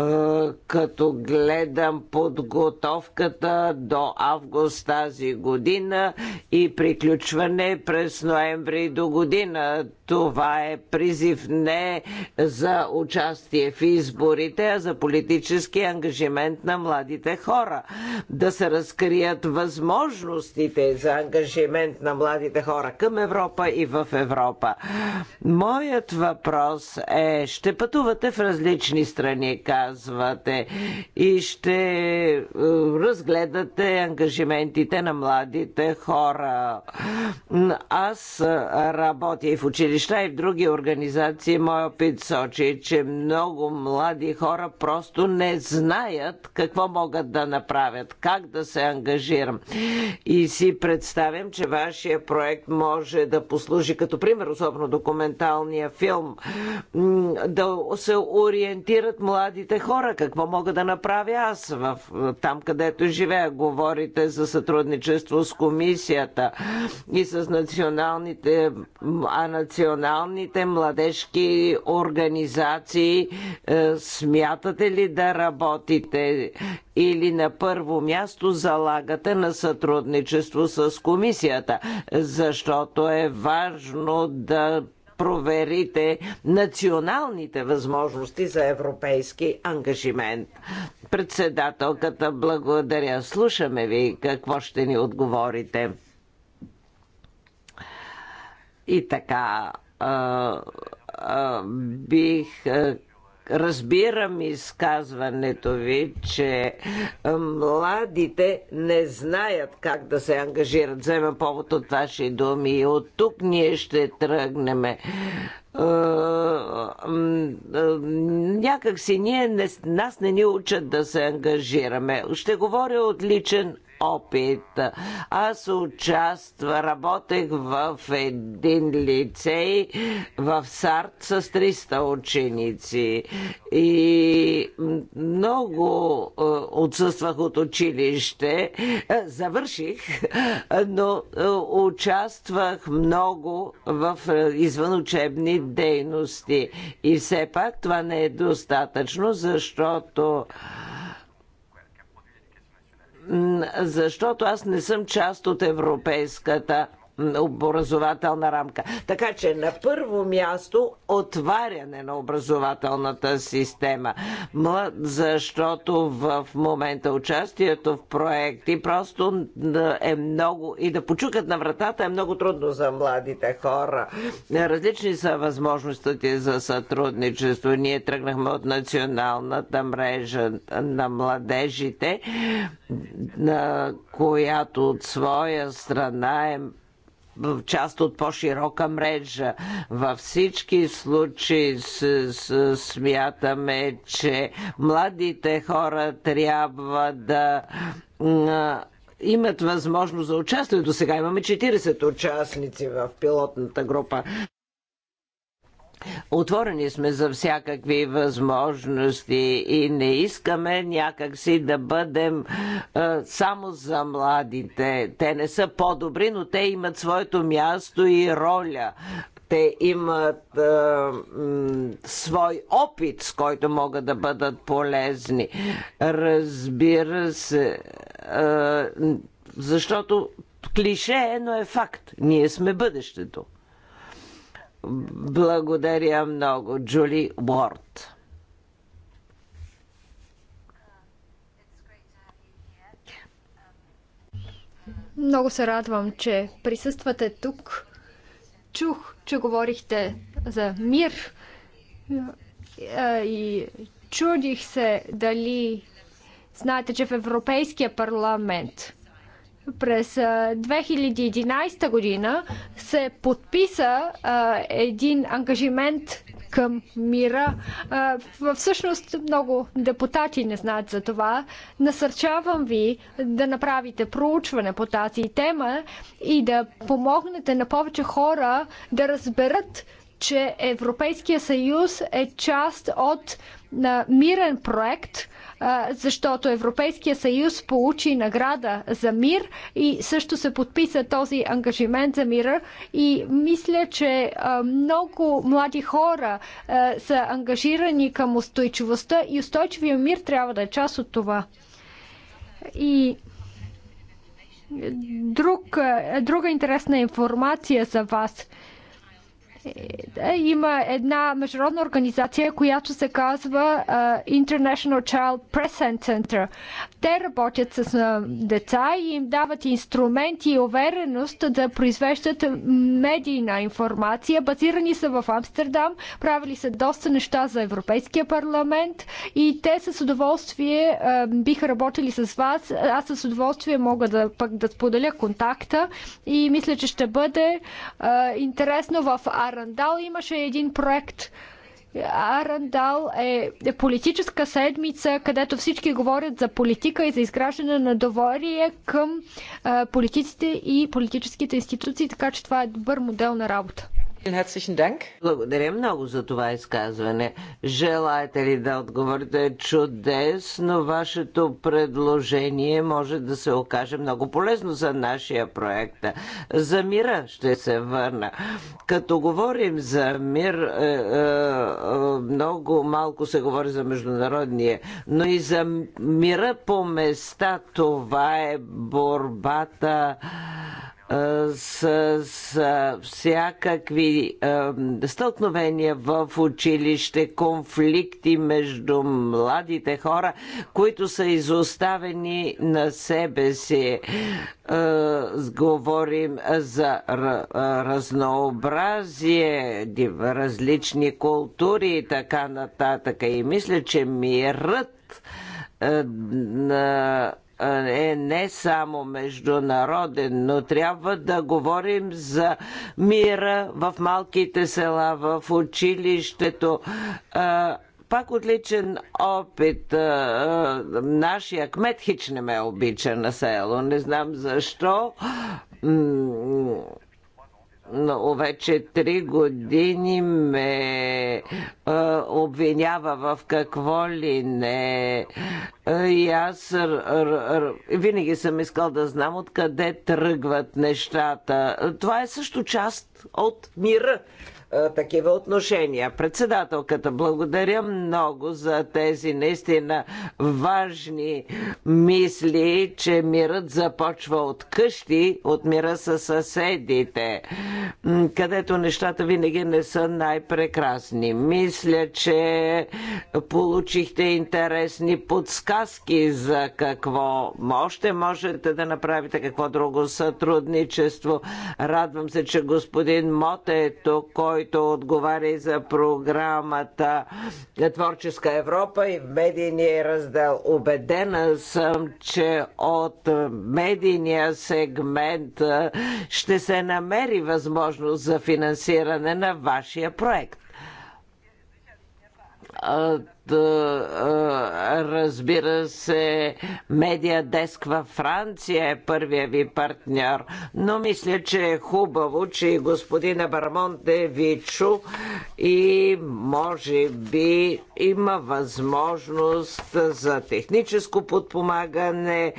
Е, като гледам подготовката до август тази година и приключване през ноември до година. Това е призив не за участие в изборите, а за политически ангажимент на младите хора. Да се разкрият възможностите за ангажимент на младите хора към Европа и в Европа. Моят въпрос е, ще пътувате в различни страни, как казвате и ще е, разгледате ангажиментите на младите хора. Аз е, работя и в училища, и в други организации. Мой опит сочи, че много млади хора просто не знаят какво могат да направят, как да се ангажирам. И си представям, че вашия проект може да послужи като пример, особено документалния филм, да се ориентират младите хора какво мога да направя аз в, там, където живея. Говорите за сътрудничество с комисията и с националните, а националните младежки организации. Е, смятате ли да работите или на първо място залагате на сътрудничество с комисията, защото е важно да проверите националните възможности за европейски ангажимент. Председателката, благодаря. Слушаме ви какво ще ни отговорите. И така, а, а, бих разбирам изказването ви, че младите не знаят как да се ангажират. Взема повод от ваши думи и от тук ние ще тръгнеме някак си ние нас не ни учат да се ангажираме. Ще говоря от личен опит. Аз участва, работех в един лицей в Сарт с 300 ученици и много е, отсъствах от училище. Е, завърших, но е, участвах много в извънучебни дейности. И все пак това не е достатъчно, защото защото аз не съм част от европейската образователна рамка. Така че на първо място отваряне на образователната система, защото в момента участието в проекти просто е много и да почукат на вратата е много трудно за младите хора. Различни са възможностите за сътрудничество. Ние тръгнахме от националната мрежа на младежите, на която от своя страна е част от по-широка мрежа. Във всички случаи с, с, смятаме, че младите хора трябва да имат възможност за участие. До сега имаме 40 участници в пилотната група. Отворени сме за всякакви възможности и не искаме някакси да бъдем а, е, само за младите. Те не са по-добри, но те имат своето място и роля те имат а, е, м, свой опит, с който могат да бъдат полезни. Разбира се, а, е, защото клише е, но е факт. Ние сме бъдещето. Благодаря много, Джули Уорд.
Много се радвам, че присъствате тук. Чух, че говорихте за мир и чудих се дали знаете, че в Европейския парламент през 2011 година се подписа а, един ангажимент към мира. А, всъщност много депутати не знаят за това. Насърчавам ви да направите проучване по тази тема и да помогнете на повече хора да разберат, че Европейския съюз е част от на мирен проект – защото Европейския съюз получи награда за мир и също се подписа този ангажимент за мира. И мисля, че много млади хора са ангажирани към устойчивостта и устойчивия мир трябва да е част от това. И друг, друга интересна информация за вас – е, е, има една международна организация, която се казва е, International Child Present Center. Те работят с деца и им дават инструменти и увереност да произвеждат медийна информация. Базирани са в Амстердам, правили са доста неща за Европейския парламент и те с удоволствие биха работили с вас. Аз с удоволствие мога да, пък да споделя контакта и мисля, че ще бъде интересно в Арандал имаше един проект. Арандал е политическа седмица, където всички говорят за политика и за изграждане на доверие към политиците и политическите институции, така че това е добър модел на работа.
Благодаря много за това изказване. Желаете ли да отговорите чудесно? Вашето предложение може да се окаже много полезно за нашия проект. За мира ще се върна. Като говорим за мир, е, е, е, много малко се говори за международния, но и за мира по места това е борбата с, с всякакви е, стълкновения в училище, конфликти между младите хора, които са изоставени на себе си. Е, говорим за е, разнообразие, различни култури и така нататък. И мисля, че мирът е, на е не само международен, но трябва да говорим за мира в малките села, в училището. Пак отличен опит. Нашия кметхич не ме обича на село. Не знам защо но вече три години ме а, обвинява в какво ли не. И аз р, р, р, винаги съм искал да знам откъде тръгват нещата. Това е също част от мира такива отношения. Председателката, благодаря много за тези наистина важни мисли, че мирът започва от къщи, от мира със съседите, където нещата винаги не са най-прекрасни. Мисля, че получихте интересни подсказки за какво още можете да направите, какво друго сътрудничество. Радвам се, че господин Моте е тук, който който отговаря и за програмата Творческа Европа и медийния раздел. Обедена съм, че от медийния сегмент ще се намери възможност за финансиране на вашия проект е, е, разбира се, Медиа Деск във Франция е първия ви партньор. Но мисля, че е хубаво, че и господина Бармонте ви чу и може би има възможност за техническо подпомагане,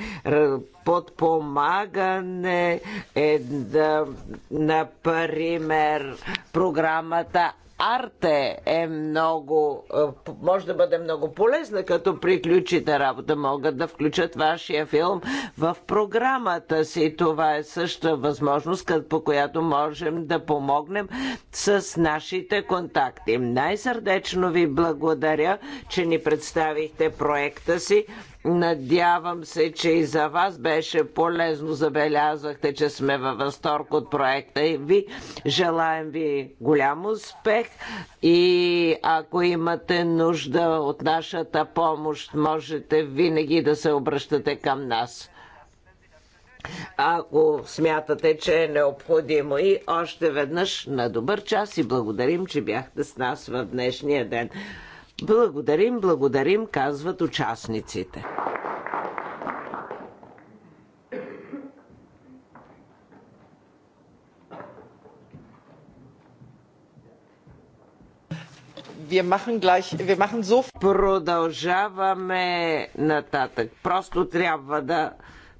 подпомагане е, да, например, програмата Арте е много, е, може да бъде много полезна, като приключите работа. Могат да включат вашия филм в програмата си. Това е също възможност, по която можем да помогнем с нашите контакти. Най-сърдечно ви благодаря, че ни представихте проекта си. Надявам се, че и за вас беше полезно. Забелязахте, че сме във възторг от проекта и ви. Желаем ви голям успех и ако имате нужда от нашата помощ, можете винаги да се обръщате към нас. Ако смятате, че е необходимо и още веднъж на добър час и благодарим, че бяхте с нас в днешния ден. Благодарим, благодарим, казват участниците. Продължаваме нататък. Просто трябва да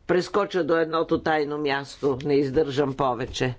прескоча до едното тайно място. Не издържам повече.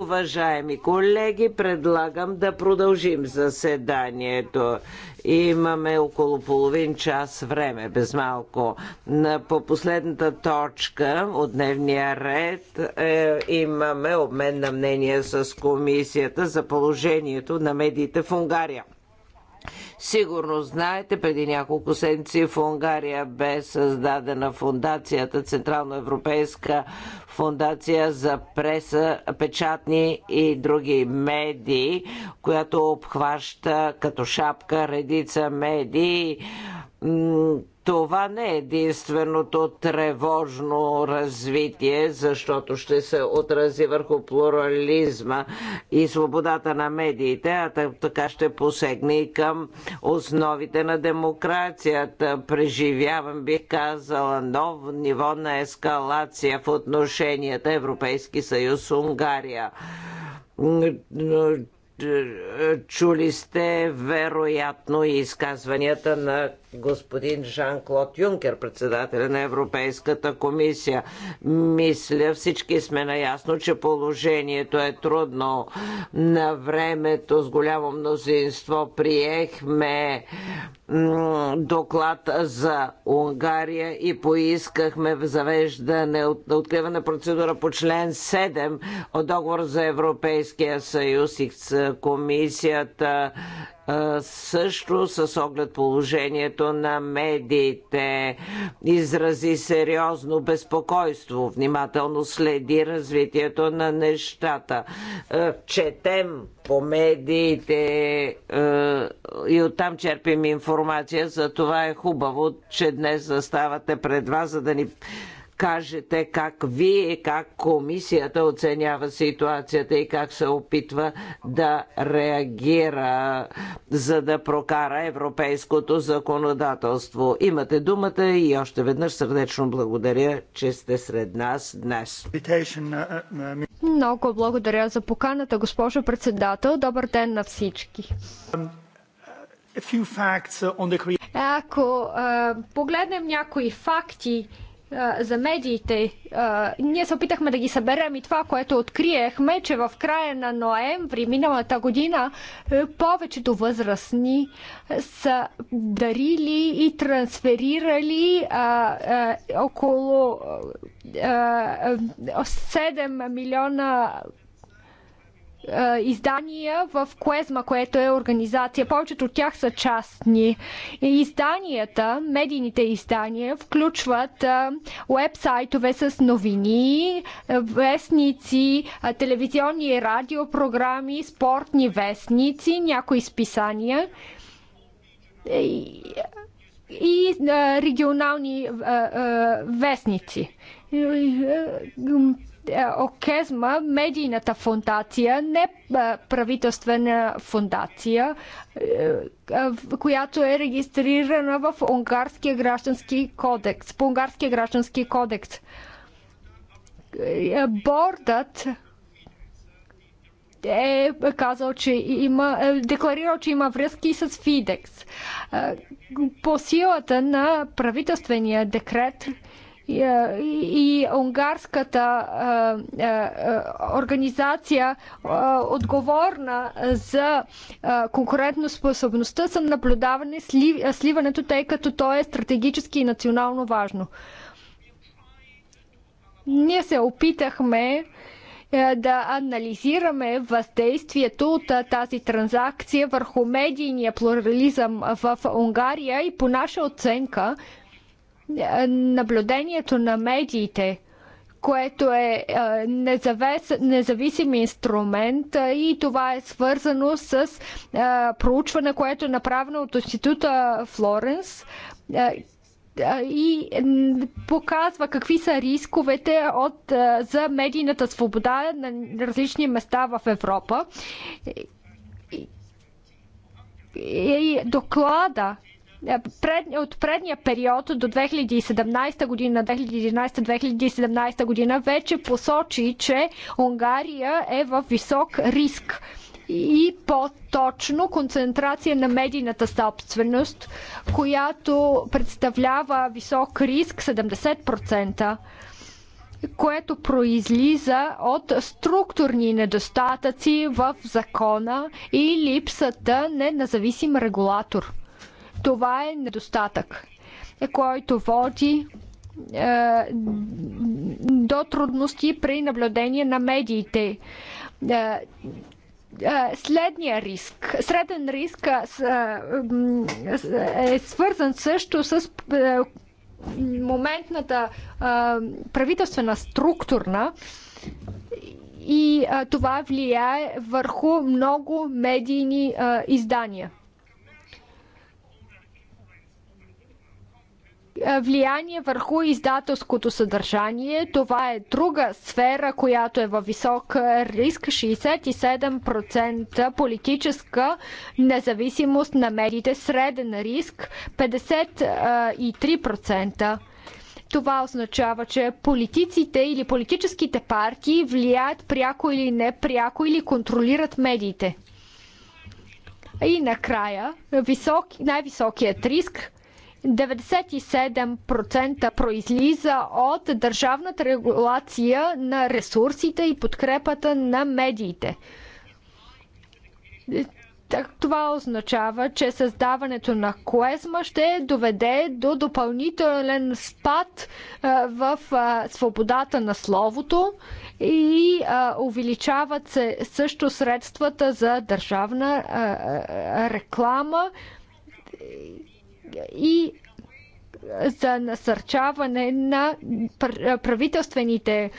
Уважаеми колеги, предлагам да продължим заседанието. Имаме около половин час време, без малко. По последната точка от дневния ред е, имаме обмен на мнение с комисията за положението на медиите в Унгария. Сигурно знаете, преди няколко седмици в Унгария бе създадена фундацията, Централноевропейска фундация за преса, печатни и други медии, която обхваща като шапка редица медии, това не е единственото тревожно развитие, защото ще се отрази върху плурализма и свободата на медиите, а така ще посегне и към основите на демокрацията. Преживявам, бих казала, нов ниво на ескалация в отношенията Европейски съюз-Унгария чули сте вероятно и изказванията на господин Жан-Клод Юнкер, председателя на Европейската комисия. Мисля, всички сме наясно, че положението е трудно. На времето с голямо мнозинство приехме доклад за Унгария и поискахме завеждане на откриване процедура по член 7 от договор за Европейския съюз и комисията също с оглед положението на медиите. Изрази сериозно безпокойство, внимателно следи развитието на нещата. Четем по медиите и оттам черпим информация, за това е хубаво, че днес заставате пред вас, за да ни кажете как вие, как комисията оценява ситуацията и как се опитва да реагира, за да прокара европейското законодателство. Имате думата и още веднъж сърдечно благодаря, че сте сред нас
днес.
Много благодаря за поканата, госпожо председател. Добър ден на всички. Ако погледнем някои факти за медиите. Ние се опитахме да ги съберем и това, което откриехме, че в края на ноември миналата година е, повечето възрастни са дарили и трансферирали около 7 милиона е, издания в Клезма, което е организация. Повечето от тях са частни. Изданията, медийните издания, включват е, уебсайтове с новини, е, вестници, телевизионни и радиопрограми, спортни вестници, някои списания и регионални вестници е, Окезма, медийната фундация, не е, правителствена фундация, е, която е регистрирана в Унгарския граждански кодекс, по Унгарския граждански кодекс. Бордът е казал, че има, е декларирал, че има връзки с Фидекс. По силата на правителствения декрет и унгарската организация, отговорна за конкурентоспособността, са наблюдавани сливането, тъй като то е стратегически и национално важно. Ние се опитахме е, да анализираме въздействието от тази транзакция върху медийния плурализъм в Унгария и по наша оценка е, наблюдението на медиите, което е, е независ, независим инструмент е, и това е свързано с проучване, което е направено от института Флоренс и показва какви са рисковете от, за медийната свобода на различни места в Европа. И доклада, е, пред, от предния период до 2017 година, 2011-2017 година, вече посочи, че Унгария е в висок риск и по-точно концентрация на медийната собственост, която представлява висок риск 70% което произлиза от структурни недостатъци в закона и липсата на независим регулатор. Това е недостатък, който води е, до трудности при наблюдение на медиите. Е, е, следния риск, среден риск е свързан също с моментната правителствена структурна и това влияе върху много медийни издания. влияние върху издателското съдържание. Това е друга сфера, която е във висок риск. 67% политическа независимост на медиите, среден риск 53%. Това означава, че политиците или политическите партии влияят пряко или непряко или контролират медиите. И накрая, висок, най-високият риск 97% произлиза от държавната регулация на ресурсите и подкрепата на медиите. Това означава, че създаването на Коезма ще доведе до допълнителен спад в свободата на словото и увеличават се също средствата за държавна реклама и за насърчаване на правителствените е,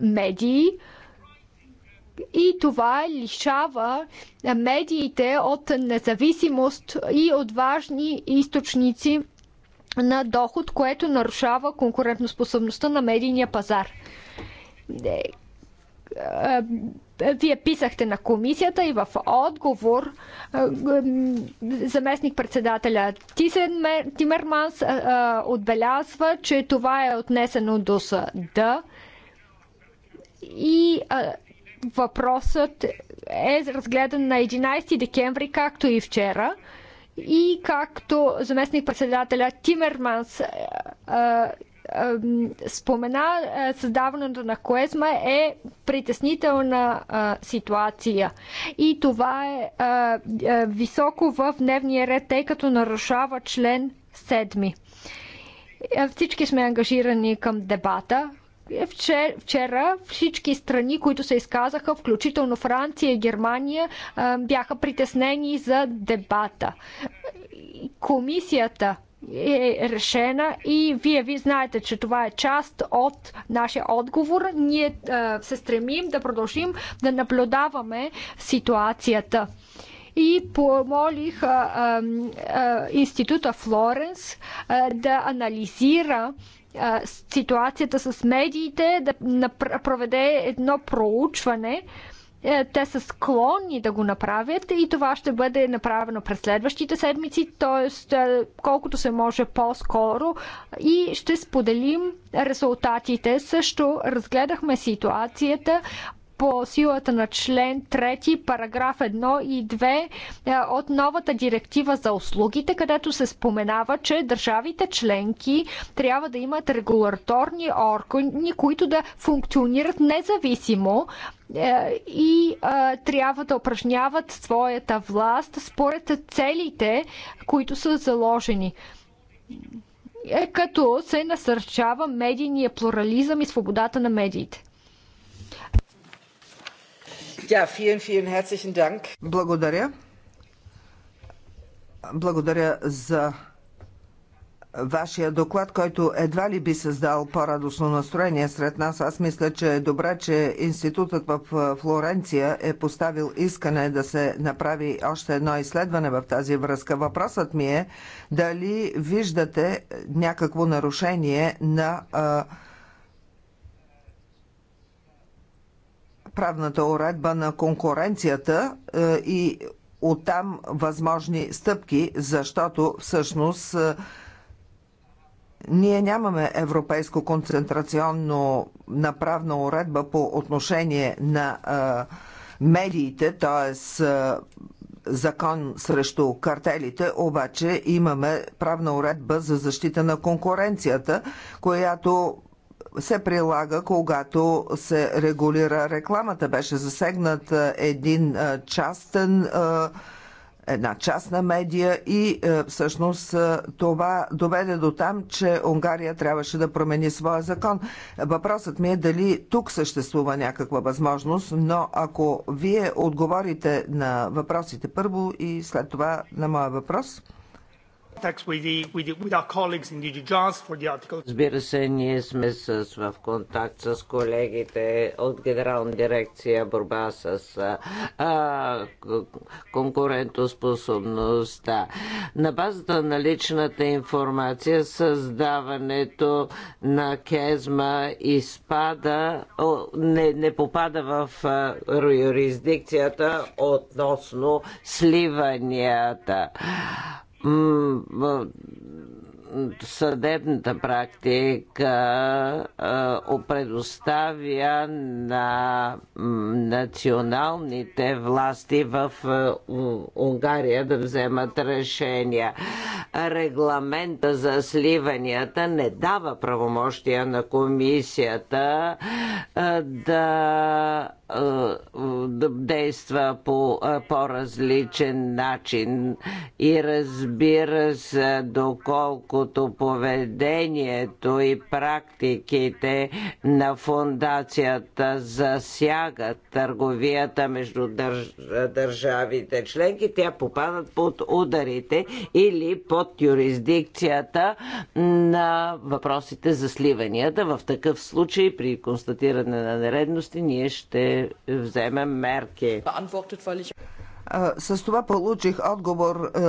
медии. И това лишава е, медиите от независимост и от важни източници на доход, което нарушава конкурентоспособността на медийния пазар е, вие писахте на комисията и в отговор заместник председателя Тисен Тимерманс отбелязва, че това е отнесено до съда и въпросът е разгледан на 11 декември, както и вчера. И както заместник председателя Тимерманс спомена, е, създаването на Коезма е притеснителна ситуация. И това е, е високо в дневния ред, тъй като нарушава член 7. Е, всички сме ангажирани към дебата. вчера всички страни, които се изказаха, включително Франция и Германия, бяха притеснени за дебата. Комисията е решена и вие, ви знаете, че това е част от нашия отговор. Ние е, се стремим да продължим да наблюдаваме ситуацията. И помолих е, е, института Флоренс е, да анализира е, ситуацията с медиите, да проведе едно проучване. Е, те са склонни да го направят и това ще бъде направено през следващите седмици, т.е. колкото се може по-скоро и ще споделим резултатите. Също разгледахме ситуацията по силата на член 3, параграф 1 и 2 е, от новата директива за услугите, където се споменава, че държавите членки трябва да имат регулаторни органи, които да функционират независимо е, и е, трябва да упражняват своята власт според целите, които са заложени като се насърчава медийния плурализъм и свободата на медиите.
Ja, vielen, vielen herzlichen Dank. Благодаря. Благодаря за вашия доклад, който едва ли би създал по-радостно настроение сред нас. Аз мисля, че е добре, че институтът в Флоренция е поставил искане да се направи още едно изследване в тази връзка. Въпросът ми е дали виждате някакво нарушение на а, правната уредба на конкуренцията е, и оттам възможни стъпки, защото всъщност е, ние нямаме европейско концентрационно направна уредба по отношение на е, медиите, т.е. закон срещу картелите, обаче имаме правна уредба за защита на конкуренцията, която се прилага, когато се регулира рекламата. Беше засегнат един частен една частна медия и всъщност това доведе до там, че Унгария трябваше да промени своя закон. Въпросът ми е дали тук съществува някаква възможност, но ако вие отговорите на въпросите първо и след това на моя въпрос.
Разбира се, ние сме с, в контакт с колегите от Генерална дирекция борба с а, конкурентоспособността. На базата на личната информация създаването на кезма изпада, не, не попада в юрисдикцията относно сливанията м- съдебната практика предоставя на националните власти в Унгария да вземат решения. Регламента за сливанията не дава правомощия на комисията да действа по по-различен начин и разбира се доколко неговото поведението и практиките на фундацията засягат търговията между държ... държавите членки. Тя попадат под ударите или под юрисдикцията на въпросите за сливанията. В такъв случай при констатиране на нередности ние ще вземем мерки.
С това получих отговор е,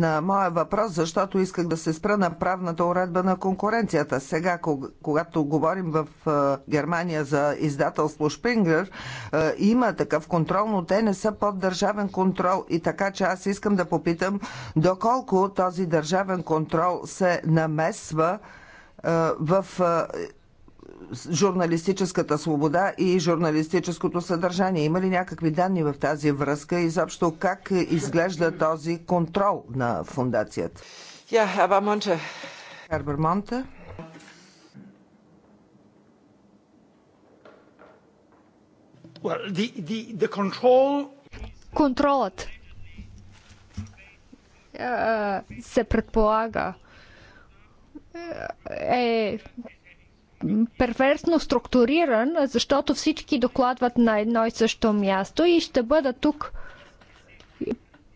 на моя въпрос, защото исках да се спра на правната уредба на конкуренцията. Сега, когато говорим в е, Германия за издателство Шпингер, е, има такъв контрол, но те не са под държавен контрол. И така, че аз искам да попитам доколко този държавен контрол се намесва в журналистическата свобода и журналистическото съдържание. Има ли някакви данни в тази връзка и заобщо как изглежда този контрол на фундацията? Я, Аба Монте. Харбер Монте.
Well, the, the, the control...
Контролът е, се предполага е, е перверсно структуриран, защото всички докладват на едно и също място и ще бъда тук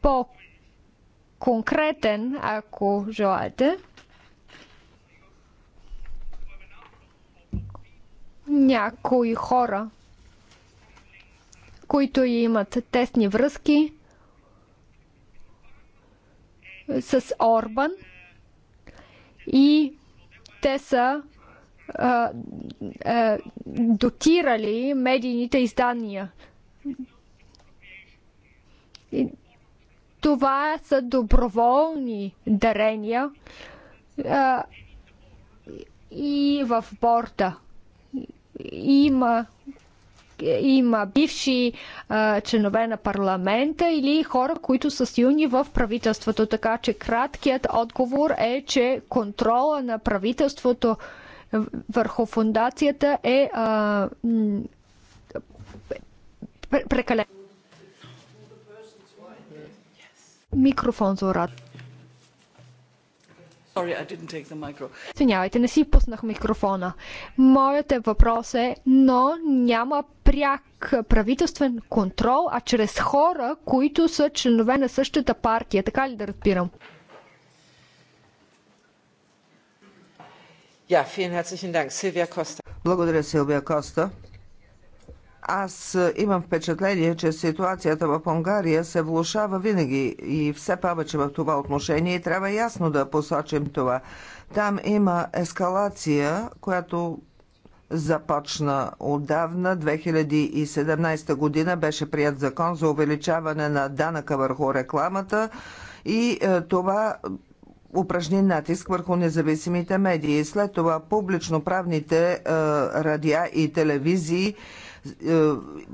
по-конкретен, ако желаете. Някои хора, които имат тесни връзки с Орбан и те са дотирали медийните издания. И това са доброволни дарения а, и в борта. Има, има бивши а, членове на парламента или хора, които са силни в правителството. Така че краткият отговор е, че контрола на правителството а, върху фундацията е а, Микрофон за урат. Извинявайте, не си пуснах микрофона. Моят е въпрос е, но няма пряк правителствен контрол, а чрез хора, които са членове на същата партия. Така ли да разбирам?
Ja, Dank. Благодаря, Силвия Коста. Аз е, имам впечатление, че ситуацията в Унгария се влушава винаги и все повече в това отношение и трябва ясно да посочим това. Там има ескалация, която започна отдавна. 2017 година беше прият закон за увеличаване на данъка върху рекламата и е, това упражни натиск върху независимите медии. След това публично-правните е, радиа и телевизии е,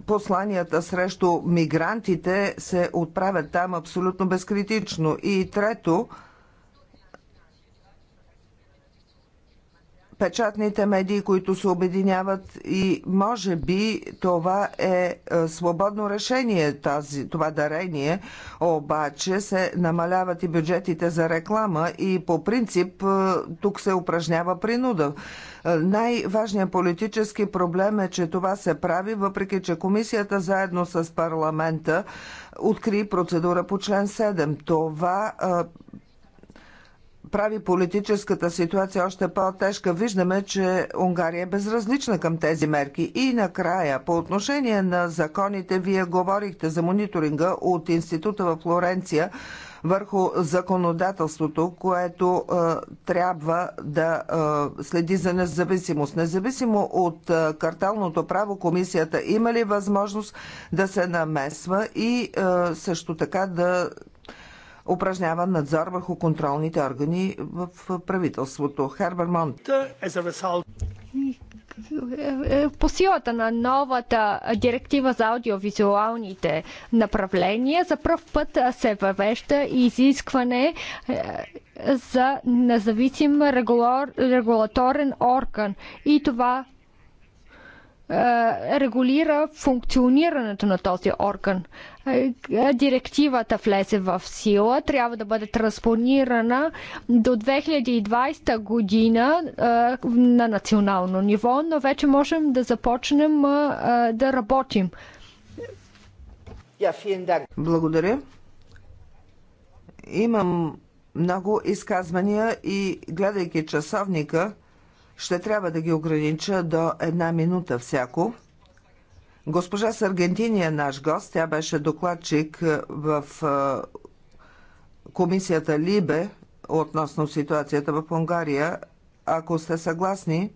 посланията срещу мигрантите се отправят там абсолютно безкритично. И трето, печатните медии, които се обединяват и може би това е, е свободно решение, тази, това дарение, обаче се намаляват и бюджетите за реклама и по принцип е, тук се упражнява принуда. Е, най-важният политически проблем е, че това се прави, въпреки че комисията заедно с парламента откри процедура по член 7. Това прави политическата ситуация още по-тежка, виждаме, че Унгария е безразлична към тези мерки. И накрая, по отношение на законите, вие говорихте за мониторинга от института в Флоренция върху законодателството, което е, трябва да е, следи за независимост. Независимо от е, карталното право, комисията има ли възможност да се намесва и е, също така да упражнява надзор върху контролните органи в правителството. Хербер Монт.
Е, е, по силата на новата директива за аудиовизуалните направления, за първ път се въвежда изискване е, за независим регулаторен орган. И това регулира функционирането на този орган. Директивата влезе в сила, трябва да бъде транспонирана до 2020 година на национално ниво, но вече можем да започнем да работим.
Благодаря. Имам много изказвания и гледайки часовника, ще трябва да ги огранича до една минута всяко. Госпожа Саргентиния е наш гост. Тя беше докладчик е, в е, комисията Либе относно ситуацията в Унгария. Ако сте съгласни,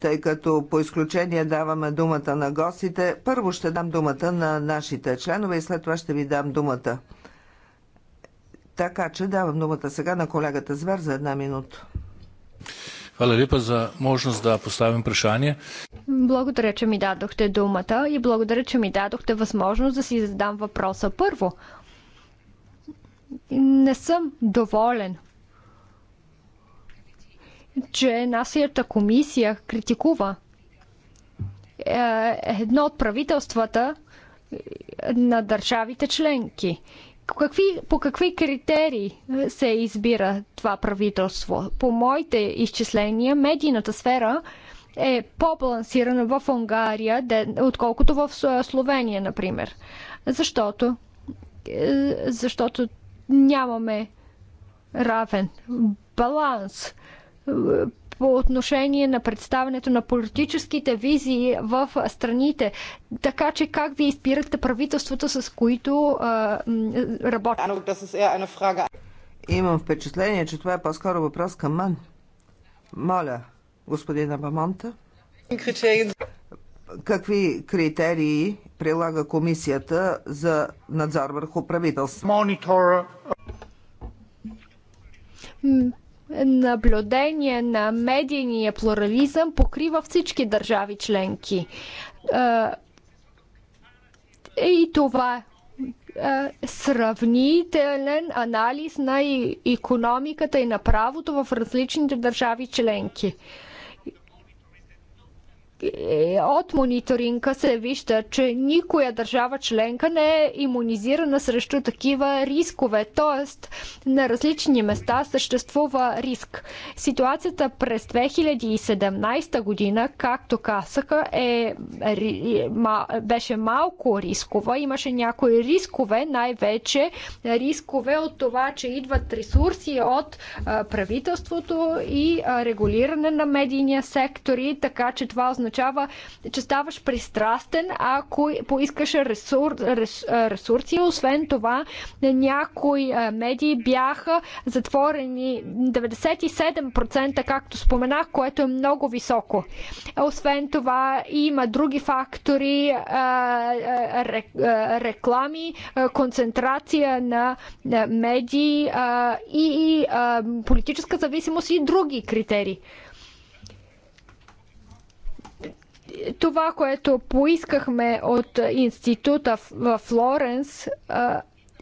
тъй като по изключение даваме думата на гостите, първо ще дам думата на нашите членове и след това ще ви дам думата. Така че давам думата сега на колегата Звер за една минута.
Хвала Липа за можност да поставим vprašanje. Благодаря, че ми дадохте думата и благодаря, че ми дадохте възможност да си задам въпроса. Първо, не съм доволен, че нашата комисия критикува е, едно от правителствата на държавите членки какви, по какви критерии е, се избира това правителство? По моите изчисления, медийната сфера е по-балансирана в Унгария, отколкото в Словения, например. Защото, е, защото нямаме равен баланс е, по отношение на представянето на политическите визии в страните. Така че как ви избирате правителствата, с които работите?
Имам впечатление, че това е по-скоро въпрос към мен. Моля, господина Бамонта. Какви критерии прилага комисията за надзор върху правителство?
наблюдение на медийния плурализъм покрива всички държави членки. И това сравнителен анализ на економиката и на правото в различните държави членки. Е от мониторинга се вижда, че никоя държава членка не е иммунизирана срещу такива рискове. Тоест, на различни места съществува риск. Ситуацията през 2017 година, както казаха, е, беше малко рискова. Имаше някои рискове, най-вече рискове от това, че идват ресурси от правителството и регулиране на медийния сектор, и така че това означава, означава, че ставаш пристрастен, ако поискаш ресур, рес, ресурси. Освен това, някои медии бяха затворени 97%, както споменах, което е много високо. Освен това, има други фактори, реклами, концентрация на медии и политическа зависимост и други критерии. Това, което поискахме от института в Флоренс,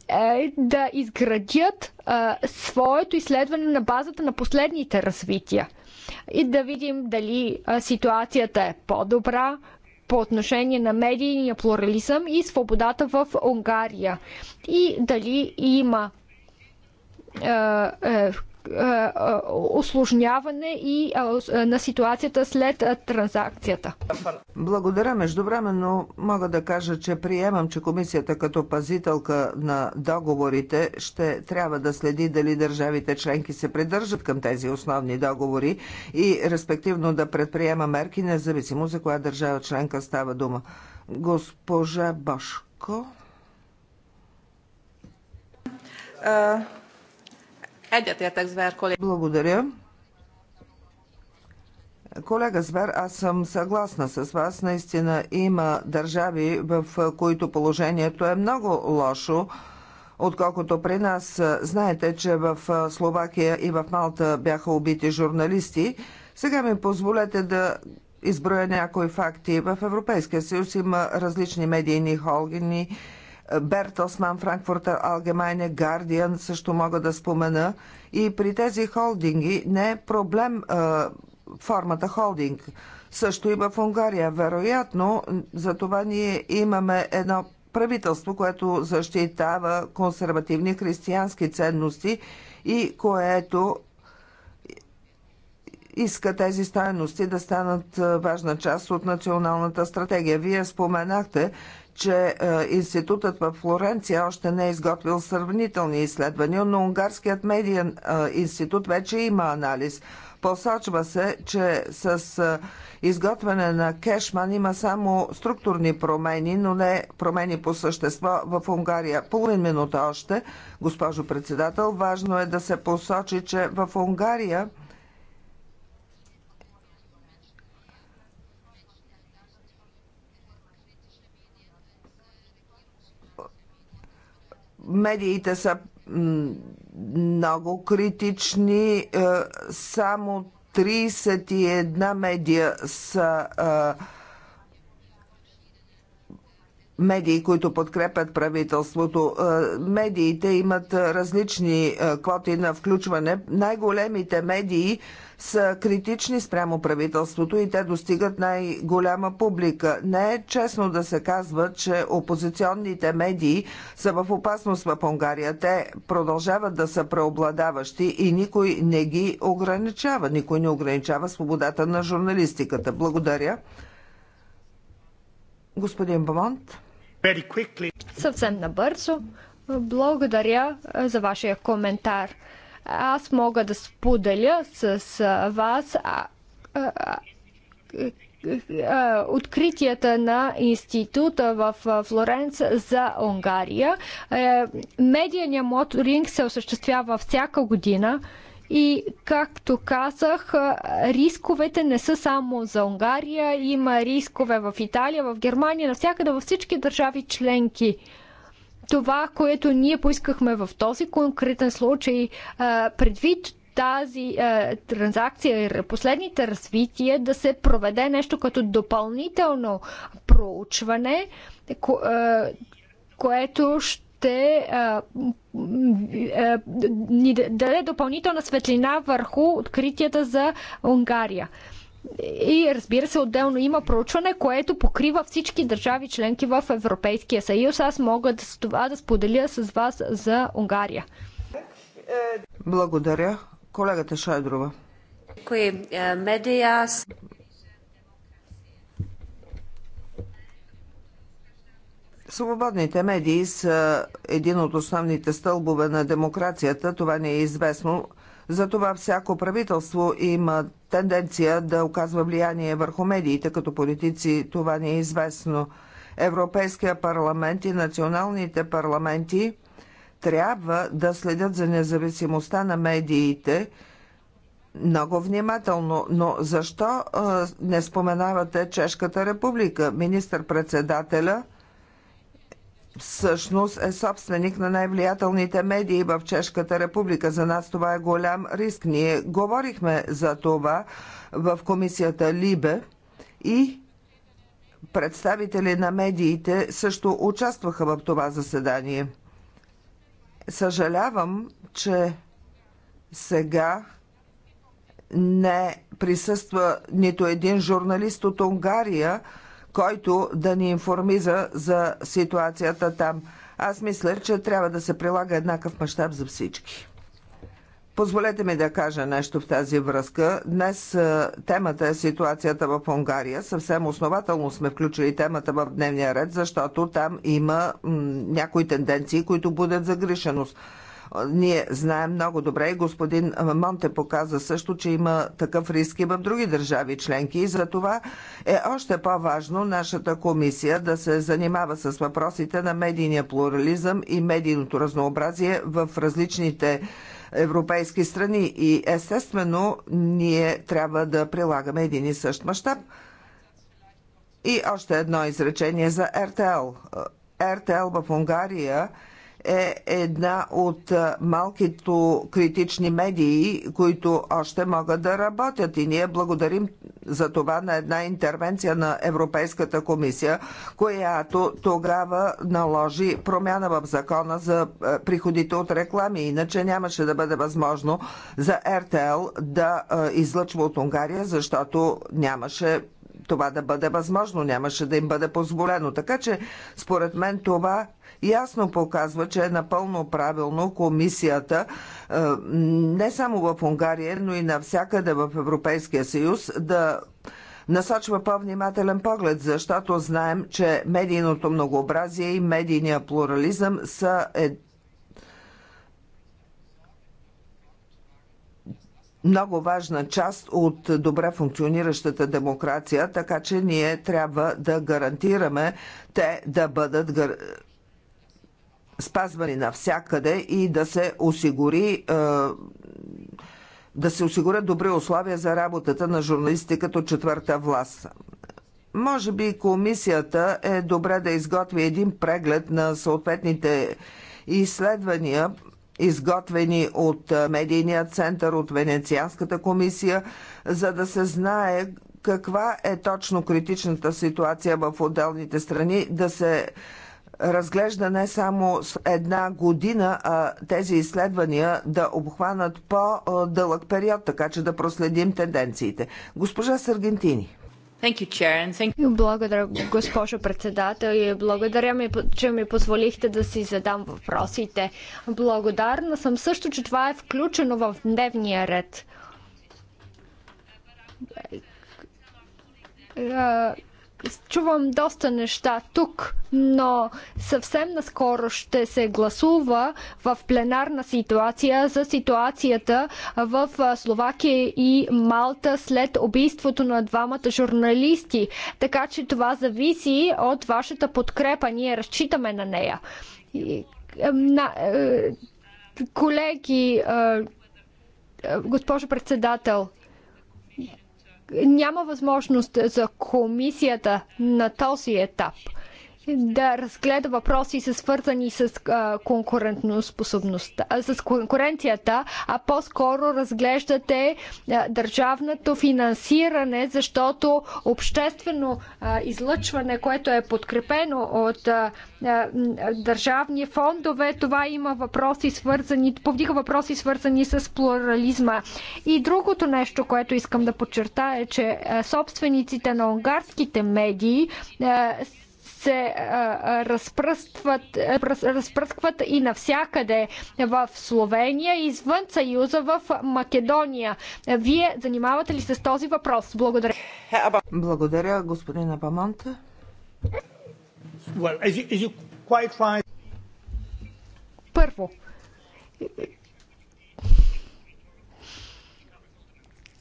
е да изградят своето изследване на базата на последните развития и да видим дали ситуацията е по-добра по отношение на медийния плурализъм и свободата в Унгария и дали има е, е, осложняване и е, на ситуацията след транзакцията.
Благодаря. Междувременно мога да кажа, че приемам, че комисията като пазителка на договорите ще трябва да следи дали държавите членки се придържат към тези основни договори и респективно да предприема мерки, независимо за коя държава членка става дума. Госпожа Башко. Uh... Egyetértek Zver kollég. Благодаря. Колега Звер, аз съм съгласна с вас. Наистина има държави, в които положението е много лошо отколкото при нас. Знаете, че в Словакия и в Малта бяха убити журналисти. Сега ми позволете да изброя някои факти. В Европейския съюз има различни медийни холгини, Бертосман, Франкфурта Алгемайне, Гардиан също мога да спомена. И при тези холдинги не е проблем формата холдинг. Също и в Унгария. Вероятно, за това ние имаме едно правителство, което защитава консервативни християнски ценности и което иска тези стоености да станат важна част от националната стратегия. Вие споменахте, че е, институтът в Флоренция още не е изготвил сравнителни изследвания, но Унгарският медиен е, институт вече има анализ. Посочва се, че с е, изготвяне на Кешман има само структурни промени, но не промени по същество в Унгария. Половин минута още, госпожо председател. Важно е да се посочи, че в Унгария медиите са много критични. Е, само 31 медия са а, е, медии, които подкрепят правителството. Е, медиите имат различни е, квоти на включване. Най-големите медии са критични спрямо правителството и те достигат най-голяма публика. Не е честно да се казва, че опозиционните медии са в опасност в Унгария. Те продължават да са преобладаващи и никой не ги ограничава. Никой не ограничава свободата на журналистиката. Благодаря. Господин Бамонт.
Съвсем набързо. Благодаря за вашия коментар. Аз мога да споделя с вас откритията на института в Флоренц за Унгария. Е, медийният моторинг се осъществява всяка година и както казах, рисковете не са само за Унгария, има рискове в Италия, в Германия, навсякъде във всички държави членки това, което ние поискахме в този конкретен случай, предвид тази е, транзакция и последните развития да се проведе нещо като допълнително проучване, ко, е, което ще ще ни даде допълнителна светлина върху откритията за Унгария. И разбира се, отделно има проучване, което покрива всички държави членки в Европейския съюз. Аз мога да, с това да споделя с вас за Унгария.
Благодаря. Колегата Шайдрова.
Е, Медиа.
Свободните медии са един от основните стълбове на демокрацията, това не е известно. Затова всяко правителство има тенденция да оказва влияние върху медиите като политици, това не е известно. Европейския парламент и националните парламенти трябва да следят за независимостта на медиите много внимателно. Но защо не споменавате Чешката република? Министър-председателя всъщност е собственик на най-влиятелните медии в Чешката република. За нас това е голям риск. Ние говорихме за това в комисията Либе и представители на медиите също участваха в това заседание. Съжалявам, че сега не присъства нито един журналист от Унгария – който да ни информира за ситуацията там. Аз мисля, че трябва да се прилага еднакъв мащаб за всички. Позволете ми да кажа нещо в тази връзка. Днес е, темата е ситуацията в Унгария. Съвсем основателно сме включили темата в дневния ред, защото там има някои тенденции, които будят загрешеност. Ние знаем много добре и господин Монте показа също, че има такъв риск и в други държави членки и за това е още по-важно нашата комисия да се занимава с въпросите на медийния плурализъм и медийното разнообразие в различните европейски страни и естествено ние трябва да прилагаме един и същ мащаб. И още едно изречение за РТЛ. РТЛ в Унгария е една от малкито критични медии, които още могат да работят. И ние благодарим за това на една интервенция на Европейската комисия, която тогава наложи промяна в закона за приходите от реклами. Иначе нямаше да бъде възможно за РТЛ да излъчва от Унгария, защото нямаше това да бъде възможно, нямаше да им бъде позволено. Така че, според мен, това ясно показва, че е напълно правилно комисията е, не само в Унгария, но и навсякъде в Европейския съюз да насочва по-внимателен поглед, защото знаем, че медийното многообразие и медийния плурализъм са е много важна част от добре функциониращата демокрация, така че ние трябва да гарантираме те да бъдат гар... спазвани навсякъде и да се осигури е, да се осигурят добри условия за работата на журналисти като четвърта власт. Може би комисията е добре да изготви един преглед на съответните изследвания изготвени от Медийния център, от Венецианската комисия, за да се знае каква е точно критичната ситуация в отделните страни, да се разглежда не само една година, а тези изследвания да обхванат по-дълъг период, така че да проследим тенденциите. Госпожа Саргентини.
Благодаря, госпожо председател, и благодаря ми, че ми позволихте да си задам въпросите. Благодарна съм също, че това е включено в дневния ред е, е, чувам доста неща тук, но съвсем наскоро ще се гласува в пленарна ситуация за ситуацията в Словакия и Малта след убийството на двамата журналисти. Така че това зависи от вашата подкрепа. Ние разчитаме на нея. Е, е, колеги, е, госпожо председател, няма възможност за комисията на този етап – да разгледа въпроси, са свързани с конкурентоспособността, с конкуренцията, а по-скоро разглеждате държавното финансиране, защото обществено излъчване, което е подкрепено от държавни фондове, това има въпроси свързани, повдига въпроси свързани с плурализма. И другото нещо, което искам да подчертая е, че собствениците на унгарските медии се разпръскват, разпръскват и навсякъде в Словения, извън Съюза, в Македония. Вие занимавате ли се с този въпрос? Благодаря.
Благодаря, господин Абамонта.
Well, is
is quite Първо,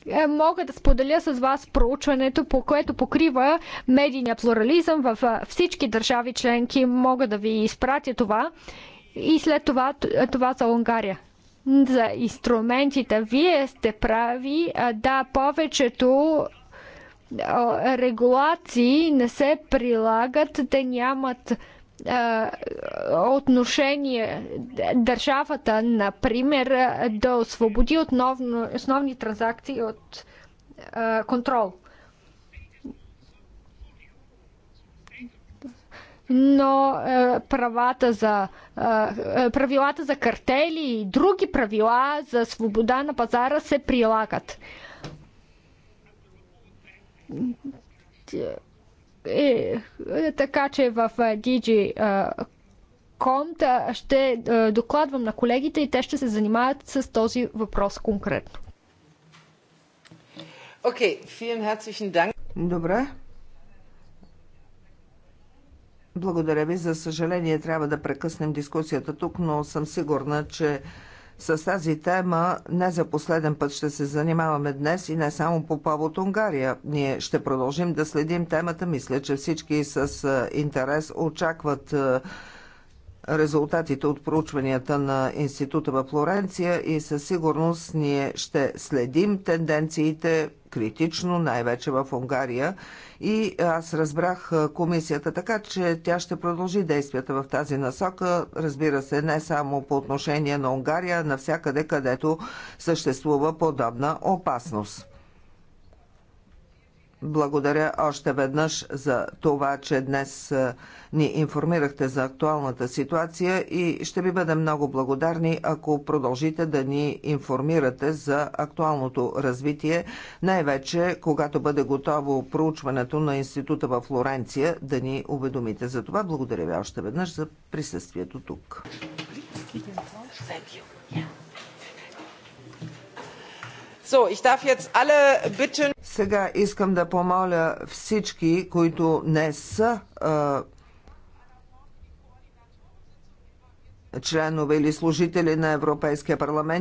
Е, мога да споделя с вас проучването, по което покрива медийния плурализъм във всички държави членки. Мога да ви изпратя това. И след това, това за Унгария. За инструментите. Вие сте прави. Да, повечето регулации не се прилагат. Те нямат отношение държавата, например, да освободи основно, основни транзакции от а, контрол. но а, правата за, а, правилата за картели и други правила за свобода на пазара се прилагат
е, е,
така че в DG е, е, Комт е, ще докладвам на колегите и те ще се занимават с този въпрос конкретно.
Окей, okay, Dank.
Добре. Благодаря ви.
За съжаление трябва да прекъснем дискусията тук, но съм сигурна, че с тази тема не за последен път ще се занимаваме днес и не само по повод Унгария. Ние ще продължим да следим темата. Мисля, че всички с е, интерес очакват е, резултатите от проучванията на Института във Флоренция и със сигурност ние ще следим тенденциите критично, най-вече в Унгария. И аз разбрах комисията така, че тя ще продължи действията в тази насока, разбира се, не само по отношение на Унгария, а навсякъде, където съществува подобна опасност. Благодаря още веднъж за това, че днес ни информирахте за актуалната ситуация и ще ви бъдем много благодарни, ако продължите да ни информирате за актуалното развитие, най-вече когато бъде готово проучването на института в Флоренция, да ни уведомите за това. Благодаря ви още веднъж за присъствието тук. Yeah. Сега искам да помоля всички, които не са членове или служители на Европейския парламент,